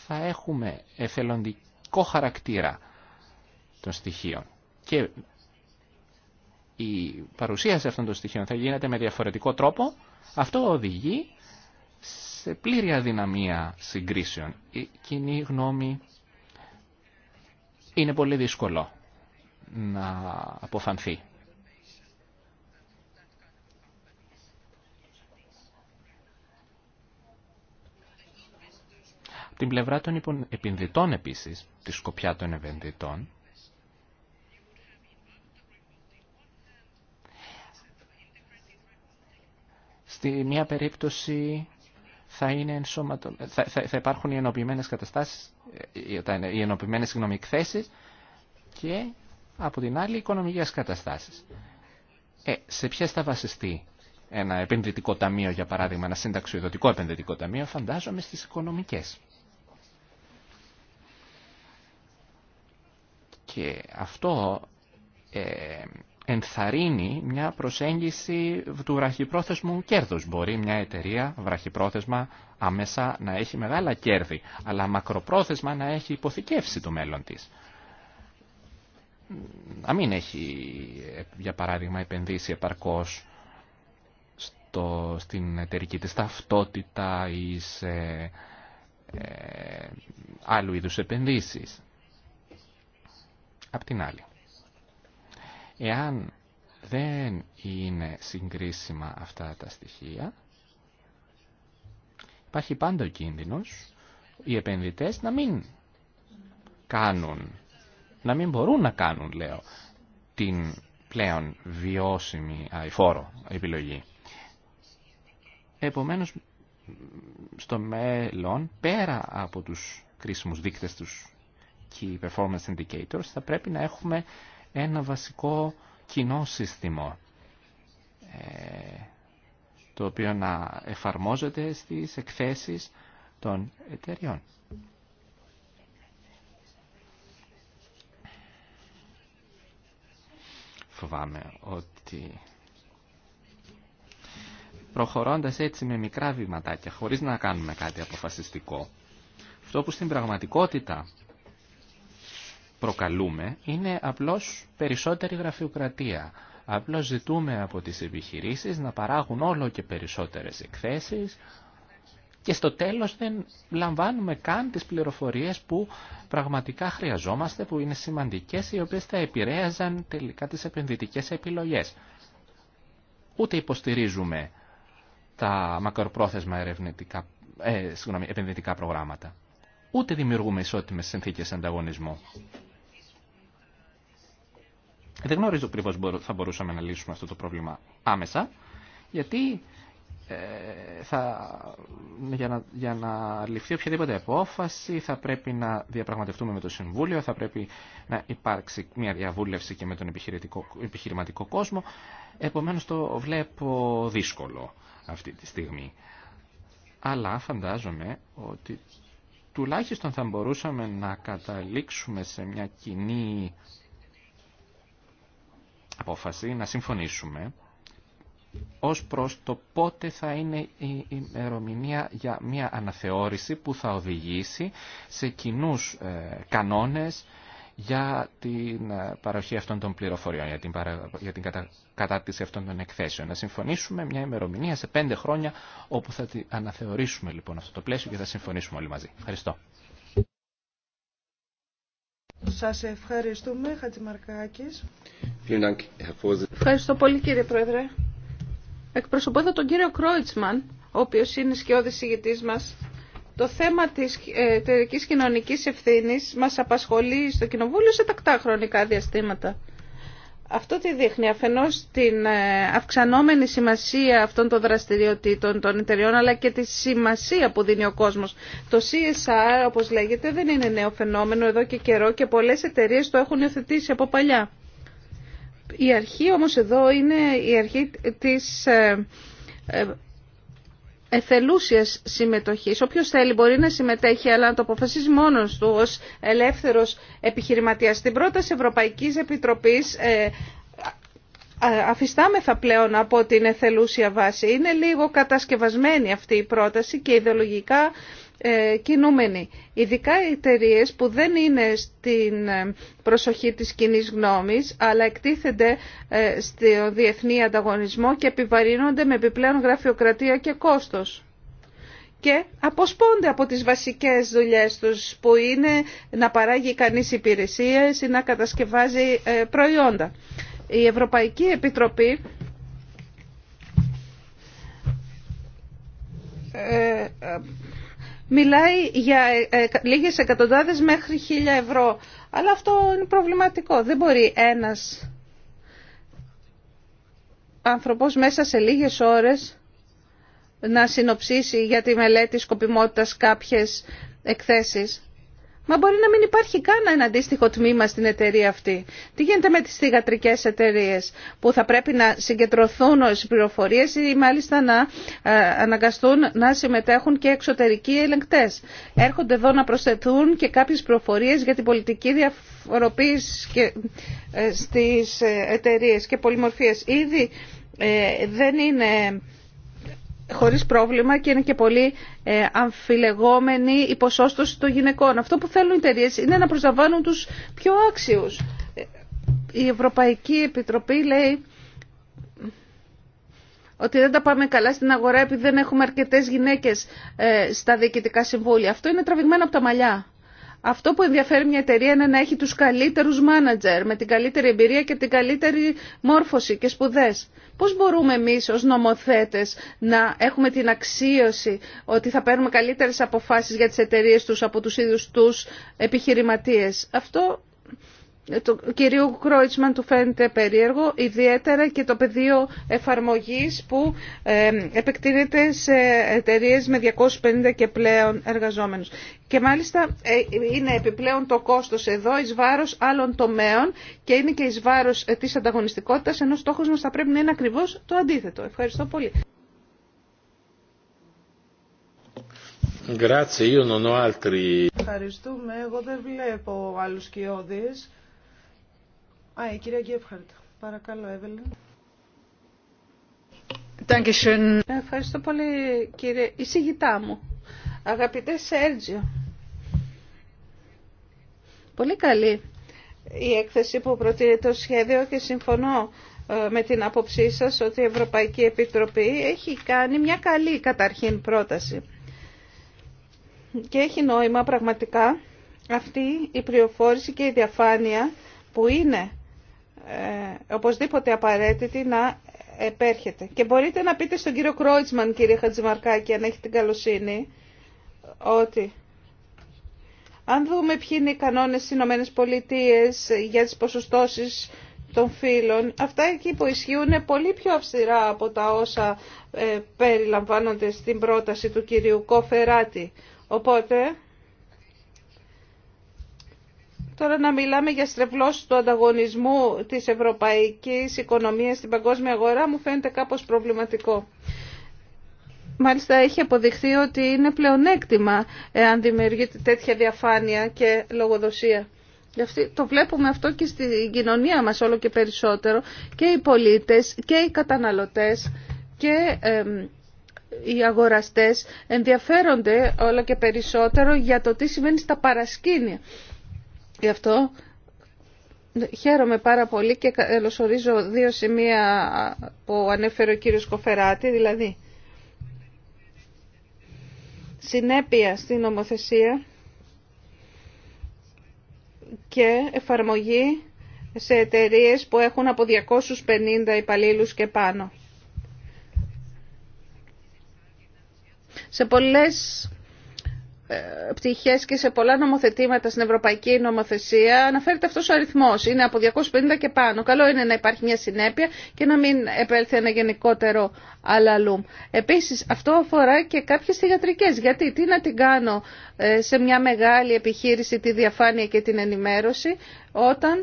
θα έχουμε εθελοντικό χαρακτήρα των στοιχείων. Και η παρουσίαση αυτών των στοιχείων θα γίνεται με διαφορετικό τρόπο. Αυτό οδηγεί σε πλήρη αδυναμία συγκρίσεων. Η κοινή γνώμη είναι πολύ δύσκολο να αποφανθεί Από την πλευρά των επενδυτών επίσης, τη σκοπιά των επενδυτών, στη μία περίπτωση θα, είναι θα, θα, υπάρχουν οι ενοποιημένες καταστάσεις, ε, οι ενοποιημένες συγγνώμη, εκθέσεις και από την άλλη οικονομικές καταστάσεις. Ε, σε ποιες θα βασιστεί ένα επενδυτικό ταμείο, για παράδειγμα, ένα συνταξιοδοτικό επενδυτικό ταμείο, φαντάζομαι στις οικονομικές. Και αυτό ε, ενθαρρύνει μια προσέγγιση του βραχυπρόθεσμου κέρδους. Μπορεί μια εταιρεία βραχυπρόθεσμα αμέσα να έχει μεγάλα κέρδη, αλλά μακροπρόθεσμα να έχει υποθηκεύσει το μέλλον της. Να μην έχει, για παράδειγμα, επενδύσει επαρκώς στο, στην εταιρική της ταυτότητα ή σε ε, άλλου είδους επενδύσεις. Απ' την άλλη, εάν δεν είναι συγκρίσιμα αυτά τα στοιχεία, υπάρχει πάντα ο κίνδυνος οι επενδυτές να μην κάνουν, να μην μπορούν να κάνουν, λέω, την πλέον βιώσιμη αηφόρο επιλογή. Επομένως, στο μέλλον, πέρα από τους κρίσιμους δείκτες τους key performance indicators, θα πρέπει να έχουμε ένα βασικό κοινό σύστημα ε, το οποίο να εφαρμόζεται στις εκθέσεις των εταιριών. Φοβάμαι ότι προχωρώντας έτσι με μικρά βηματάκια, χωρίς να κάνουμε κάτι αποφασιστικό, αυτό που στην πραγματικότητα προκαλούμε είναι απλώς περισσότερη γραφειοκρατία. Απλώς ζητούμε από τις επιχειρήσεις να παράγουν όλο και περισσότερες εκθέσεις και στο τέλος δεν λαμβάνουμε καν τις πληροφορίες που πραγματικά χρειαζόμαστε, που είναι σημαντικές, οι οποίες θα επηρέαζαν τελικά τις επενδυτικές επιλογές. Ούτε υποστηρίζουμε τα μακροπρόθεσμα ε, συγγνώμη, επενδυτικά προγράμματα. Ούτε δημιουργούμε ισότιμες συνθήκες ανταγωνισμού. Ε, δεν γνωρίζω ακριβώ θα μπορούσαμε να λύσουμε αυτό το πρόβλημα άμεσα, γιατί ε, θα, για, να, για ληφθεί οποιαδήποτε απόφαση θα πρέπει να διαπραγματευτούμε με το Συμβούλιο, θα πρέπει να υπάρξει μια διαβούλευση και με τον επιχειρηματικό κόσμο. Επομένως το βλέπω δύσκολο αυτή τη στιγμή. Αλλά φαντάζομαι ότι τουλάχιστον θα μπορούσαμε να καταλήξουμε σε μια κοινή απόφαση να συμφωνήσουμε ως προς το πότε θα είναι η ημερομηνία για μια αναθεώρηση που θα οδηγήσει σε κοινού ε, κανόνες για την ε, παροχή αυτών των πληροφοριών, για την, για την κατα... κατάρτιση αυτών των εκθέσεων. Να συμφωνήσουμε μια ημερομηνία σε πέντε χρόνια όπου θα αναθεωρήσουμε λοιπόν αυτό το πλαίσιο και θα συμφωνήσουμε όλοι μαζί. Ευχαριστώ. Σας ευχαριστούμε, Χατζημαρκάκης. Ευχαριστώ πολύ, κύριε Πρόεδρε. Εκπροσωπώ εδώ τον κύριο Κρόιτσμαν, ο οποίος είναι σκιώδης ηγητής μας. Το θέμα της ε, εταιρικής κοινωνικής ευθύνης μας απασχολεί στο Κοινοβούλιο σε τακτά χρονικά διαστήματα. Αυτό τι δείχνει αφενός την ε, αυξανόμενη σημασία αυτών των δραστηριοτήτων των εταιριών αλλά και τη σημασία που δίνει ο κόσμος. Το CSR όπως λέγεται δεν είναι νέο φαινόμενο εδώ και καιρό και πολλές εταιρείες το έχουν υιοθετήσει από παλιά. Η αρχή όμως εδώ είναι η αρχή της ε, ε, Εθελούσια συμμετοχή. Όποιος θέλει μπορεί να συμμετέχει, αλλά να το αποφασίζει μόνος του ως ελεύθερος επιχειρηματίας. Στην πρόταση Ευρωπαϊκής Επιτροπής ε, αφιστάμεθα πλέον από την εθελούσια βάση. Είναι λίγο κατασκευασμένη αυτή η πρόταση και ιδεολογικά ε, κινούμενοι. Ειδικά οι εταιρείε που δεν είναι στην ε, προσοχή της κοινή γνώμης, αλλά εκτίθενται ε, στο διεθνή ανταγωνισμό και επιβαρύνονται με επιπλέον γραφειοκρατία και κόστος. Και αποσπώνται από τις βασικές δουλειές τους, που είναι να παράγει κανείς υπηρεσίες ή να κατασκευάζει προϊόντα. Η Ευρωπαϊκή Επιτροπή μιλάει για ε, ε, λίγες εκατοντάδες μέχρι χίλια ευρώ. Αλλά αυτό είναι προβληματικό. Δεν μπορεί ένας άνθρωπος μέσα σε λίγες ώρες να συνοψίσει για τη μελέτη σκοπιμότητας κάποιες εκθέσεις. Μα μπορεί να μην υπάρχει καν ένα αντίστοιχο τμήμα στην εταιρεία αυτή. Τι γίνεται με τις θηγατρικές εταιρείε που θα πρέπει να συγκεντρωθούν οι πληροφορίες ή μάλιστα να ε, αναγκαστούν να συμμετέχουν και εξωτερικοί ελεγκτές. Έρχονται εδώ να προσθεθούν και κάποιες πληροφορίες για την πολιτική διαφοροποίηση και, ε, στις ε, εταιρείε και πολυμορφίες. Ήδη δεν είναι χωρίς πρόβλημα και είναι και πολύ ε, αμφιλεγόμενη η ποσόστοση των γυναικών. Αυτό που θέλουν οι εταιρείε είναι να προσλαμβάνουν τους πιο άξιους. Ε, η Ευρωπαϊκή Επιτροπή λέει ότι δεν τα πάμε καλά στην αγορά επειδή δεν έχουμε αρκετές γυναίκες ε, στα διοικητικά συμβούλια. Αυτό είναι τραβηγμένο από τα μαλλιά. Αυτό που ενδιαφέρει μια εταιρεία είναι να έχει τους καλύτερους μάνατζερ με την καλύτερη εμπειρία και την καλύτερη μόρφωση και σπουδές. Πώς μπορούμε εμείς ως νομοθέτες να έχουμε την αξίωση ότι θα παίρνουμε καλύτερες αποφάσεις για τις εταιρείες τους από τους ίδιους τους επιχειρηματίες. Αυτό του κυρίου Κρόιτσμαν του φαίνεται περίεργο, ιδιαίτερα και το πεδίο εφαρμογής που ε, επεκτείνεται σε εταιρείε με 250 και πλέον εργαζόμενους. Και μάλιστα ε, είναι επιπλέον το κόστος εδώ εις βάρος άλλων τομέων και είναι και εις βάρος ε, της ανταγωνιστικότητας, ενώ στόχος μας θα πρέπει να είναι ακριβώς το αντίθετο. Ευχαριστώ πολύ. Ευχαριστούμε. Εγώ δεν βλέπω άλλους κοιόδης. Α, η κυρία Γκέφχαρντ. Παρακαλώ, Εύελιν. Ε, ευχαριστώ πολύ κύριε εισηγητά μου. Αγαπητέ Σέρτζιο. Πολύ καλή η έκθεση που προτείνει το σχέδιο και συμφωνώ ε, με την άποψή σας ότι η Ευρωπαϊκή Επιτροπή έχει κάνει μια καλή καταρχήν πρόταση. Και έχει νόημα πραγματικά αυτή η πληροφόρηση και η διαφάνεια που είναι ε, οπωσδήποτε απαραίτητη να επέρχεται. Και μπορείτε να πείτε στον κύριο Κρόιτσμαν, κύριε Χατζημαρκάκη, αν έχει την καλοσύνη, ότι αν δούμε ποιοι είναι οι κανόνες στις Ηνωμένες Πολιτείες για τις ποσοστώσεις των φύλων, αυτά εκεί που ισχύουν πολύ πιο αυστηρά από τα όσα ε, περιλαμβάνονται στην πρόταση του κυρίου Κοφεράτη. Οπότε Τώρα να μιλάμε για στρεβλώσεις του ανταγωνισμού της ευρωπαϊκής οικονομίας στην παγκόσμια αγορά μου φαίνεται κάπως προβληματικό. Μάλιστα έχει αποδειχθεί ότι είναι πλεονέκτημα εάν δημιουργείται τέτοια διαφάνεια και λογοδοσία. Το βλέπουμε αυτό και στην κοινωνία μας όλο και περισσότερο και οι πολίτες και οι καταναλωτές και οι αγοραστές ενδιαφέρονται όλο και περισσότερο για το τι σημαίνει στα παρασκήνια. Γι' αυτό χαίρομαι πάρα πολύ και καλωσορίζω δύο σημεία που ανέφερε ο κύριος Κοφεράτη, δηλαδή συνέπεια στην νομοθεσία και εφαρμογή σε εταιρείε που έχουν από 250 υπαλλήλους και πάνω. Σε πολλές ε, πτυχές και σε πολλά νομοθετήματα στην Ευρωπαϊκή Νομοθεσία αναφέρεται αυτός ο αριθμός. Είναι από 250 και πάνω. Καλό είναι να υπάρχει μια συνέπεια και να μην επέλθει ένα γενικότερο αλαλούμ. Επίσης αυτό αφορά και κάποιες θηγατρικές. Γιατί τι να την κάνω ε, σε μια μεγάλη επιχείρηση τη διαφάνεια και την ενημέρωση όταν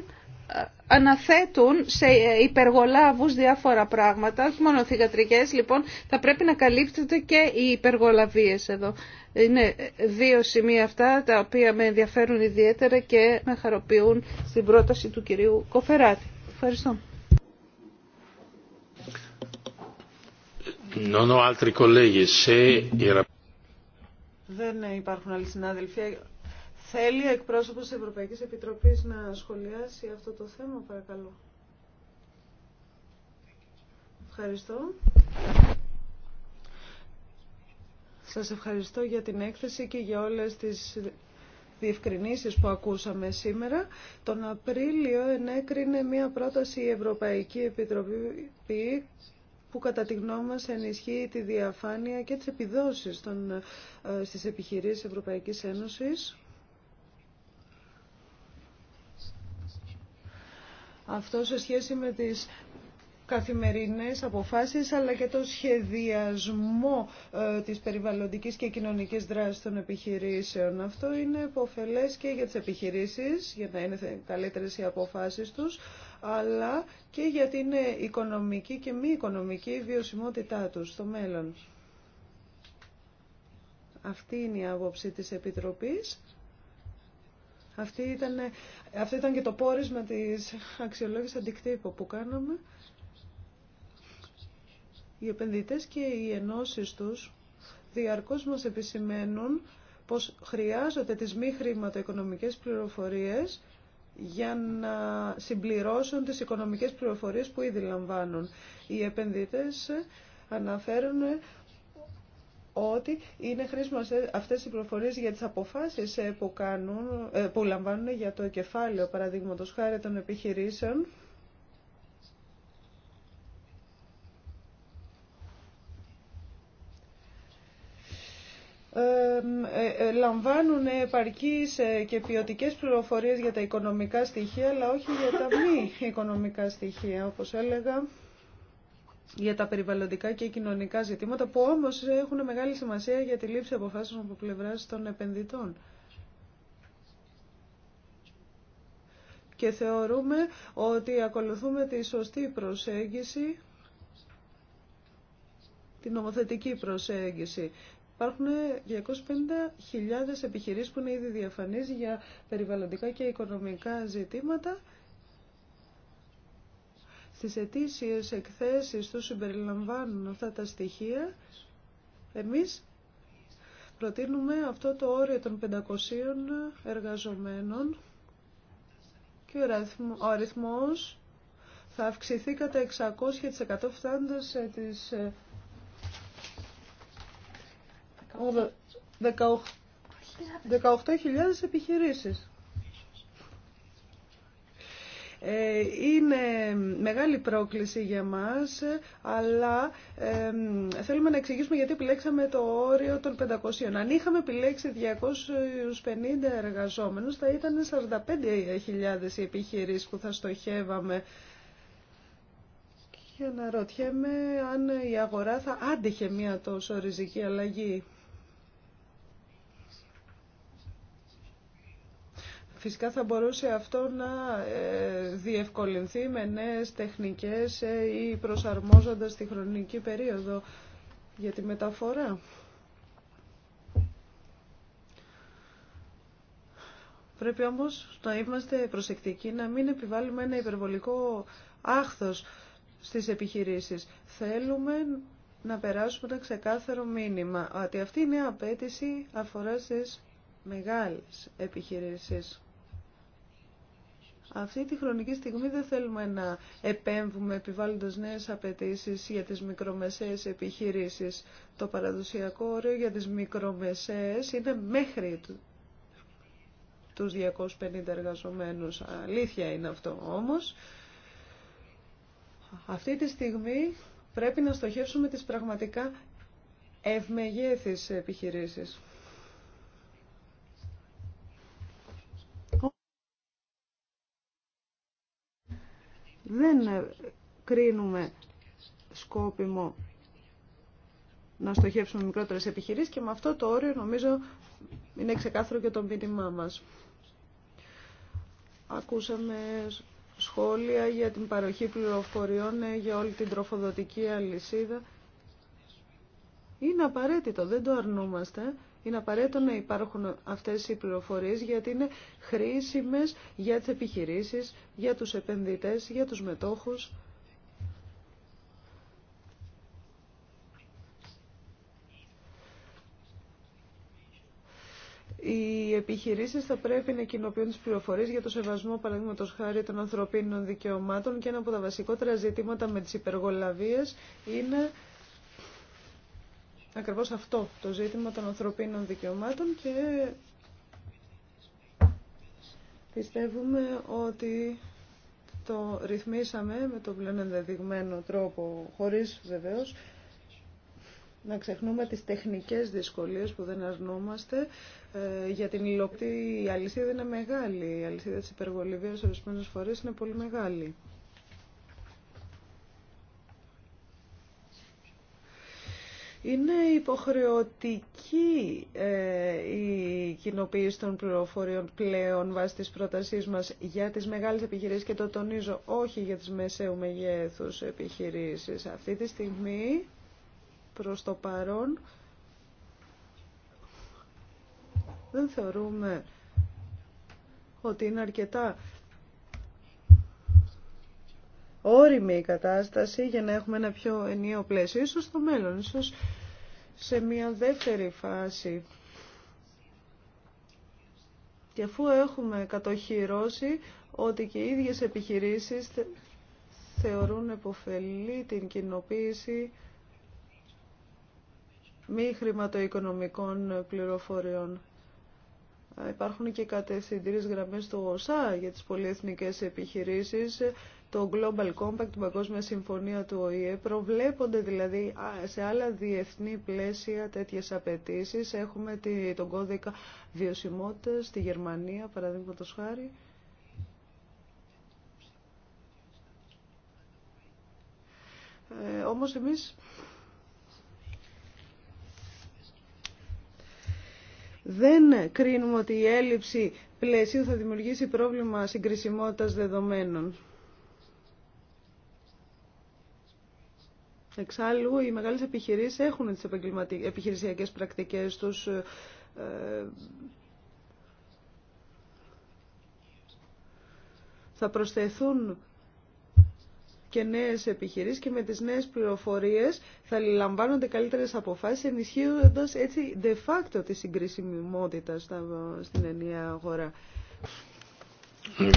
ε, αναθέτουν σε υπεργολάβους διάφορα πράγματα, μόνο θηγατρικές, λοιπόν, θα πρέπει να καλύπτεται και οι υπεργολαβίες εδώ. Είναι δύο σημεία αυτά τα οποία με ενδιαφέρουν ιδιαίτερα και με χαροποιούν στην πρόταση του κυρίου Κοφεράτη. Ευχαριστώ. Δεν υπάρχουν άλλοι συνάδελφοι. Θέλει ο εκπρόσωπος της Ευρωπαϊκής Επιτροπής να σχολιάσει αυτό το θέμα, παρακαλώ. Ευχαριστώ. Σας ευχαριστώ για την έκθεση και για όλες τις διευκρινήσεις που ακούσαμε σήμερα. Τον Απρίλιο ενέκρινε μια πρόταση η Ευρωπαϊκή Επιτροπή που κατά τη γνώμη μας ενισχύει τη διαφάνεια και τις επιδόσεις των, ε, στις επιχειρήσεις Ευρωπαϊκής Ένωσης. Αυτό σε σχέση με τις καθημερινές αποφάσεις αλλά και το σχεδιασμό ε, της περιβαλλοντικής και κοινωνικής δράσης των επιχειρήσεων. Αυτό είναι υποφελές και για τις επιχειρήσεις, για να είναι καλύτερες οι αποφάσεις τους, αλλά και για την οικονομική και μη οικονομική βιωσιμότητά τους στο μέλλον. Αυτή είναι η άποψη της Επιτροπής. Αυτή ήταν, ε, αυτό ήταν και το πόρισμα της αξιολόγησης αντικτύπου που κάναμε. Οι επενδυτές και οι ενώσεις τους διαρκώς μας επισημαίνουν πως χρειάζονται τις μη χρηματοοικονομικές πληροφορίες για να συμπληρώσουν τις οικονομικές πληροφορίες που ήδη λαμβάνουν. Οι επενδυτές αναφέρουν ότι είναι χρήσιμα αυτές οι πληροφορίες για τις αποφάσεις ε, που, κάνουν, ε, που λαμβάνουν για το κεφάλαιο, παραδείγματος χάρη των επιχειρήσεων, Ε, ε, λαμβάνουν επαρκείς ε, και ποιοτικέ πληροφορίες για τα οικονομικά στοιχεία, αλλά όχι για τα μη οικονομικά στοιχεία, όπως έλεγα, για τα περιβαλλοντικά και κοινωνικά ζητήματα, που όμως έχουν μεγάλη σημασία για τη λήψη αποφάσεων από πλευρά των επενδυτών. Και θεωρούμε ότι ακολουθούμε τη σωστή προσέγγιση την νομοθετική προσέγγιση. Υπάρχουν 250.000 επιχειρήσεις που είναι ήδη διαφανείς για περιβαλλοντικά και οικονομικά ζητήματα. Στις αιτήσιες εκθέσεις του συμπεριλαμβάνουν αυτά τα στοιχεία. Εμείς προτείνουμε αυτό το όριο των 500 εργαζομένων και ο αριθμός θα αυξηθεί κατά 600% φτάνοντας τις 18.000 επιχειρήσεις. Ε, είναι μεγάλη πρόκληση για μας, αλλά θέλουμε να εξηγήσουμε γιατί επιλέξαμε το όριο των 500. Αν είχαμε επιλέξει 250 εργαζόμενους, θα ήταν 45.000 οι επιχειρήσεις που θα στοχεύαμε. Και αναρωτιέμαι αν η αγορά θα άντεχε μια τόσο ριζική αλλαγή. Φυσικά θα μπορούσε αυτό να ε, διευκολυνθεί με νέες τεχνικές ε, ή προσαρμόζοντας τη χρονική περίοδο για τη μεταφορά. Πρέπει όμως να είμαστε προσεκτικοί, να μην επιβάλλουμε ένα υπερβολικό άχθος στις επιχειρήσεις. Θέλουμε να περάσουμε ένα ξεκάθαρο μήνυμα ότι αυτή η νέα απέτηση αφορά στις μεγάλες επιχειρήσεις. Αυτή τη χρονική στιγμή δεν θέλουμε να επέμβουμε επιβάλλοντας νέες απαιτήσεις για τις μικρομεσαίες επιχειρήσεις. Το παραδοσιακό όριο για τις μικρομεσαίες είναι μέχρι τους 250 εργαζομένους. Αλήθεια είναι αυτό όμως. Αυτή τη στιγμή πρέπει να στοχεύσουμε τις πραγματικά ευμεγέθεις επιχειρήσεις. δεν κρίνουμε σκόπιμο να στοχεύσουμε μικρότερες επιχειρήσεις και με αυτό το όριο νομίζω είναι ξεκάθαρο και το μήνυμά μας. Ακούσαμε σχόλια για την παροχή πληροφοριών ε, για όλη την τροφοδοτική αλυσίδα. Είναι απαραίτητο, δεν το αρνούμαστε. Είναι απαραίτητο να υπάρχουν αυτές οι πληροφορίες γιατί είναι χρήσιμες για τις επιχειρήσεις, για τους επενδυτές, για τους μετόχους. Οι επιχειρήσεις θα πρέπει να κοινοποιούν τις πληροφορίες για το σεβασμό παραδείγματο χάρη των ανθρωπίνων δικαιωμάτων και ένα από τα βασικότερα ζητήματα με τις υπεργολαβίες είναι ακριβώς αυτό το ζήτημα των ανθρωπίνων δικαιωμάτων και πιστεύουμε ότι το ρυθμίσαμε με τον πλέον ενδεδειγμένο τρόπο, χωρίς βεβαίως να ξεχνούμε τις τεχνικές δυσκολίες που δεν αρνούμαστε ε, για την υλοκτή Η αλυσίδα είναι μεγάλη, η αλυσίδα της υπεργολιβίας ορισμένες φορές είναι πολύ μεγάλη. Είναι υποχρεωτική ε, η κοινοποίηση των πληροφοριών πλέον βάσει της πρότασής μας για τις μεγάλες επιχειρήσεις και το τονίζω όχι για τις μεσαίου μεγέθους επιχειρήσεις. Αυτή τη στιγμή προς το παρόν δεν θεωρούμε ότι είναι αρκετά όριμη η κατάσταση για να έχουμε ένα πιο ενιαίο πλαίσιο. Ίσως στο μέλλον, ίσως σε μια δεύτερη φάση. Και αφού έχουμε κατοχυρώσει ότι και οι ίδιες επιχειρήσεις θεωρούν επωφελή την κοινοποίηση μη χρηματοοικονομικών πληροφοριών. Υπάρχουν και κατευθυντήρες γραμμές του ΟΣΑ για τις πολυεθνικές επιχειρήσεις το Global Compact, την Παγκόσμια Συμφωνία του ΟΗΕ. Προβλέπονται δηλαδή σε άλλα διεθνή πλαίσια τέτοιες απαιτήσει. Έχουμε τον κώδικα βιωσιμότητας στη Γερμανία, παραδείγματο χάρη. Ε, όμως εμείς δεν κρίνουμε ότι η έλλειψη πλαισίου θα δημιουργήσει πρόβλημα συγκρισιμότητας δεδομένων. Εξάλλου, οι μεγάλες επιχειρήσεις έχουν τις επιχειρησιακές πρακτικές τους ε, ε, θα προσθεθούν και νέες επιχειρήσεις και με τις νέες πληροφορίες θα λαμβάνονται καλύτερες αποφάσεις ενισχύοντας έτσι de facto τη συγκρισιμότητα στην ενιαία αγορά. E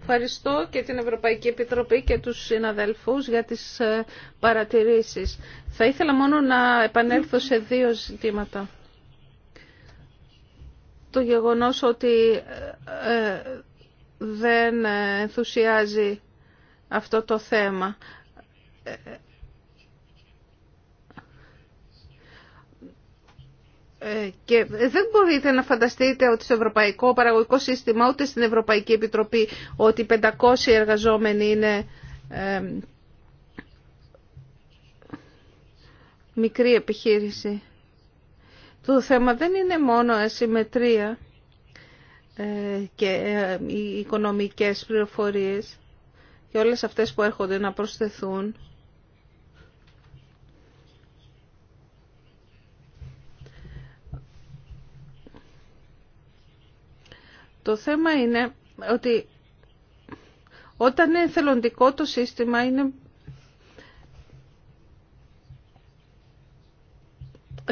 Ευχαριστώ και την Ευρωπαϊκή Επιτροπή και τους συναδελφούς για τις ε, παρατηρήσεις. Θα ήθελα μόνο να επανέλθω σε δύο ζητήματα. Το γεγονός ότι ε, ε, δεν ενθουσιάζει αυτό το θέμα Ε, και δεν μπορείτε να φανταστείτε ότι στο ευρωπαϊκό παραγωγικό σύστημα ούτε στην Ευρωπαϊκή Επιτροπή ότι 500 εργαζόμενοι είναι μικρή επιχείρηση. Το θέμα δεν είναι μόνο ασυμμετρία ε, και ε, οι οικονομικές πληροφορίες και όλες αυτές που έρχονται να προσθεθούν Το θέμα είναι ότι όταν είναι εθελοντικό το σύστημα είναι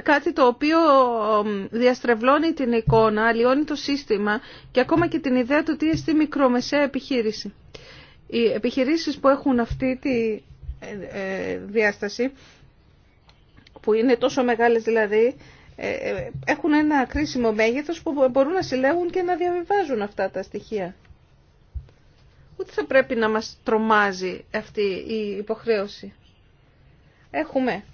κάτι το οποίο διαστρεβλώνει την εικόνα, αλλοιώνει το σύστημα και ακόμα και την ιδέα του τι είναι στη μικρομεσαία επιχείρηση. Οι επιχειρήσεις που έχουν αυτή τη ε, ε, διάσταση, που είναι τόσο μεγάλες δηλαδή, ε, ε, έχουν ένα κρίσιμο μέγεθος που μπορούν να συλλέγουν και να διαβιβάζουν αυτά τα στοιχεία. Ούτε θα πρέπει να μας τρομάζει αυτή η υποχρέωση. Έχουμε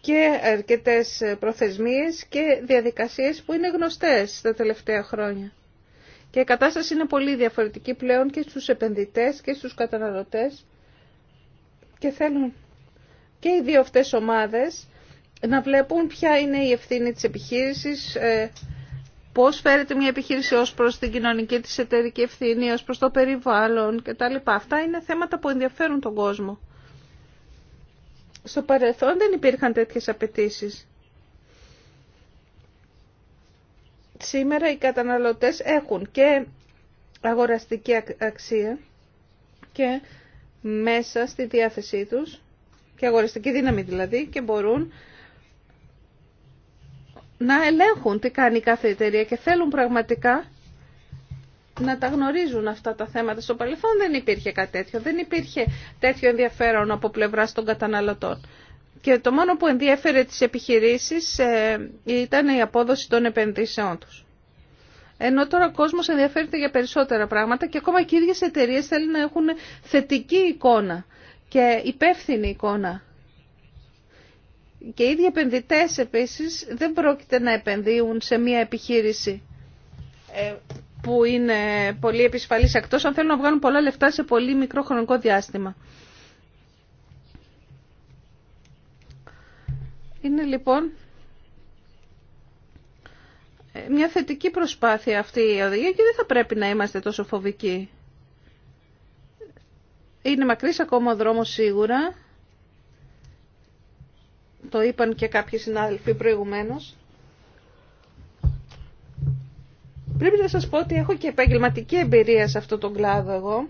και αρκετές προθεσμίες και διαδικασίες που είναι γνωστές τα τελευταία χρόνια. Και η κατάσταση είναι πολύ διαφορετική πλέον και στους επενδυτές και στους καταναλωτές και θέλουν και οι δύο αυτές ομάδες να βλέπουν ποια είναι η ευθύνη της επιχείρησης, ε, πώς φέρεται μια επιχείρηση ως προς την κοινωνική της εταιρική ευθύνη, ως προς το περιβάλλον κτλ. Αυτά είναι θέματα που ενδιαφέρουν τον κόσμο. Στο παρελθόν δεν υπήρχαν τέτοιες απαιτήσει. Σήμερα οι καταναλωτές έχουν και αγοραστική αξία και μέσα στη διάθεσή τους και αγοραστική δύναμη δηλαδή και μπορούν να ελέγχουν τι κάνει κάθε εταιρεία και θέλουν πραγματικά να τα γνωρίζουν αυτά τα θέματα. Στο παρελθόν δεν υπήρχε κάτι τέτοιο. Δεν υπήρχε τέτοιο ενδιαφέρον από πλευρά των καταναλωτών. Και το μόνο που ενδιέφερε τις επιχειρήσεις ε, ήταν η απόδοση των επενδύσεών τους. Ενώ τώρα ο κόσμος ενδιαφέρεται για περισσότερα πράγματα και ακόμα και οι ίδιες εταιρείες θέλουν να έχουν θετική εικόνα και υπεύθυνη εικόνα. Και οι ίδιοι επενδυτές επίσης δεν πρόκειται να επενδύουν σε μια επιχείρηση ε, που είναι πολύ επισφαλής εκτός αν θέλουν να βγάλουν πολλά λεφτά σε πολύ μικρό χρονικό διάστημα. Είναι λοιπόν ε, μια θετική προσπάθεια αυτή η οδηγία και δεν θα πρέπει να είμαστε τόσο φοβικοί. Είναι μακρύς ακόμα ο δρόμος σίγουρα. Το είπαν και κάποιοι συνάδελφοι προηγουμένως. Πρέπει να σας πω ότι έχω και επαγγελματική εμπειρία σε αυτό τον κλάδο εγώ.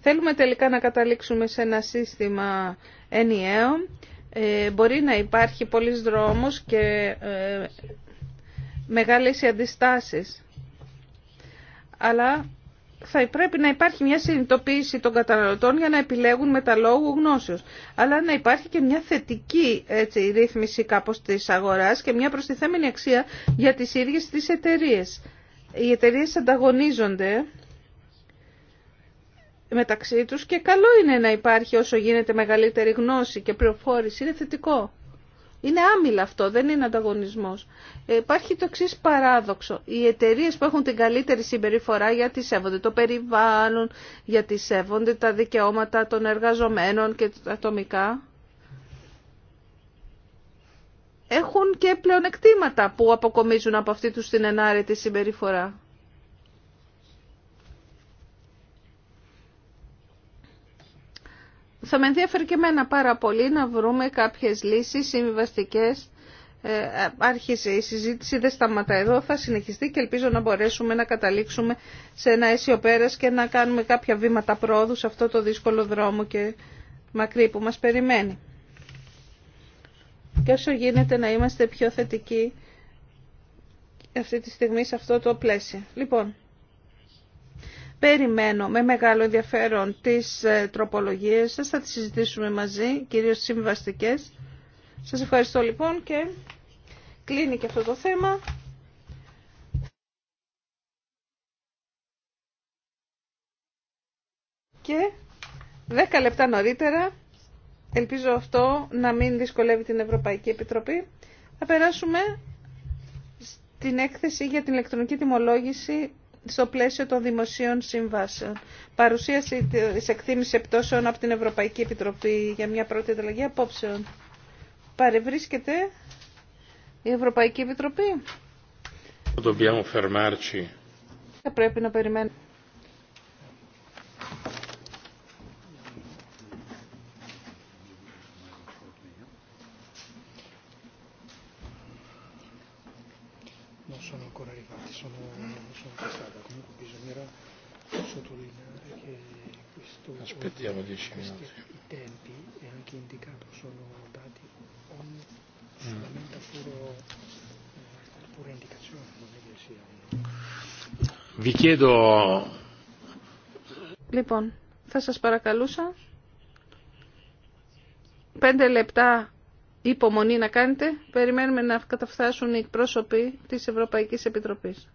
Θέλουμε τελικά να καταλήξουμε σε ένα σύστημα ενιαίο. Ε, μπορεί να υπάρχει πολλής δρόμος και ε, μεγάλες οι αντιστάσεις. Αλλά θα πρέπει να υπάρχει μια συνειδητοποίηση των καταναλωτών για να επιλέγουν με τα λόγου γνώσεως. Αλλά να υπάρχει και μια θετική έτσι, ρύθμιση κάπως της αγοράς και μια προστιθέμενη αξία για τις ίδιες τις εταιρείε. Οι εταιρείε ανταγωνίζονται μεταξύ τους και καλό είναι να υπάρχει όσο γίνεται μεγαλύτερη γνώση και πληροφόρηση. Είναι θετικό. Είναι άμυλα αυτό, δεν είναι ανταγωνισμός. Ε, υπάρχει το εξή παράδοξο. Οι εταιρείε που έχουν την καλύτερη συμπεριφορά γιατί σέβονται το περιβάλλον, γιατί σέβονται τα δικαιώματα των εργαζομένων και τα ατομικά, έχουν και πλεονεκτήματα που αποκομίζουν από αυτή του την ενάρετη συμπεριφορά. Θα με ενδιαφέρει και εμένα πάρα πολύ να βρούμε κάποιες λύσεις συμβιβαστικέ. Ε, άρχισε η συζήτηση, δεν σταματά εδώ, θα συνεχιστεί και ελπίζω να μπορέσουμε να καταλήξουμε σε ένα αίσιο πέρας και να κάνουμε κάποια βήματα πρόοδου σε αυτό το δύσκολο δρόμο και μακρύ που μας περιμένει. Και όσο γίνεται να είμαστε πιο θετικοί αυτή τη στιγμή σε αυτό το πλαίσιο. Λοιπόν, Περιμένω με μεγάλο ενδιαφέρον τις ε, τροπολογίες σας, θα τις συζητήσουμε μαζί, κυρίως τις συμβαστικές. Σας ευχαριστώ λοιπόν και κλείνει και αυτό το θέμα. Και 10 λεπτά νωρίτερα, ελπίζω αυτό να μην δυσκολεύει την Ευρωπαϊκή Επιτροπή, θα περάσουμε στην έκθεση για την ηλεκτρονική τιμολόγηση στο πλαίσιο των δημοσίων συμβάσεων. Παρουσίαση τη εκτίμηση επτώσεων από την Ευρωπαϊκή Επιτροπή για μια πρώτη ανταλλαγή απόψεων. Παρευρίσκεται η Ευρωπαϊκή Επιτροπή. Θα πρέπει να περιμένουμε. Diamo 10 minuti. I tempi è anche indicato sono dati ogni mm. solamente puro, eh, pura indicazione, non è che sia Vi chiedo... Λοιπόν, θα σας παρακαλούσα πέντε λεπτά υπομονή να κάνετε. Περιμένουμε να καταφθάσουν οι πρόσωποι της Ευρωπαϊκής Επιτροπής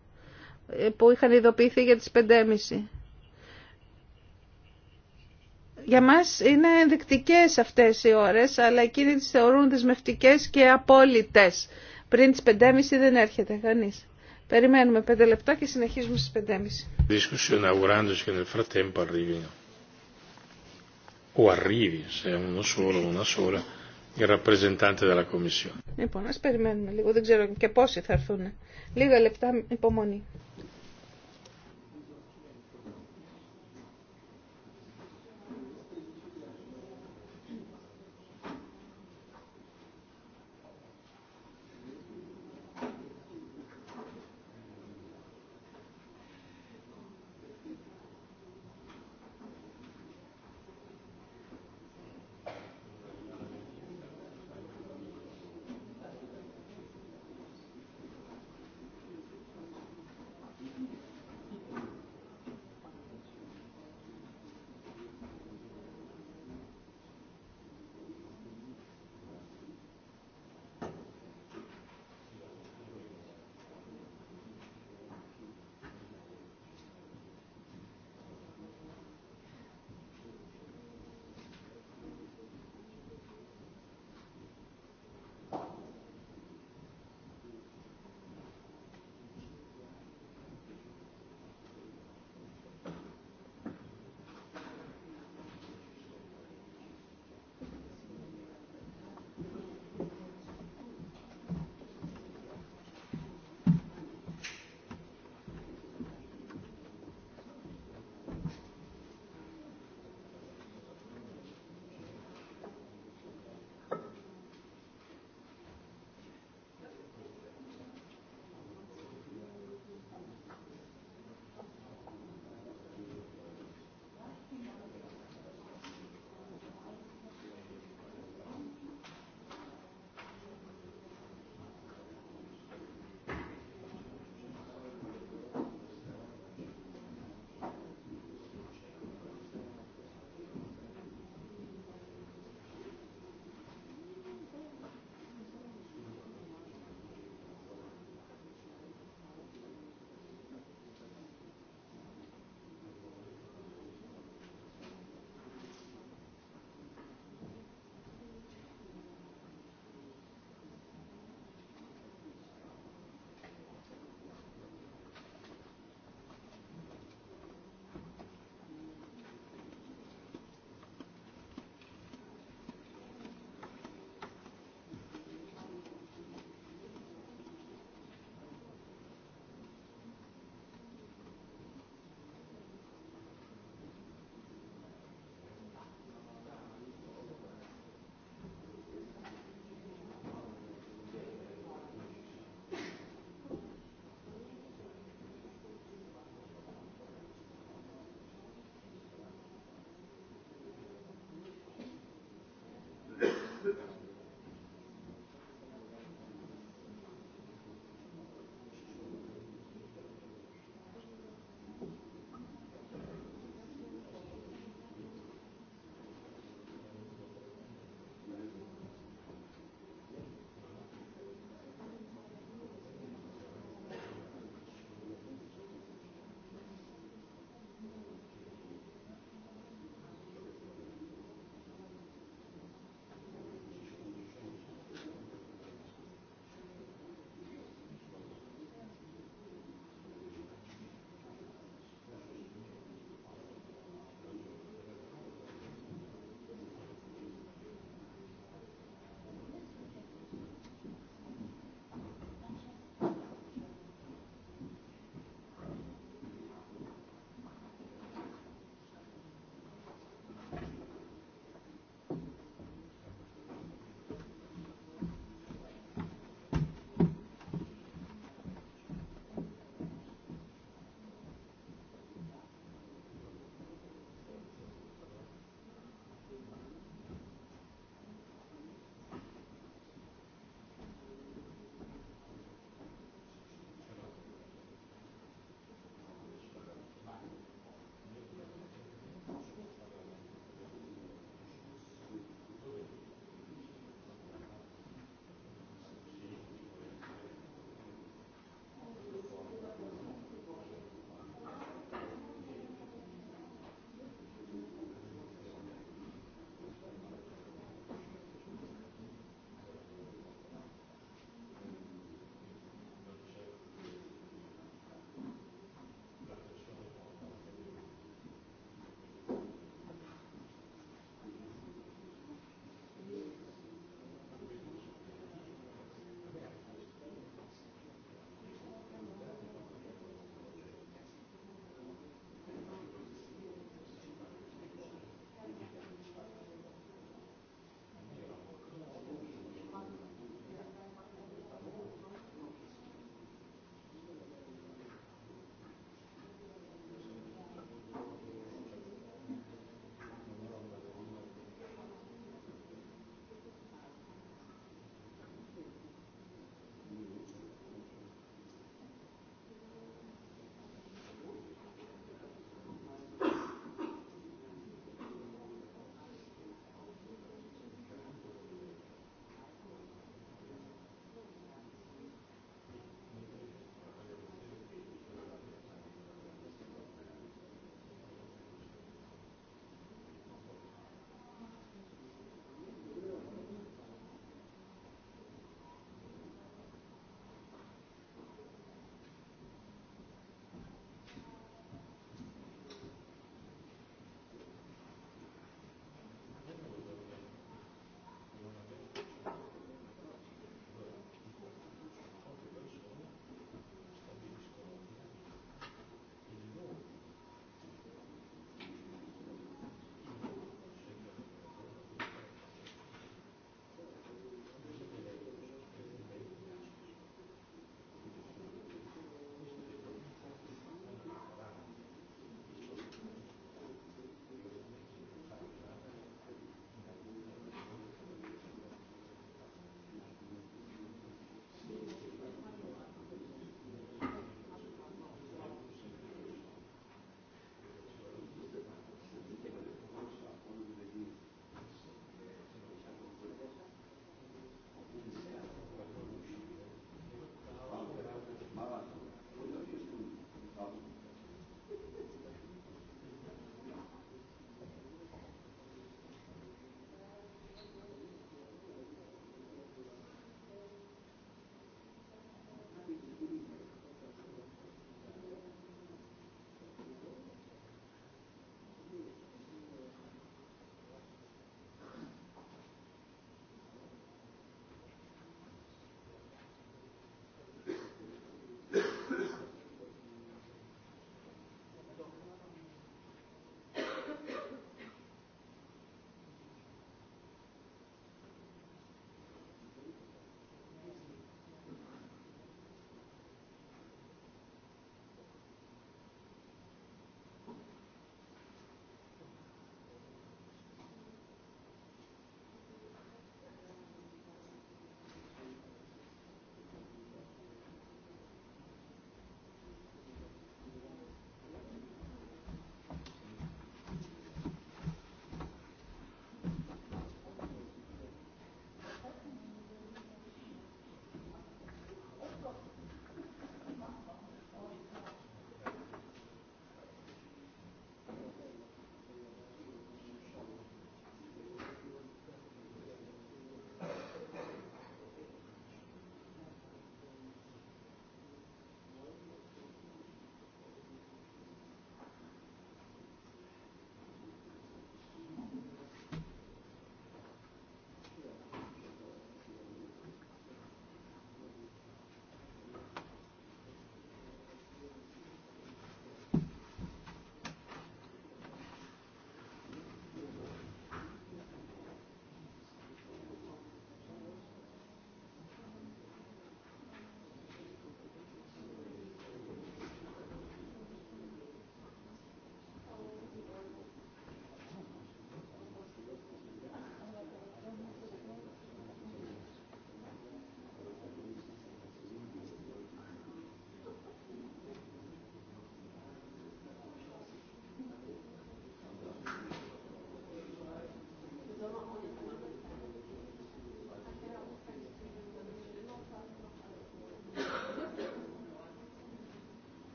ε, που είχαν ειδοποιηθεί για τις 5.30 για μας είναι ενδεικτικέ αυτές οι ώρες, αλλά εκείνοι τις θεωρούν δεσμευτικές και απόλυτες. Πριν τις 5.30 δεν έρχεται κανείς. Περιμένουμε 5 λεπτά και συνεχίζουμε στις 5.30. O arrivi, se uno solo, una sola, Λοιπόν, ας περιμένουμε λίγο, δεν ξέρω και πόσοι θα έρθουν. Λίγα λεπτά υπομονή.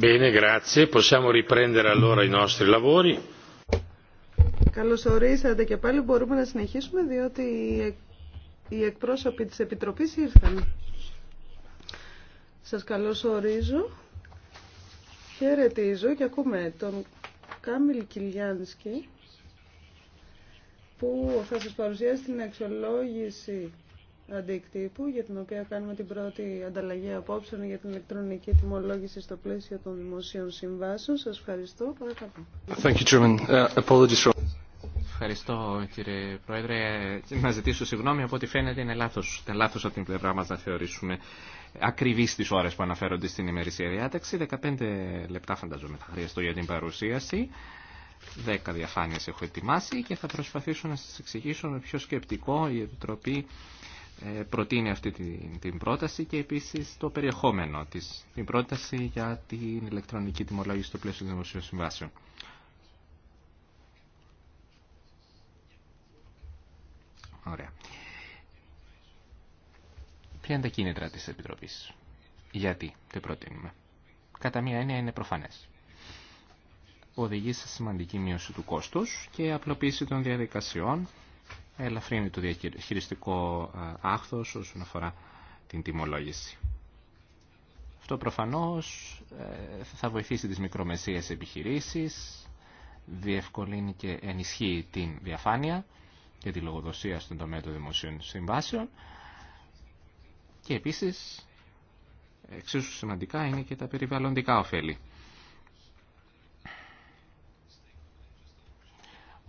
Bene, Καλώς ορίσατε και πάλι μπορούμε να συνεχίσουμε διότι οι εκπρόσωποι της Επιτροπής ήρθαν. Σας καλωσορίζω. Χαιρετίζω και ακούμε τον Κάμιλ Κιλιάνσκι που θα σας παρουσιάσει την αξιολόγηση αντικτύπου για την οποία κάνουμε την πρώτη ανταλλαγή απόψεων για την ηλεκτρονική τιμολόγηση στο πλαίσιο των δημοσίων συμβάσεων. Σα ευχαριστώ. Παρακαλώ. Uh, ευχαριστώ κύριε Πρόεδρε. Να ζητήσω συγγνώμη από ό,τι φαίνεται είναι λάθος, Είναι λάθος από την πλευρά μας να θεωρήσουμε ακριβείς τι ώρες που αναφέρονται στην ημερησία διάταξη. 15 λεπτά φανταζόμαι θα χρειαστώ για την παρουσίαση. 10 διαφάνειες έχω ετοιμάσει και θα προσπαθήσω να σας εξηγήσω με ποιο σκεπτικό η Επιτροπή ε, προτείνει αυτή την, πρόταση και επίσης το περιεχόμενο της, την πρόταση για την ηλεκτρονική τιμολόγηση στο πλαίσιο των δημοσίων συμβάσεων. Ωραία. Ποια είναι τα κίνητρα της Επιτροπής. Γιατί το προτείνουμε. Κατά μία έννοια είναι προφανές. Οδηγεί σε σημαντική μείωση του κόστους και απλοποίηση των διαδικασιών ελαφρύνει το διαχειριστικό ε, άχθος όσον αφορά την τιμολόγηση. Αυτό προφανώς ε, θα βοηθήσει τις μικρομεσαίες επιχειρήσεις, διευκολύνει και ενισχύει την διαφάνεια και τη λογοδοσία στον τομέα των δημοσίων συμβάσεων και επίσης εξίσου σημαντικά είναι και τα περιβαλλοντικά ωφέλη.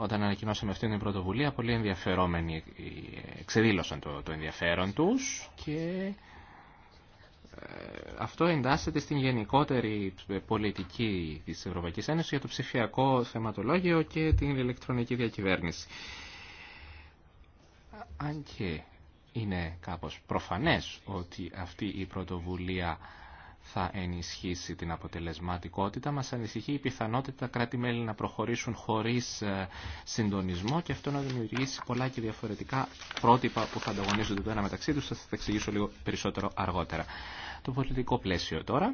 όταν ανακοινώσαμε αυτή την πρωτοβουλία, πολύ ενδιαφερόμενοι εξεδήλωσαν το, το ενδιαφέρον τους και ε, αυτό εντάσσεται στην γενικότερη ε, πολιτική της Ευρωπαϊκής Ένωσης για το ψηφιακό θεματολόγιο και την ηλεκτρονική διακυβέρνηση. Αν και είναι κάπως προφανές ότι αυτή η πρωτοβουλία θα ενισχύσει την αποτελεσματικότητα. Μας ανησυχεί η πιθανότητα κράτη-μέλη να προχωρήσουν χωρίς ε, συντονισμό και αυτό να δημιουργήσει πολλά και διαφορετικά πρότυπα που θα ανταγωνίζονται το ένα μεταξύ τους. Θα τα εξηγήσω λίγο περισσότερο αργότερα. Το πολιτικό πλαίσιο τώρα.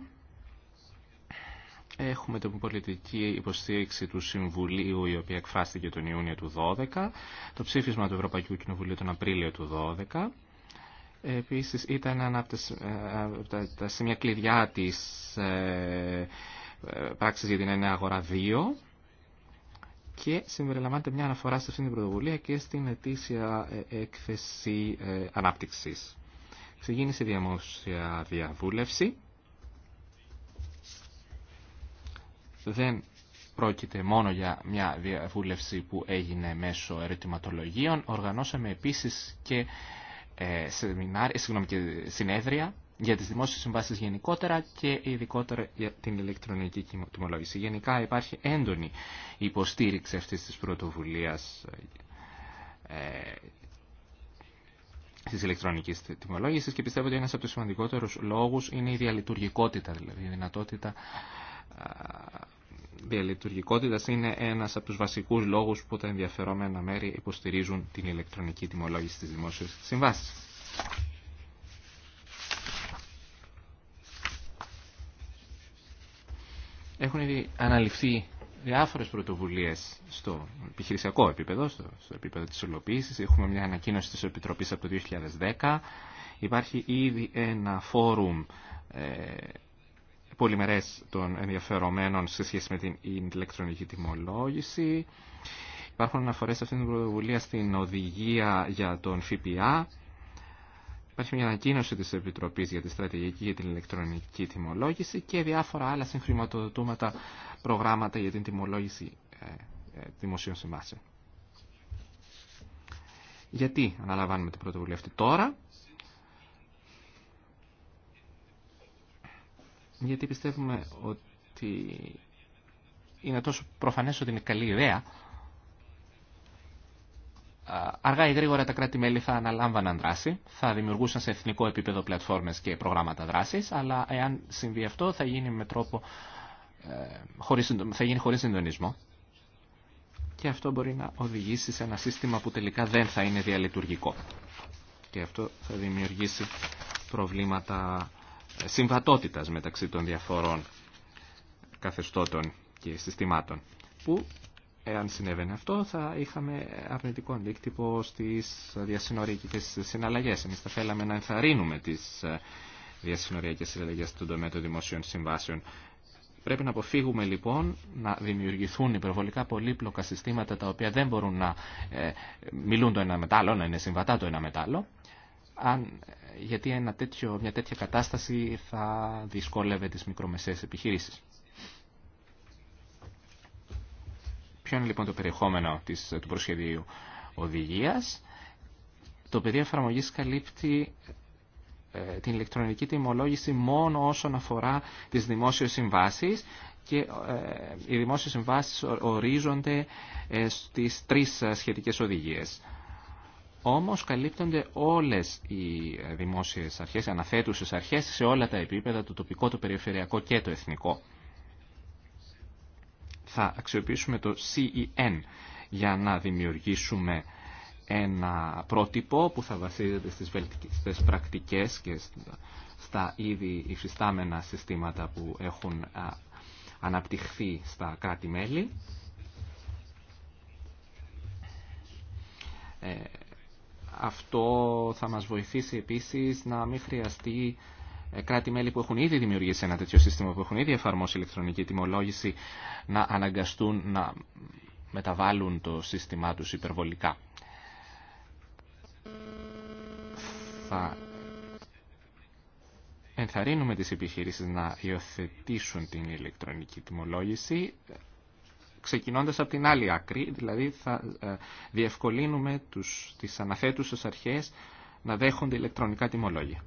Έχουμε την πολιτική υποστήριξη του Συμβουλίου η οποία εκφράστηκε τον Ιούνιο του 2012. το ψήφισμα του Ευρωπαϊκού Κοινοβουλίου τον Απρίλιο του 12, Επίσης ήταν ένα από ε, τα, σημεία κλειδιά της ε, πράξης για την εννέα αγορά 2 και συμπεριλαμβάνεται μια αναφορά σε αυτή την πρωτοβουλία και στην ετήσια ε, έκθεση ε, ανάπτυξης. Ξεκίνησε δημόσια διαβούλευση. Δεν πρόκειται μόνο για μια διαβούλευση που έγινε μέσω ερωτηματολογίων. Οργανώσαμε επίσης και ε, ε, συγγνώμη, και συνέδρια για τις δημόσιες συμβάσεις γενικότερα και ειδικότερα για την ηλεκτρονική τιμολόγηση. Γενικά υπάρχει έντονη υποστήριξη αυτής της πρωτοβουλίας ε, ε της ηλεκτρονικής τιμολόγησης και πιστεύω ότι ένας από τους σημαντικότερους λόγους είναι η διαλειτουργικότητα, δηλαδή η δυνατότητα διαλειτουργικότητας είναι ένας από τους βασικούς λόγους που τα ενδιαφερόμενα μέρη υποστηρίζουν την ηλεκτρονική τιμολόγηση της δημόσιας συμβάσης. Έχουν ήδη αναλυφθεί διάφορες πρωτοβουλίες στο επιχειρησιακό επίπεδο, στο, επίπεδο της υλοποίησης. Έχουμε μια ανακοίνωση της Επιτροπής από το 2010. Υπάρχει ήδη ένα φόρουμ ε, πολυμερές των ενδιαφερομένων σε σχέση με την ηλεκτρονική τιμολόγηση. Υπάρχουν αναφορές σε αυτήν την πρωτοβουλία στην οδηγία για τον ΦΠΑ. Υπάρχει μια ανακοίνωση της Επιτροπής για τη Στρατηγική για την Ηλεκτρονική Τιμολόγηση και διάφορα άλλα συγχρηματοδοτούματα, προγράμματα για την τιμολόγηση ε, ε, δημοσίων συμβάσεων. Γιατί αναλαμβάνουμε την πρωτοβουλία αυτή τώρα, γιατί πιστεύουμε ότι είναι τόσο προφανές ότι είναι καλή ιδέα, αργά ή γρήγορα τα κράτη-μέλη θα αναλάμβαναν δράση, θα δημιουργούσαν σε εθνικό επίπεδο πλατφόρμες και προγράμματα δράσης, αλλά εάν συμβεί αυτό θα γίνει με τρόπο, ε, θα γίνει χωρίς συντονισμό. Και αυτό μπορεί να οδηγήσει σε ένα σύστημα που τελικά δεν θα είναι διαλειτουργικό. Και αυτό θα δημιουργήσει προβλήματα συμβατότητας μεταξύ των διαφορών καθεστώτων και συστημάτων που εάν συνέβαινε αυτό θα είχαμε αρνητικό αντίκτυπο στις διασυνοριακές συναλλαγές. Εμείς θα θέλαμε να ενθαρρύνουμε τις ε, διασυνοριακές συναλλαγές στον τομέα των δημοσίων συμβάσεων. Πρέπει να αποφύγουμε λοιπόν να δημιουργηθούν υπερβολικά πολύπλοκα συστήματα τα οποία δεν μπορούν να ε, ε, μιλούν το ένα μετάλλο, να είναι συμβατά το ένα μετάλλο αν, γιατί ένα τέτοιο, μια τέτοια κατάσταση θα δυσκόλευε τις μικρομεσαίες επιχειρήσεις. Ποιο είναι λοιπόν το περιεχόμενο της, του προσχεδίου οδηγίας. Το πεδίο εφαρμογή καλύπτει ε, την ηλεκτρονική τιμολόγηση μόνο όσον αφορά τις δημόσιες συμβάσεις και ε, οι δημόσιες συμβάσεις ορίζονται ε, στις τρεις σχετικές οδηγίες. Όμως καλύπτονται όλες οι ε, δημόσιες αρχές, αναθέτουσες αρχές σε όλα τα επίπεδα, το τοπικό, το περιφερειακό και το εθνικό. Θα αξιοποιήσουμε το CEN για να δημιουργήσουμε ένα πρότυπο που θα βασίζεται στις βελτιστές πρακτικές και στα ήδη υφιστάμενα συστήματα που έχουν αναπτυχθεί στα κράτη-μέλη. Ε, αυτό θα μας βοηθήσει επίσης να μην χρειαστεί ε, κράτη-μέλη που έχουν ήδη δημιουργήσει ένα τέτοιο σύστημα, που έχουν ήδη εφαρμόσει ηλεκτρονική τιμολόγηση, να αναγκαστούν να μεταβάλουν το σύστημά τους υπερβολικά. Θα ενθαρρύνουμε τις επιχειρήσεις να υιοθετήσουν την ηλεκτρονική τιμολόγηση, ξεκινώντας από την άλλη άκρη, δηλαδή θα ε, διευκολύνουμε τους, τις αναθέτουσες αρχές να δέχονται ηλεκτρονικά τιμολόγια.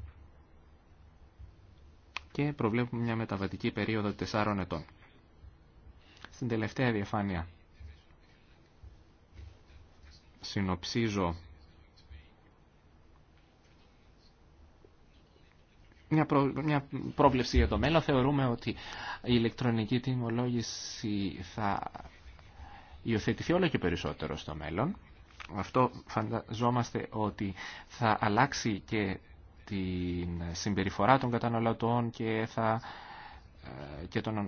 Και προβλέπουμε μια μεταβατική περίοδο 4 ετών. Στην τελευταία διαφάνεια συνοψίζω μια, προ... μια πρόβλεψη για το μέλλον. Θεωρούμε ότι η ηλεκτρονική τιμολόγηση θα υιοθετηθεί όλο και περισσότερο στο μέλλον. Αυτό φανταζόμαστε ότι θα αλλάξει και την συμπεριφορά των καταναλωτών και, θα, ε, και των ε,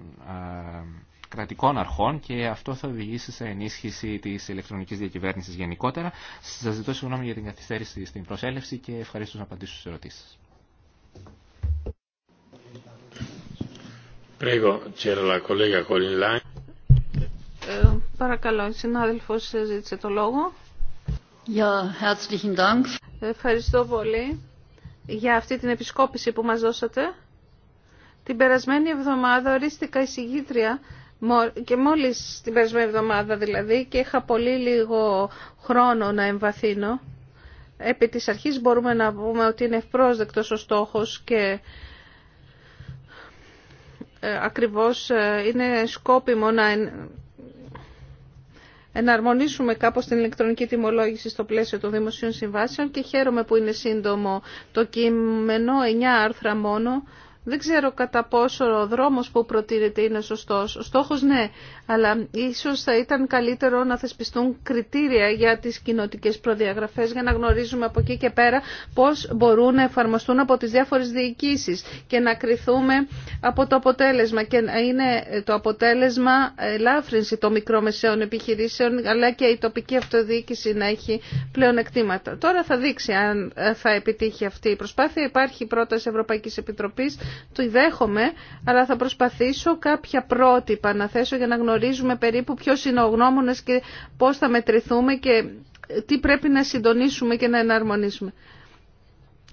κρατικών αρχών και αυτό θα οδηγήσει σε ενίσχυση της ηλεκτρονικής διακυβέρνησης γενικότερα. Σας ζητώ συγγνώμη για την καθυστέρηση στην προσέλευση και ευχαριστώ να απαντήσω στις ερωτήσεις. Ε, παρακαλώ, η συνάδελφος ζήτησε το λόγο. Ευχαριστώ πολύ για αυτή την επισκόπηση που μας δώσατε. Την περασμένη εβδομάδα ορίστηκα εισηγήτρια και μόλις την περασμένη εβδομάδα δηλαδή και είχα πολύ λίγο χρόνο να εμβαθύνω. Επί της αρχής μπορούμε να πούμε ότι είναι ευπρόσδεκτος ο στόχος και ε, ακριβώς ε, είναι σκόπιμο να εναρμονίσουμε κάπως την ηλεκτρονική τιμολόγηση στο πλαίσιο των δημοσίων συμβάσεων και χαίρομαι που είναι σύντομο το κείμενο, 9 άρθρα μόνο. Δεν ξέρω κατά πόσο ο δρόμος που προτείνεται είναι σωστός. Ο στόχος ναι, αλλά ίσως θα ήταν καλύτερο να θεσπιστούν κριτήρια για τις κοινοτικές προδιαγραφές για να γνωρίζουμε από εκεί και πέρα πώς μπορούν να εφαρμοστούν από τις διάφορες διοικήσεις και να κριθούμε από το αποτέλεσμα και να είναι το αποτέλεσμα ελάφρυνση των μικρομεσαίων επιχειρήσεων αλλά και η τοπική αυτοδιοίκηση να έχει πλέον εκτήματα. Τώρα θα δείξει αν θα επιτύχει αυτή η προσπάθεια. Υπάρχει πρόταση Ευρωπαϊκής Επιτροπής, το δέχομαι, αλλά θα προσπαθήσω κάποια πρότυπα να θέσω για να γνωρίσω γνωρίζουμε περίπου ποιο είναι ο γνώμονα και πώ θα μετρηθούμε και τι πρέπει να συντονίσουμε και να εναρμονίσουμε.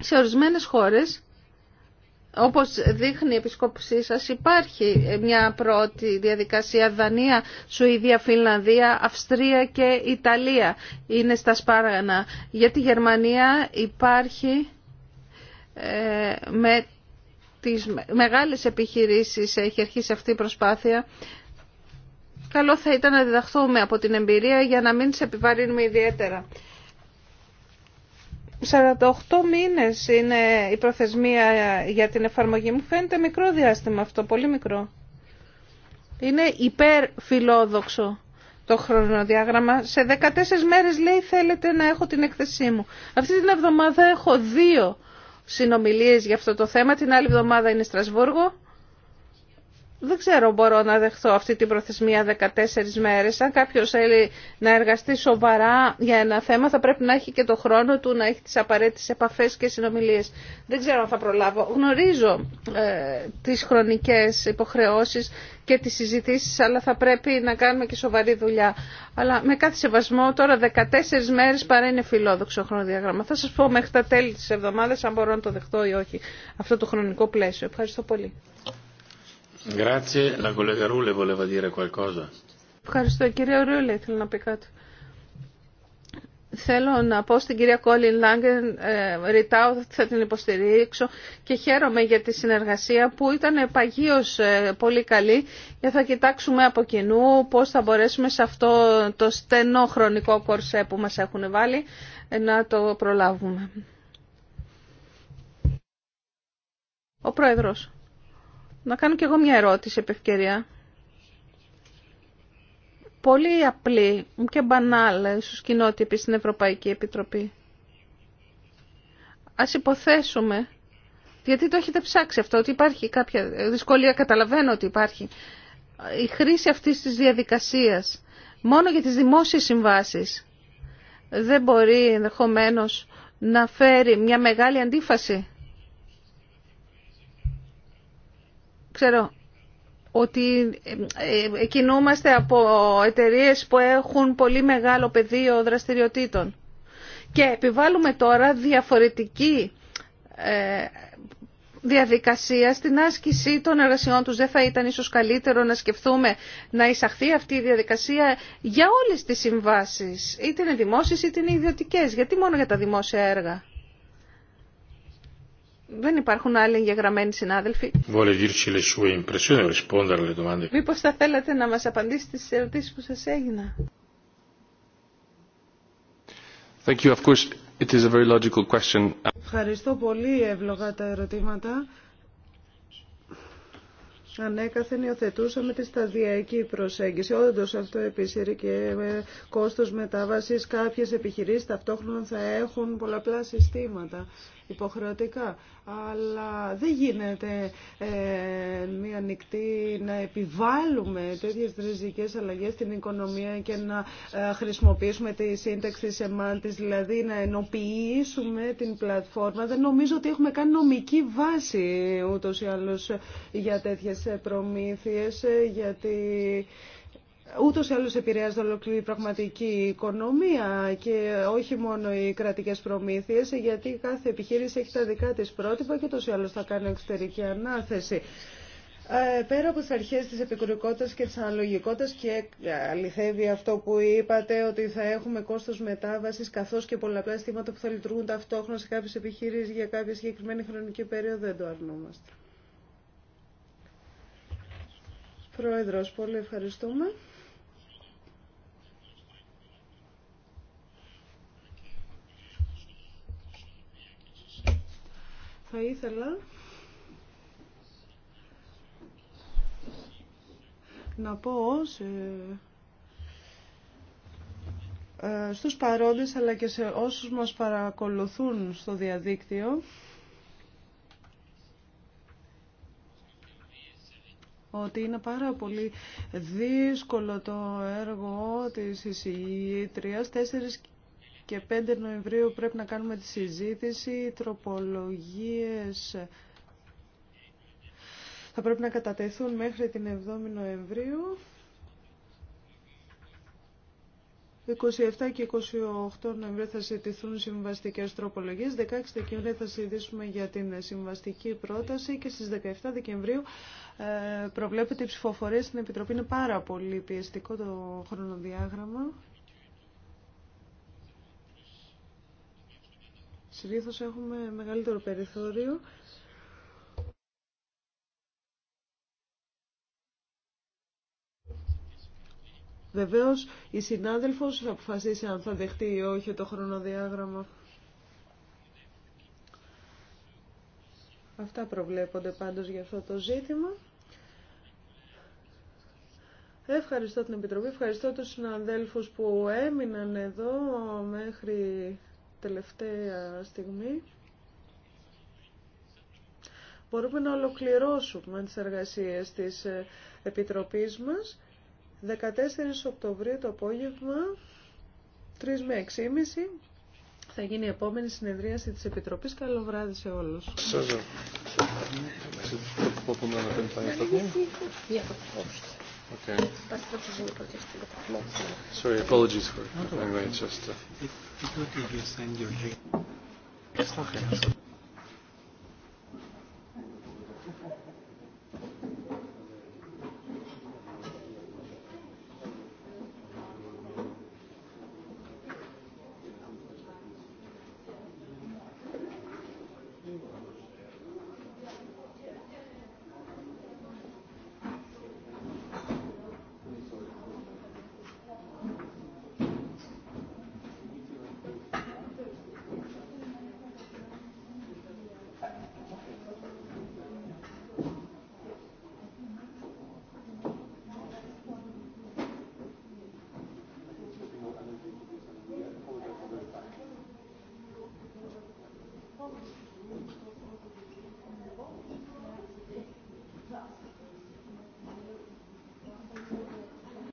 Σε ορισμένες χώρε, όπως δείχνει η επισκόπησή σα, υπάρχει μια πρώτη διαδικασία Δανία, Σουηδία, Φινλανδία, Αυστρία και Ιταλία είναι στα Σπάργανα. Για τη Γερμανία υπάρχει ε, με τις μεγάλες επιχειρήσεις έχει αρχίσει αυτή η προσπάθεια καλό θα ήταν να διδαχθούμε από την εμπειρία για να μην σε επιβαρύνουμε ιδιαίτερα. 48 μήνες είναι η προθεσμία για την εφαρμογή μου. Φαίνεται μικρό διάστημα αυτό, πολύ μικρό. Είναι υπερφιλόδοξο το χρονοδιάγραμμα. Σε 14 μέρες λέει θέλετε να έχω την έκθεσή μου. Αυτή την εβδομάδα έχω δύο συνομιλίες για αυτό το θέμα. Την άλλη εβδομάδα είναι Στρασβούργο δεν ξέρω μπορώ να δεχθώ αυτή την προθεσμία 14 μέρες. Αν κάποιος θέλει να εργαστεί σοβαρά για ένα θέμα θα πρέπει να έχει και το χρόνο του να έχει τις απαραίτητες επαφές και συνομιλίες. Δεν ξέρω αν θα προλάβω. Γνωρίζω ε, τις χρονικές υποχρεώσεις και τις συζητήσεις αλλά θα πρέπει να κάνουμε και σοβαρή δουλειά. Αλλά με κάθε σεβασμό τώρα 14 μέρες παρά είναι φιλόδοξο χρονοδιαγράμμα. Θα σας πω μέχρι τα τέλη της εβδομάδας αν μπορώ να το δεχτώ ή όχι αυτό το χρονικό πλαίσιο. Ευχαριστώ πολύ. Ευχαριστώ. Κυρία Ρούλε, θέλω να πει κάτι. Θέλω να πω στην κυρία Κόλλιν Λάγκεν ε, ρητάω ότι θα την υποστηρίξω και χαίρομαι για τη συνεργασία που ήταν παγίως ε, πολύ καλή και θα κοιτάξουμε από κοινού πώς θα μπορέσουμε σε αυτό το στενό χρονικό κορσέ που μας έχουν βάλει ε, να το προλάβουμε. Ο Πρόεδρος. Να κάνω κι εγώ μια ερώτηση επ' ευκαιρία. Πολύ απλή και μπανάλα ίσως κοινότυπη στην Ευρωπαϊκή Επιτροπή. Ας υποθέσουμε, γιατί το έχετε ψάξει αυτό, ότι υπάρχει κάποια δυσκολία, καταλαβαίνω ότι υπάρχει, η χρήση αυτής της διαδικασίας μόνο για τις δημόσιες συμβάσεις δεν μπορεί ενδεχομένω να φέρει μια μεγάλη αντίφαση Ξέρω ότι ε, ε, κινούμαστε από εταιρείε που έχουν πολύ μεγάλο πεδίο δραστηριοτήτων. Και επιβάλλουμε τώρα διαφορετική ε, διαδικασία στην άσκηση των εργασιών τους. Δεν θα ήταν ίσως καλύτερο να σκεφτούμε να εισαχθεί αυτή η διαδικασία για όλες τις συμβάσεις, είτε είναι δημόσιες είτε είναι ιδιωτικές. Γιατί μόνο για τα δημόσια έργα. Δεν υπάρχουν άλλοι εγγεγραμμένοι συνάδελφοι. Μήπω θα θέλατε να μα απαντήσετε στι ερωτήσει που σα έγινα. Ευχαριστώ πολύ εύλογα τα ερωτήματα. Ανέκαθεν υιοθετούσαμε τη σταδιακή προσέγγιση. Όντω αυτό επισύρει και κόστο κόστος μετάβασης. Κάποιες επιχειρήσεις ταυτόχρονα θα έχουν πολλαπλά συστήματα υποχρεωτικά. Αλλά δεν γίνεται ε, μία νυχτή να επιβάλλουμε τέτοιες ριζικές αλλαγές στην οικονομία και να ε, χρησιμοποιήσουμε τη σύνταξη σε δηλαδή να ενοποιήσουμε την πλατφόρμα. Δεν νομίζω ότι έχουμε καν νομική βάση ούτως ή άλλως για τέτοιες προμήθειες, ε, γιατί ούτω ή άλλω επηρεάζεται ολόκληρη ή αλλω επηρεάζεται ολοκληρή πραγματική οικονομία και όχι μόνο οι κρατικέ προμήθειε. γιατί κάθε επιχείρηση έχει τα δικά τη πρότυπα και ούτω ή άλλω θα κάνει εξωτερική ανάθεση. Ε, πέρα από τις αρχές της επικουρικότητας και της αναλογικότητας και ε, αληθεύει αυτό που είπατε ότι θα έχουμε κόστος μετάβασης καθώς και πολλαπλά αισθήματα που θα λειτουργούν ταυτόχρονα σε κάποιες επιχείρησεις για κάποια συγκεκριμένη χρονική περίοδο δεν το αρνούμαστε. Προέδρο, πολύ ευχαριστούμε. Θα ήθελα να πω σε... Ε, στους παρόντες αλλά και σε όσους μας παρακολουθούν στο διαδίκτυο ότι είναι πάρα πολύ δύσκολο το έργο της εισηγήτριας. Τέσσερις και 5 Νοεμβρίου πρέπει να κάνουμε τη συζήτηση. Οι τροπολογίες θα πρέπει να κατατεθούν μέχρι την 7η Νοεμβρίου. 27 και 28 Νοεμβρίου θα συζητηθούν συμβαστικέ τροπολογίες. 16 Δεκεμβρίου θα συζητήσουμε για την συμβαστική πρόταση και στις 17 Δεκεμβρίου ε, προβλέπεται η ψηφοφορία στην Επιτροπή. Είναι πάρα πολύ πιεστικό το χρονοδιάγραμμα. Συνήθω έχουμε μεγαλύτερο περιθώριο. Βεβαίω, η συναδέλφοι θα αποφασίσει αν θα δεχτεί ή όχι το χρονοδιάγραμμα. Αυτά προβλέπονται πάντως για αυτό το ζήτημα. Ευχαριστώ την Επιτροπή, ευχαριστώ τους συναδέλφους που έμειναν εδώ μέχρι τελευταία στιγμή μπορούμε να ολοκληρώσουμε τις εργασίες της Επιτροπής μας 14 Οκτωβρίου το απόγευμα 3 με 6.30 θα γίνει η επόμενη συνεδρίαση της Επιτροπής. Καλό βράδυ σε όλους. Σας Okay. Sorry, apologies for anyway, it's just. Uh,